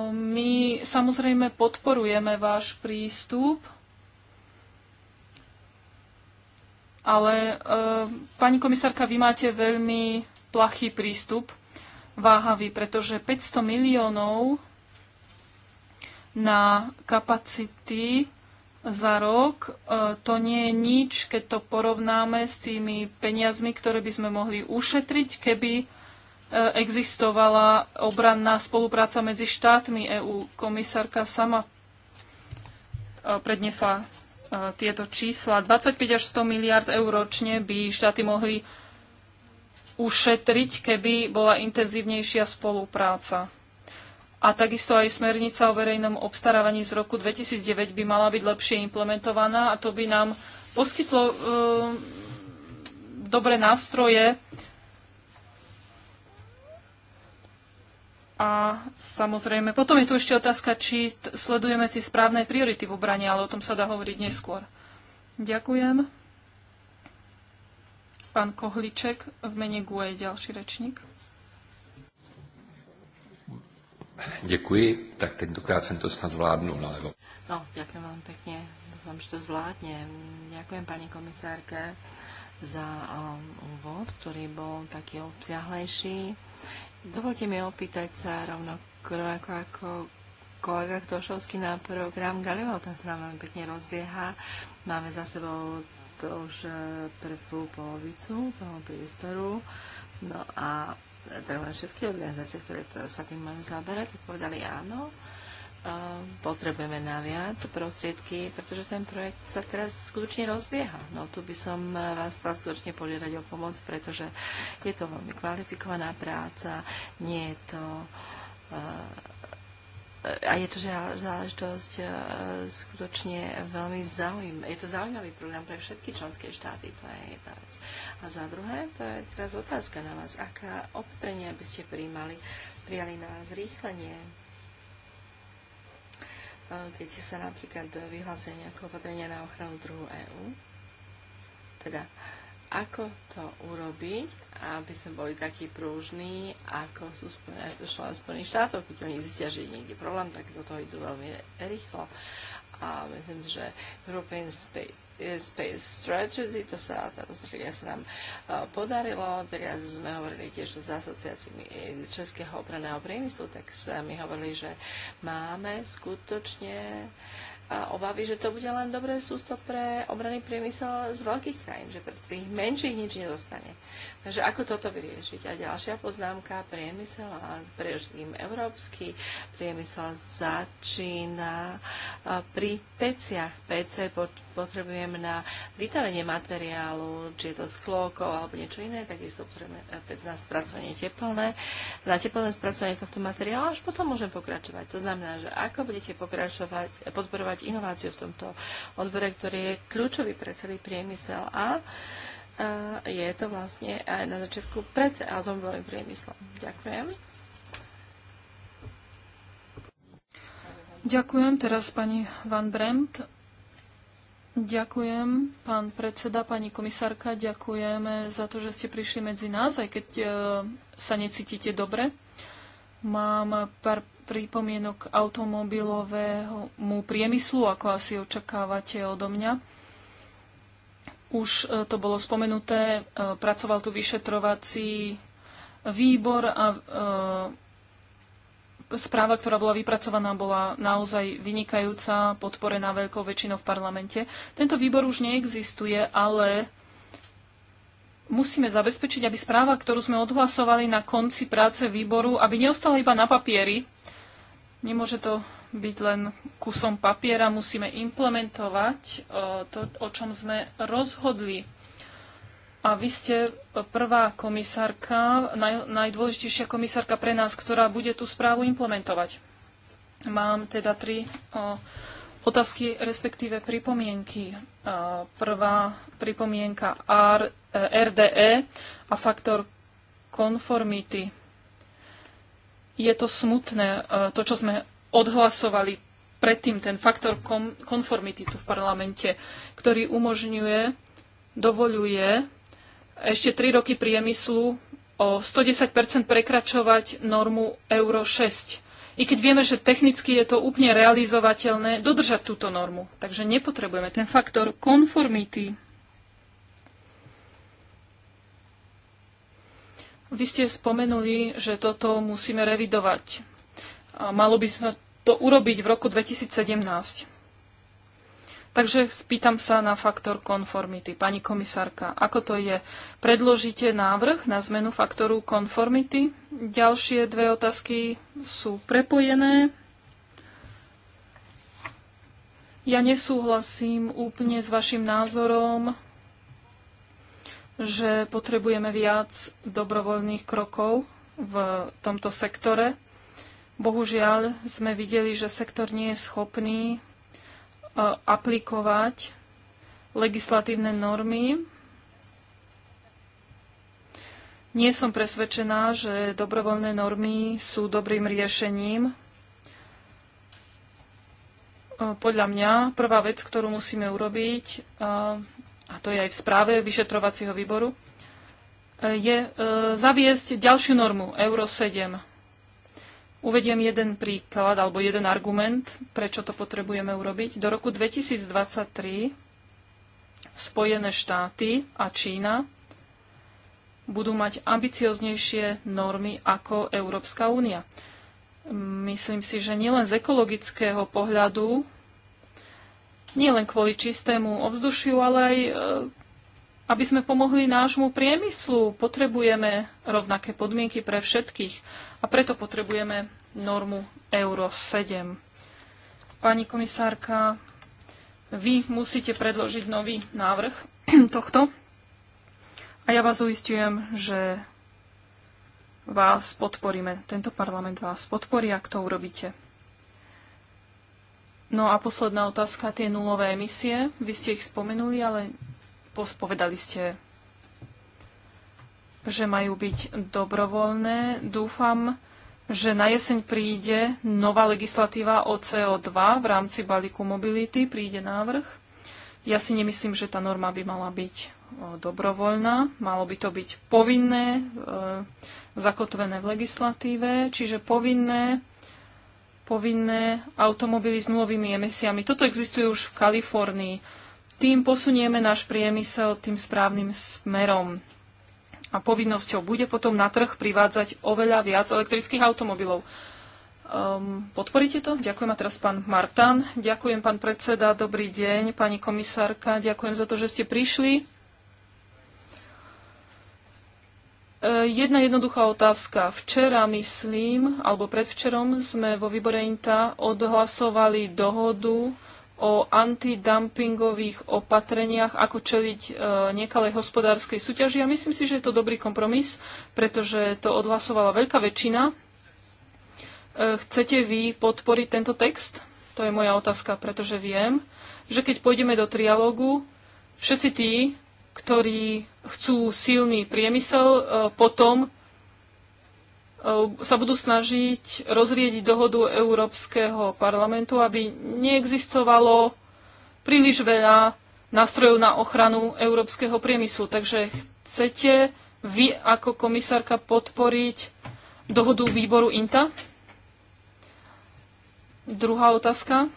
my samozrejme podporujeme váš prístup Ale e, pani komisárka, vy máte veľmi plachý prístup, váhavý, pretože 500 miliónov na kapacity za rok. E, to nie je nič, keď to porovnáme s tými peniazmi, ktoré by sme mohli ušetriť, keby e, existovala obranná spolupráca medzi štátmi EÚ. Komisárka sama e, predniesla E, tieto čísla. 25 až 100 miliard eur ročne by štáty mohli ušetriť, keby bola intenzívnejšia spolupráca. A takisto aj smernica o verejnom obstarávaní z roku 2009 by mala byť lepšie implementovaná a to by nám poskytlo e, dobré nástroje A samozrejme, potom je tu ešte otázka, či sledujeme si správne priority v obrane, ale o tom sa dá hovoriť neskôr. Ďakujem. Pán Kohliček v mene GUE, ďalší rečník. Děkuji, tak tentokrát jsem to snad zvládnul nalevo. No, ďakujem vám pekne. Dúfam, že to zvládně. Ďakujem pani komisárke za um, úvod, ktorý bol taký obsiahlejší. Dovolte mi opýtať sa rovnako ako kolega Ktošovský na program Galileo, ten sa nám veľmi pekne rozbieha. Máme za sebou to už e, prvú polovicu toho priestoru. No a teda všetky organizácie, ktoré sa tým majú zaberať, tak povedali áno potrebujeme naviac prostriedky, pretože ten projekt sa teraz skutočne rozbieha. No tu by som e, vás chcela skutočne požiadať o pomoc, pretože je to veľmi kvalifikovaná práca, nie je to e, a je to záležitosť e, skutočne veľmi zaujímavá. Je to zaujímavý program pre všetky členské štáty, to je jedna vec. A za druhé, to je teraz otázka na vás. Aká opatrenia by ste prijímali, prijali na zrýchlenie keď sa napríklad vyhlásia nejaké opatrenia na ochranu druhu EÚ. Teda, ako to urobiť, aby sme boli takí prúžní, ako sú Spojené štáty Spojených štátov, keď oni zistia, že je niekde problém, tak do toho idú veľmi rýchlo. A myslím, že European Space E, Space Strategy, to sa táto strategia sa nám e, podarilo. Teraz sme hovorili tiež s asociáciami e, Českého obraného priemyslu, tak sa mi hovorili, že máme skutočne a obavy, že to bude len dobré sústo pre obranný priemysel z veľkých krajín, že pre tých menších nič nezostane. Takže ako toto vyriešiť? A ďalšia poznámka, priemysel a predovšetkým európsky priemysel začína pri peciach. PC potrebujem na vytavenie materiálu, či je to sklo, alebo niečo iné, takisto potrebujeme e, pec na spracovanie teplné, na teplné spracovanie tohto materiálu, až potom môžem pokračovať. To znamená, že ako budete pokračovať, e, podporovať inováciu v tomto odbore, ktorý je kľúčový pre celý priemysel a je to vlastne aj na začiatku pred automobilovým priemyslom. Ďakujem. Ďakujem teraz pani Van Bremt. Ďakujem, pán predseda, pani komisárka, ďakujeme za to, že ste prišli medzi nás, aj keď e, sa necítite dobre. Mám pár pripomienok automobilovému priemyslu, ako asi očakávate odo mňa. Už e, to bolo spomenuté, e, pracoval tu vyšetrovací výbor a e, správa, ktorá bola vypracovaná, bola naozaj vynikajúca, podporená veľkou väčšinou v parlamente. Tento výbor už neexistuje, ale musíme zabezpečiť, aby správa, ktorú sme odhlasovali na konci práce výboru, aby neostala iba na papieri. Nemôže to byť len kusom papiera, musíme implementovať e, to, o čom sme rozhodli. A vy ste prvá komisárka, naj, najdôležitejšia komisárka pre nás, ktorá bude tú správu implementovať. Mám teda tri o, otázky, respektíve pripomienky. O, e, prvá pripomienka R, RDE e a faktor konformity. Je to smutné, to, čo sme odhlasovali predtým ten faktor konformity tu v parlamente, ktorý umožňuje, dovoluje ešte 3 roky priemyslu o 110 prekračovať normu Euro 6. I keď vieme, že technicky je to úplne realizovateľné, dodržať túto normu. Takže nepotrebujeme ten faktor konformity. Vy ste spomenuli, že toto musíme revidovať. Malo by sme to urobiť v roku 2017. Takže spýtam sa na faktor konformity. Pani komisárka, ako to je? Predložíte návrh na zmenu faktoru konformity? Ďalšie dve otázky sú prepojené. Ja nesúhlasím úplne s vašim názorom, že potrebujeme viac dobrovoľných krokov v tomto sektore. Bohužiaľ sme videli, že sektor nie je schopný e, aplikovať legislatívne normy. Nie som presvedčená, že dobrovoľné normy sú dobrým riešením. E, podľa mňa prvá vec, ktorú musíme urobiť, e, a to je aj v správe vyšetrovacieho výboru, je zaviesť ďalšiu normu, Euro 7 Uvediem jeden príklad alebo jeden argument, prečo to potrebujeme urobiť. Do roku 2023 Spojené štáty a Čína budú mať ambicioznejšie normy ako Európska únia. Myslím si, že nielen z ekologického pohľadu, nielen kvôli čistému ovzdušiu, ale aj e, aby sme pomohli nášmu priemyslu, potrebujeme rovnaké podmienky pre všetkých a preto potrebujeme normu Euro 7. Pani komisárka, vy musíte predložiť nový návrh tohto a ja vás uistujem, že vás podporíme. Tento parlament vás podporí, ak to urobíte. No a posledná otázka, tie nulové emisie. Vy ste ich spomenuli, ale Povedali ste, že majú byť dobrovoľné. Dúfam, že na jeseň príde nová legislatíva o CO2 v rámci balíku mobility, príde návrh. Ja si nemyslím, že tá norma by mala byť dobrovoľná, malo by to byť povinné, zakotvené v legislatíve, čiže povinné, povinné automobily s nulovými emisiami. Toto existuje už v Kalifornii tým posunieme náš priemysel tým správnym smerom. A povinnosťou bude potom na trh privádzať oveľa viac elektrických automobilov. Um, podporíte to? Ďakujem a teraz pán Martan. Ďakujem pán predseda, dobrý deň, pani komisárka, ďakujem za to, že ste prišli. Ehm, jedna jednoduchá otázka. Včera, myslím, alebo predvčerom sme vo výbore INTA odhlasovali dohodu o antidumpingových opatreniach, ako čeliť e, nekalej hospodárskej súťaži. A myslím si, že je to dobrý kompromis, pretože to odhlasovala veľká väčšina. E, chcete vy podporiť tento text? To je moja otázka, pretože viem, že keď pôjdeme do trialógu, všetci tí, ktorí chcú silný priemysel, e, potom sa budú snažiť rozriediť dohodu Európskeho parlamentu, aby neexistovalo príliš veľa nástrojov na ochranu európskeho priemyslu. Takže chcete vy ako komisárka podporiť dohodu výboru INTA? Druhá otázka.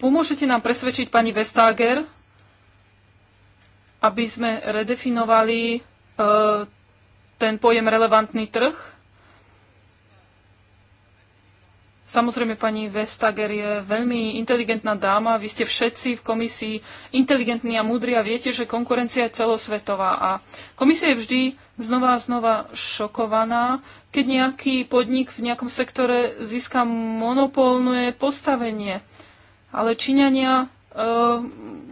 Pomôžete nám presvedčiť pani Vestager, aby sme redefinovali E, ten pojem relevantný trh. Samozrejme, pani Vestager je veľmi inteligentná dáma. Vy ste všetci v komisii inteligentní a múdri a viete, že konkurencia je celosvetová. A komisia je vždy znova a znova šokovaná, keď nejaký podnik v nejakom sektore získa monopolné postavenie. Ale Číňania e,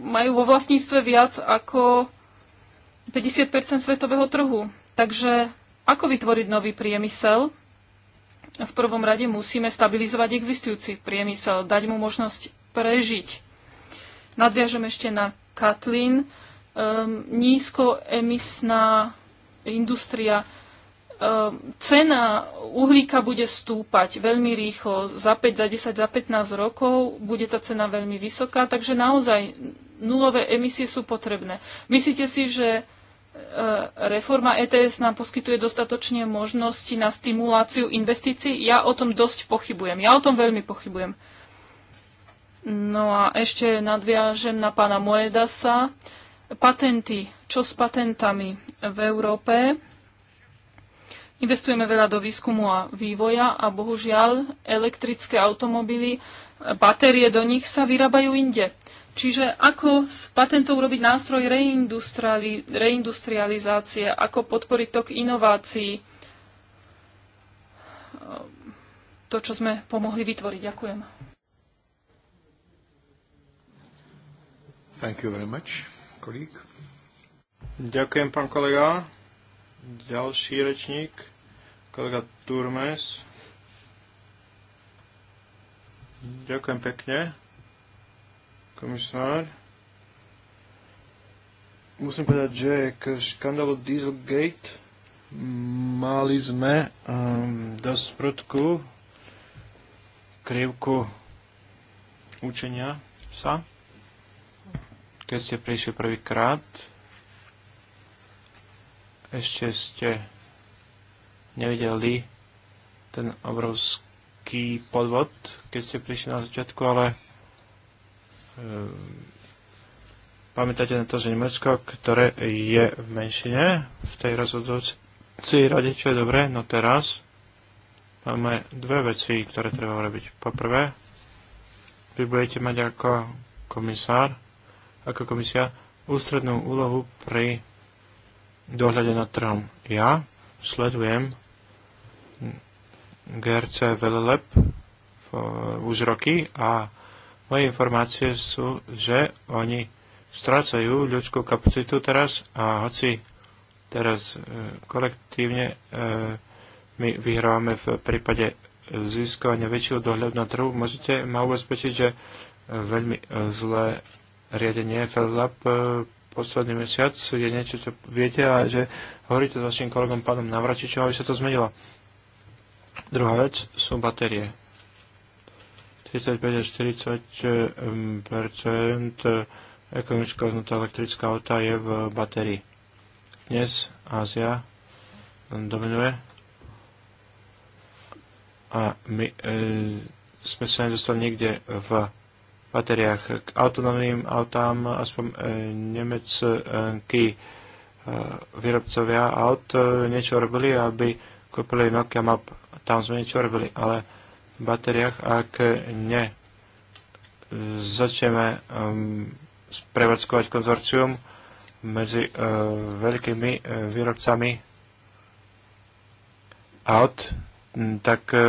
majú vo vlastníctve viac ako 50 svetového trhu. Takže ako vytvoriť nový priemysel? V prvom rade musíme stabilizovať existujúci priemysel, dať mu možnosť prežiť. Nadviažem ešte na Katlin. Um, nízkoemisná industria ehm, cena uhlíka bude stúpať veľmi rýchlo, za 5, za 10, za 15 rokov bude tá cena veľmi vysoká, takže naozaj nulové emisie sú potrebné. Myslíte si, že E, reforma ETS nám poskytuje dostatočne možnosti na stimuláciu investícií? Ja o tom dosť pochybujem. Ja o tom veľmi pochybujem. No a ešte nadviažem na pána Moedasa. Patenty. Čo s patentami v Európe? Investujeme veľa do výskumu a vývoja a bohužiaľ elektrické automobily, batérie do nich sa vyrábajú inde. Čiže ako s patentov urobiť nástroj reindustriali- reindustrializácie, ako podporiť tok inovácií, to, čo sme pomohli vytvoriť. Ďakujem. Thank you very much, colleague. Ďakujem, pán kolega. Ďalší rečník, kolega Turmes. Ďakujem pekne komisár. Musím povedať, že k škandálu Dieselgate mali sme um, dosť prudku krivku učenia sa. Keď ste prišli prvýkrát, ešte ste nevideli ten obrovský podvod, keď ste prišli na začiatku, ale Ehm, pamätáte na to, že Nemecko, ktoré je v menšine v tej rozhodujúcej rade, čo je dobré, no teraz máme dve veci, ktoré treba urobiť. Poprvé, vy budete mať ako komisár, ako komisia, ústrednú úlohu pri dohľade nad trhom. Ja sledujem GRC Velelep už roky a moje informácie sú, že oni strácajú ľudskú kapacitu teraz a hoci teraz e, kolektívne e, my vyhrávame v prípade získania väčšieho dohľadu na trhu, môžete ma ubezpečiť, že e, veľmi zlé riadenie FedLab posledný mesiac je niečo, čo viete a že hovoríte s vašim kolegom pánom Navračičom, aby sa to zmenilo. Druhá vec sú batérie 35 až 40 eh, eh, ekonomického hodnota elektrického auta je v batérii. Dnes Ázia dominuje a my e, sme sa nedostali niekde v batériách. K autonómnym autám aspoň e, nemecky e, výrobcovia aut e, niečo robili, aby kúpili Nokia Map. Tam sme niečo robili, ale batériách, ak ne začneme um, sprevádzkovať konzorcium medzi uh, veľkými uh, výrobcami aut, tak uh,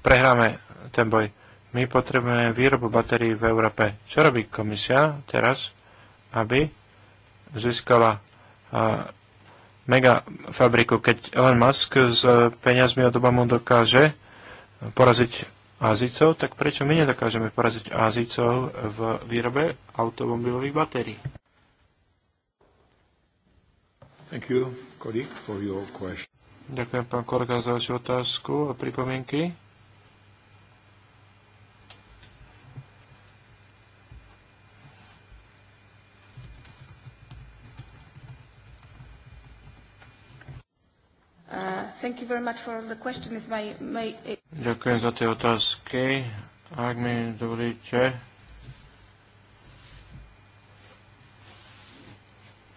prehráme ten boj. My potrebujeme výrobu batérií v Európe. Čo robí komisia teraz, aby získala uh, mega fabriku, keď Elon Musk s uh, peniazmi od Obamu dokáže poraziť Azicov, tak prečo my nedokážeme poraziť Azicov v výrobe automobilových batérií? Thank you, colleague, for your question. Ďakujem, pán kolega, za vašu otázku a pripomienky. Ďakujem za tie otázky. Ak mi dovolíte,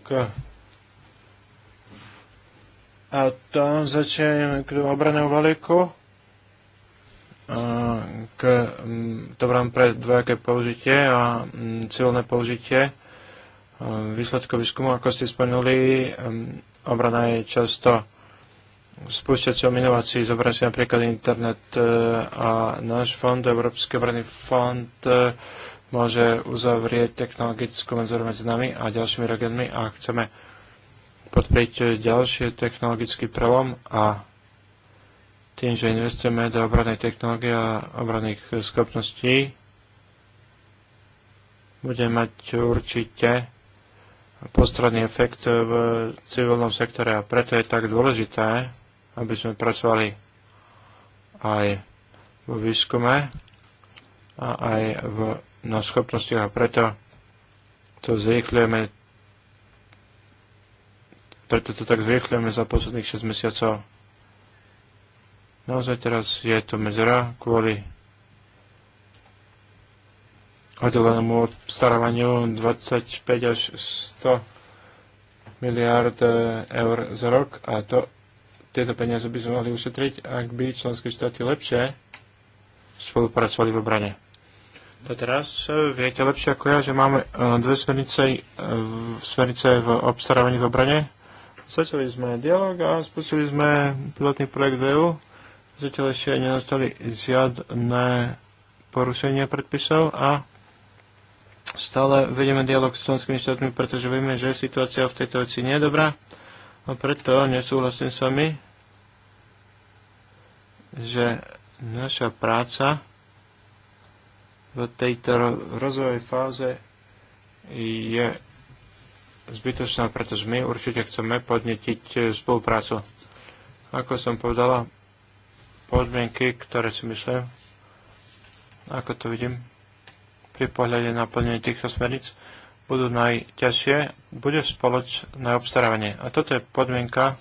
k a tam začnem k obranému balíku, k to vám pre dvojaké použitie a civilné použitie. Výsledkov výskumu, ako ste spomenuli, obrana je často spúšťačom inovácií zobrať si napríklad internet e, a náš fond, Európsky obranný fond, e, môže uzavrieť technologickú medzeru medzi nami a ďalšími regionmi a chceme podpriť ďalšie technologický prelom a tým, že investujeme do obranej technológie a obranných schopností, bude mať určite postranný efekt v civilnom sektore a preto je tak dôležité, aby sme pracovali aj vo výskume a aj v, na schopnostiach a preto to zrýchľujeme preto to tak zrýchľujeme za posledných 6 mesiacov. Naozaj teraz je to mezera kvôli oddelenému obstarávaniu 25 až 100 miliard eh, eur za rok a to tieto peniaze by sme mohli ušetriť, ak by členské štáty lepšie spolupracovali v obrane. A teraz e, viete lepšie ako ja, že máme e, dve smernice, e, smernice v obstarávaní v obrane. Začali sme dialog a spustili sme pilotný projekt v EU. Zatiaľ ešte nenastali žiadne porušenia predpisov a stále vedeme dialog s členskými štátmi, pretože vieme, že situácia v tejto veci nie je dobrá a no preto nesúhlasím s vami, že naša práca v tejto rozvojovej fáze je zbytočná, pretože my určite chceme podnetiť eh, spoluprácu. Ako som povedala, podmienky, ktoré si myslím, ako to vidím, pri pohľade na plnenie týchto smerníc, budú najťažšie, bude spoločné obstarávanie. A toto je podmienka,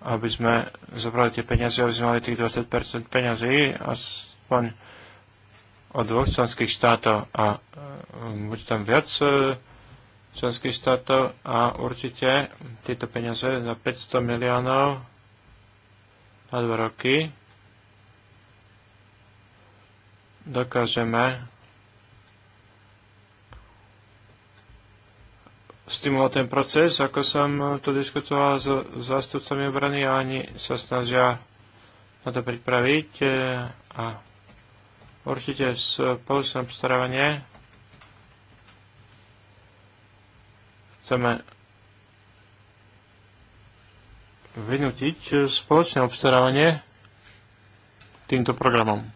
aby sme zobrali tie peniaze, aby sme mali tých 20% peňazí, aspoň od dvoch členských štátov a e, bude tam viac e, členských štátov a určite tieto peniaze za 500 miliónov na dva roky dokážeme stimulovať ten proces, ako som to diskutoval s zástupcami obrany a oni sa snažia na to pripraviť e, a určite spoločné obstarávanie chceme vynútiť spoločné obstarávanie týmto programom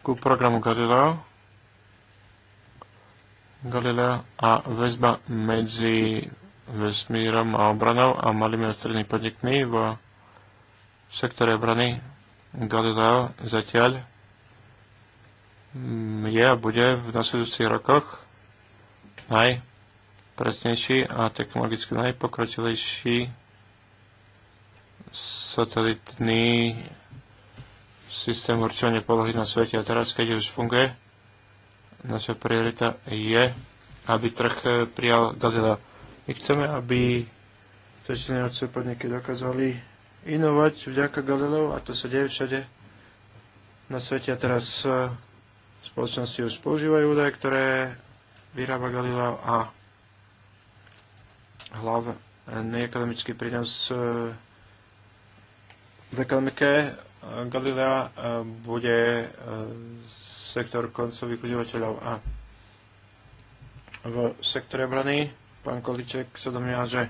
ku programu Galileo Galilea a väzba medzi vesmírom a obranou a malými a strednými podnikmi v sektore obrany Galileo zatiaľ je a bude v nasledujúcich rokoch najpresnejší a technologicky najpokročilejší satelitný systém určovania polohy na svete. A teraz, keď už funguje, Naša priorita je, aby trh eh, prijal Galileo. My chceme, aby začínajúce podniky dokázali inovať vďaka Galileu a to sa deje všade na svete. A teraz eh, spoločnosti už používajú údaje, ktoré vyrába Galileo a hlavný akademický prínos v eh, ekonomike Galilea bude sektor koncových užívateľov. A v sektore obrany pán Količek sa domňa, že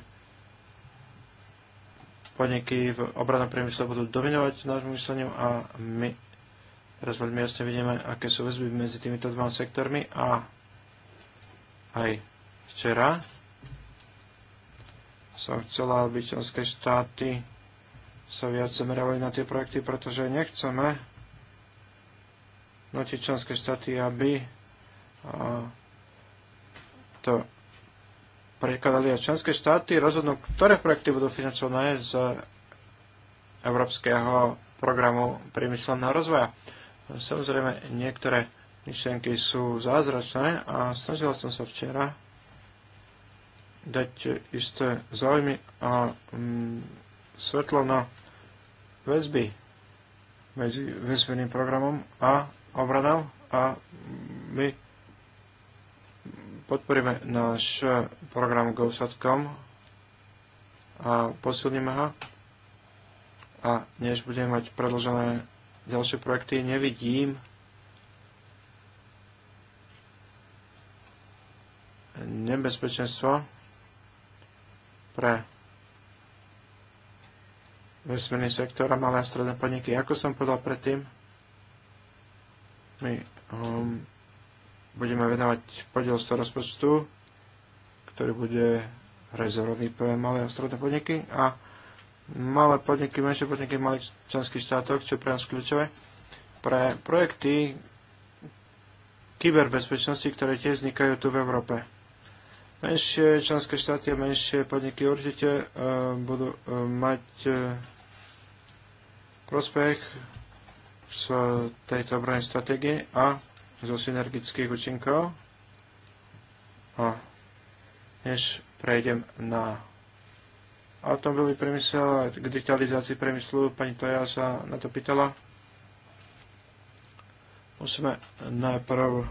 podniky v obranom priemysle budú dominovať nášmu mysleniu a my teraz veľmi jasne vidíme, aké sú väzby medzi týmito dvoma sektormi a aj včera som chcela, aby členské štáty sa viac zamerali na tie projekty, pretože nechceme, nútiť členské štáty, aby to prekladali a členské štáty rozhodnú, ktoré projekty budú financované z Európskeho programu priemyselného rozvoja. Samozrejme, niektoré myšlienky sú zázračné a snažil som sa včera dať isté záujmy a mm, svetlo na väzby medzi vesmírnym programom a obranou a my podporíme náš program GoSat.com a posilníme ho a než budeme mať predložené ďalšie projekty, nevidím nebezpečenstvo pre vesmírny sektor a malé a stredné podniky. Ako som povedal predtým, my um, budeme venovať podiel z rozpočtu, ktorý bude rezervovaný pre malé a stredné podniky a malé podniky, menšie podniky v malých členských štátoch, čo je pre nás kľúčové, pre projekty kyberbezpečnosti, ktoré tiež vznikajú tu v Európe. Menšie členské štáty a menšie podniky určite uh, budú uh, mať uh, prospech z tejto obranej stratégie a zo synergických účinkov. A než prejdem na automobilový priemysel, k digitalizácii priemyslu, pani Toja sa na to pýtala. Musíme najprv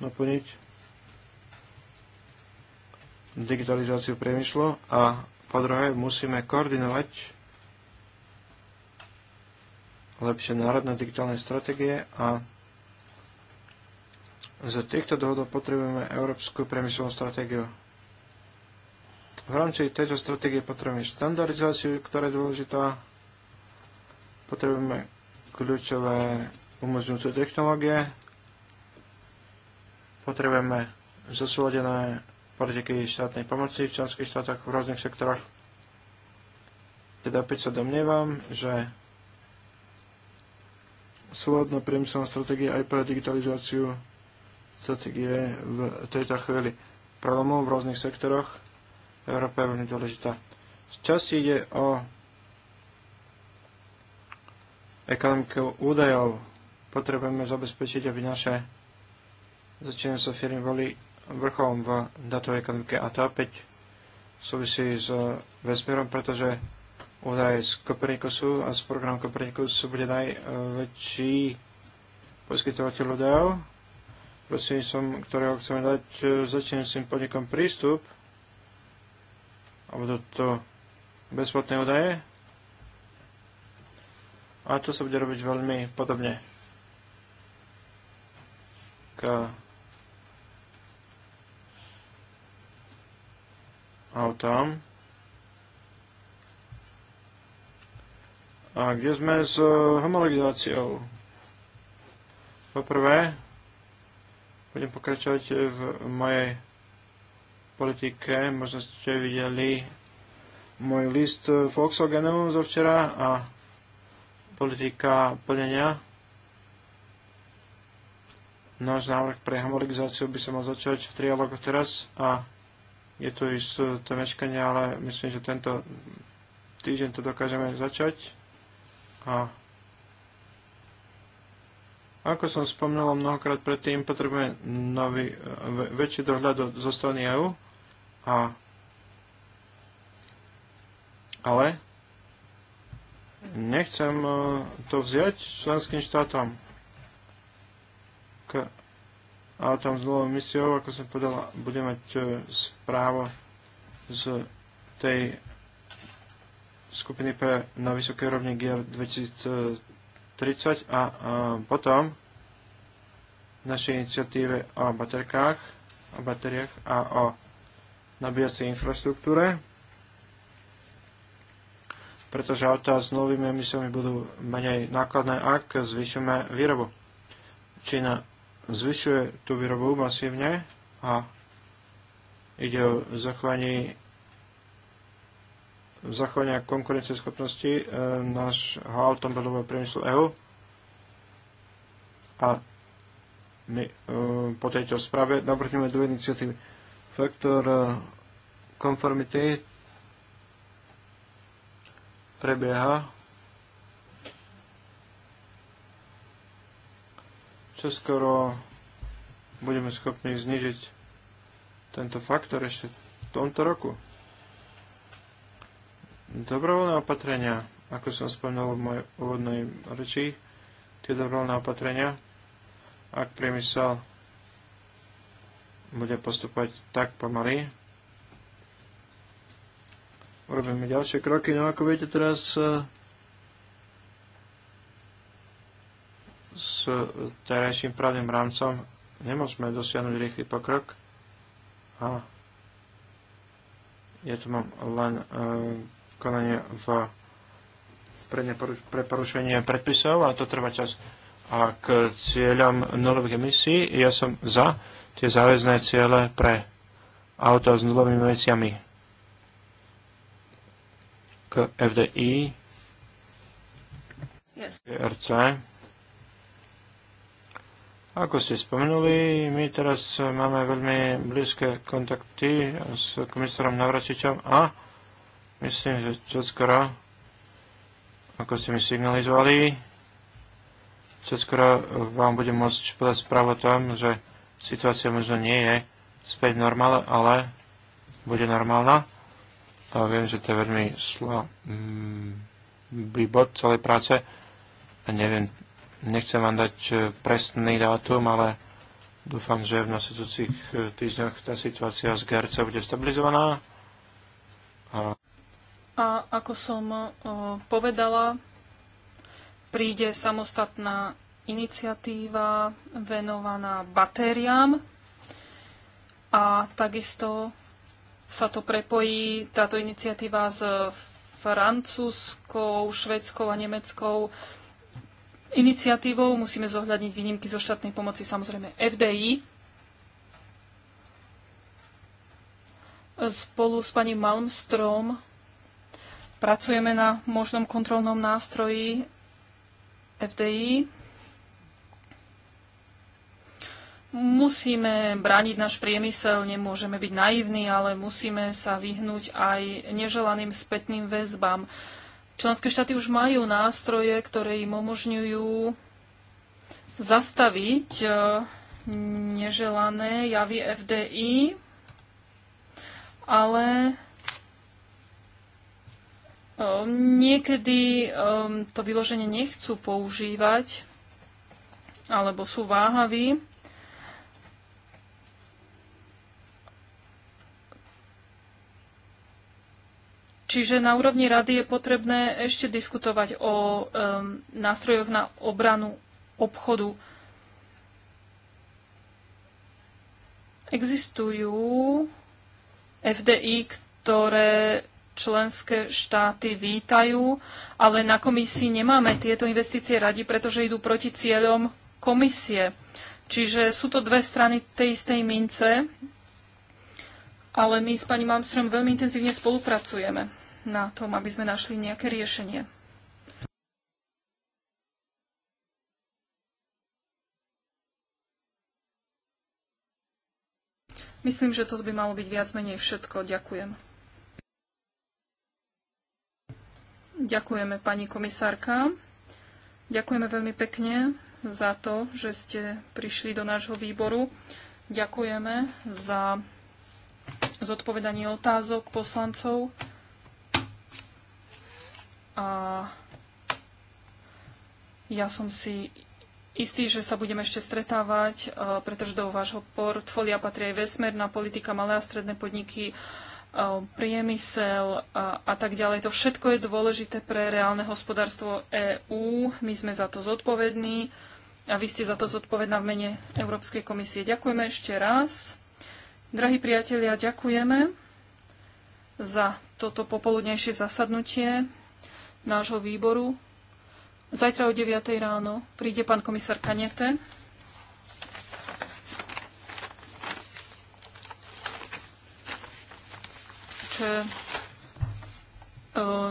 naplniť digitalizáciu priemyslu a po druhé musíme koordinovať lepšie národné digitálne stratégie a za týchto dôvodov potrebujeme európsku priemyselnú stratégiu. V rámci tejto stratégie potrebujeme štandardizáciu, ktorá je dôležitá. Potrebujeme kľúčové umožňujúce technológie. Potrebujeme zosúladené politiky štátnej pomoci v členských štátoch v rôznych sektoroch. Teda opäť sa domnievam, že súladná priemyselná stratégia aj pre digitalizáciu stratégie v tejto chvíli prelomov v rôznych sektoroch. Európa je veľmi dôležitá. V časti ide o ekonomiku údajov. Potrebujeme zabezpečiť, aby naše sa firmy boli vrcholom v datovej ekonomike. A to opäť súvisí s vesmírom, pretože údaje z Kopernikusu a z programu Kopernikus bude najväčší poskytovateľ údajov, som, ktorého chceme dať e, tým podnikom prístup, a budú to bezplatné údaje. A to sa bude robiť veľmi podobne k autám. A kde sme s eh, homologizáciou? Poprvé, budem pokračovať v mojej politike. Možno ste videli môj list Volkswagenu zo včera a politika plnenia. Náš návrh pre homologizáciu by sa mal začať v trialogu teraz a je tu isté meškanie, ale myslím, že tento týždeň to dokážeme začať. A ako som spomínala mnohokrát predtým, potrebujeme nový, väčší dohľad zo strany EU. A, ale nechcem e, to vziať členským štátom. K autom s dlhou misiou, ako som povedala, budem mať e, správu z tej skupiny pre, na vysokej úrovni GR 2030 a, a potom v našej iniciatíve o baterkách, o bateriách a o nabíjacej infraštruktúre, pretože autá s novými emisiami budú menej nákladné, ak zvyšujeme výrobu. Čína zvyšuje tú výrobu masívne a ide o zachovanie zachovania konkurencieschopnosti e, nášho automobilového priemyslu EU. A my e, po tejto správe navrhneme dve iniciatívy. Faktor e, konformity prebieha. Čoskoro budeme schopní znižiť tento faktor ešte v tomto roku. Dobrovoľné opatrenia, ako som spomínal v mojej úvodnej reči, tie dobrovoľné opatrenia, ak priemysel bude postupovať tak pomaly, urobíme ďalšie kroky. No ako viete teraz e, s terajším právnym rámcom nemôžeme dosiahnuť rýchly pokrok. A ja tu mám len e, konanie v pre porušenie predpisov a to trvá čas. A k cieľom nulových emisí ja som za tie záväzné ciele pre auta s nulovými emisiami. K FDI, yes. RC. Ako ste spomenuli, my teraz máme veľmi blízke kontakty s komisárom Navračičom a Myslím, že čoskoro, ako ste mi signalizovali, čoskoro vám budem môcť podať správu o tom, že situácia možno nie je späť normálna, ale bude normálna. A viem, že to je veľmi slabý mm, bod celej práce. A neviem, nechcem vám dať e, presný dátum, ale dúfam, že v nasledujúcich e, týždňoch tá situácia z GRC bude stabilizovaná. A a ako som povedala, príde samostatná iniciatíva venovaná batériám a takisto sa to prepojí táto iniciatíva s francúzskou, švedskou a nemeckou iniciatívou. Musíme zohľadniť výnimky zo štátnej pomoci samozrejme FDI. Spolu s pani Malmstrom Pracujeme na možnom kontrolnom nástroji FDI. Musíme brániť náš priemysel, nemôžeme byť naivní, ale musíme sa vyhnúť aj neželaným spätným väzbám. Členské štáty už majú nástroje, ktoré im umožňujú zastaviť e, neželané javy FDI, ale Ehm, niekedy ehm, to vyloženie nechcú používať alebo sú váhaví. Čiže na úrovni rady je potrebné ešte diskutovať o um, nástrojoch na obranu obchodu. Existujú FDI, ktoré členské štáty vítajú, ale na komisii nemáme tieto investície radi, pretože idú proti cieľom komisie. Čiže sú to dve strany tej istej mince, ale my s pani Malmström veľmi intenzívne spolupracujeme na tom, aby sme našli nejaké riešenie. Myslím, že to by malo byť viac menej všetko. Ďakujem. Ďakujeme, pani komisárka. Ďakujeme veľmi pekne za to, že ste prišli do nášho výboru. Ďakujeme za zodpovedanie otázok poslancov. A ja som si istý, že sa budeme ešte stretávať, pretože do vášho portfólia patrí aj vesmerná politika, malé a stredné podniky, priemysel a tak ďalej. To všetko je dôležité pre reálne hospodárstvo EÚ. My sme za to zodpovední a vy ste za to zodpovedná v mene Európskej komisie. Ďakujeme ešte raz. Drahí priatelia, ďakujeme za toto popoludnejšie zasadnutie nášho výboru. Zajtra o 9. ráno príde pán komisár Kanete. E,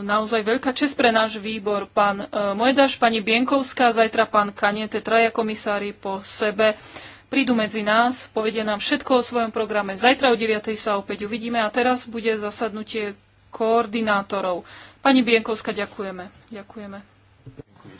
naozaj veľká čest pre náš výbor. Pán e, Mojdaš, pani Bienkovská, zajtra pán Kanete, traja komisári po sebe prídu medzi nás, povedia nám všetko o svojom programe. Zajtra o 9. sa opäť uvidíme a teraz bude zasadnutie koordinátorov. Pani Bienkovská, ďakujeme. Ďakujeme.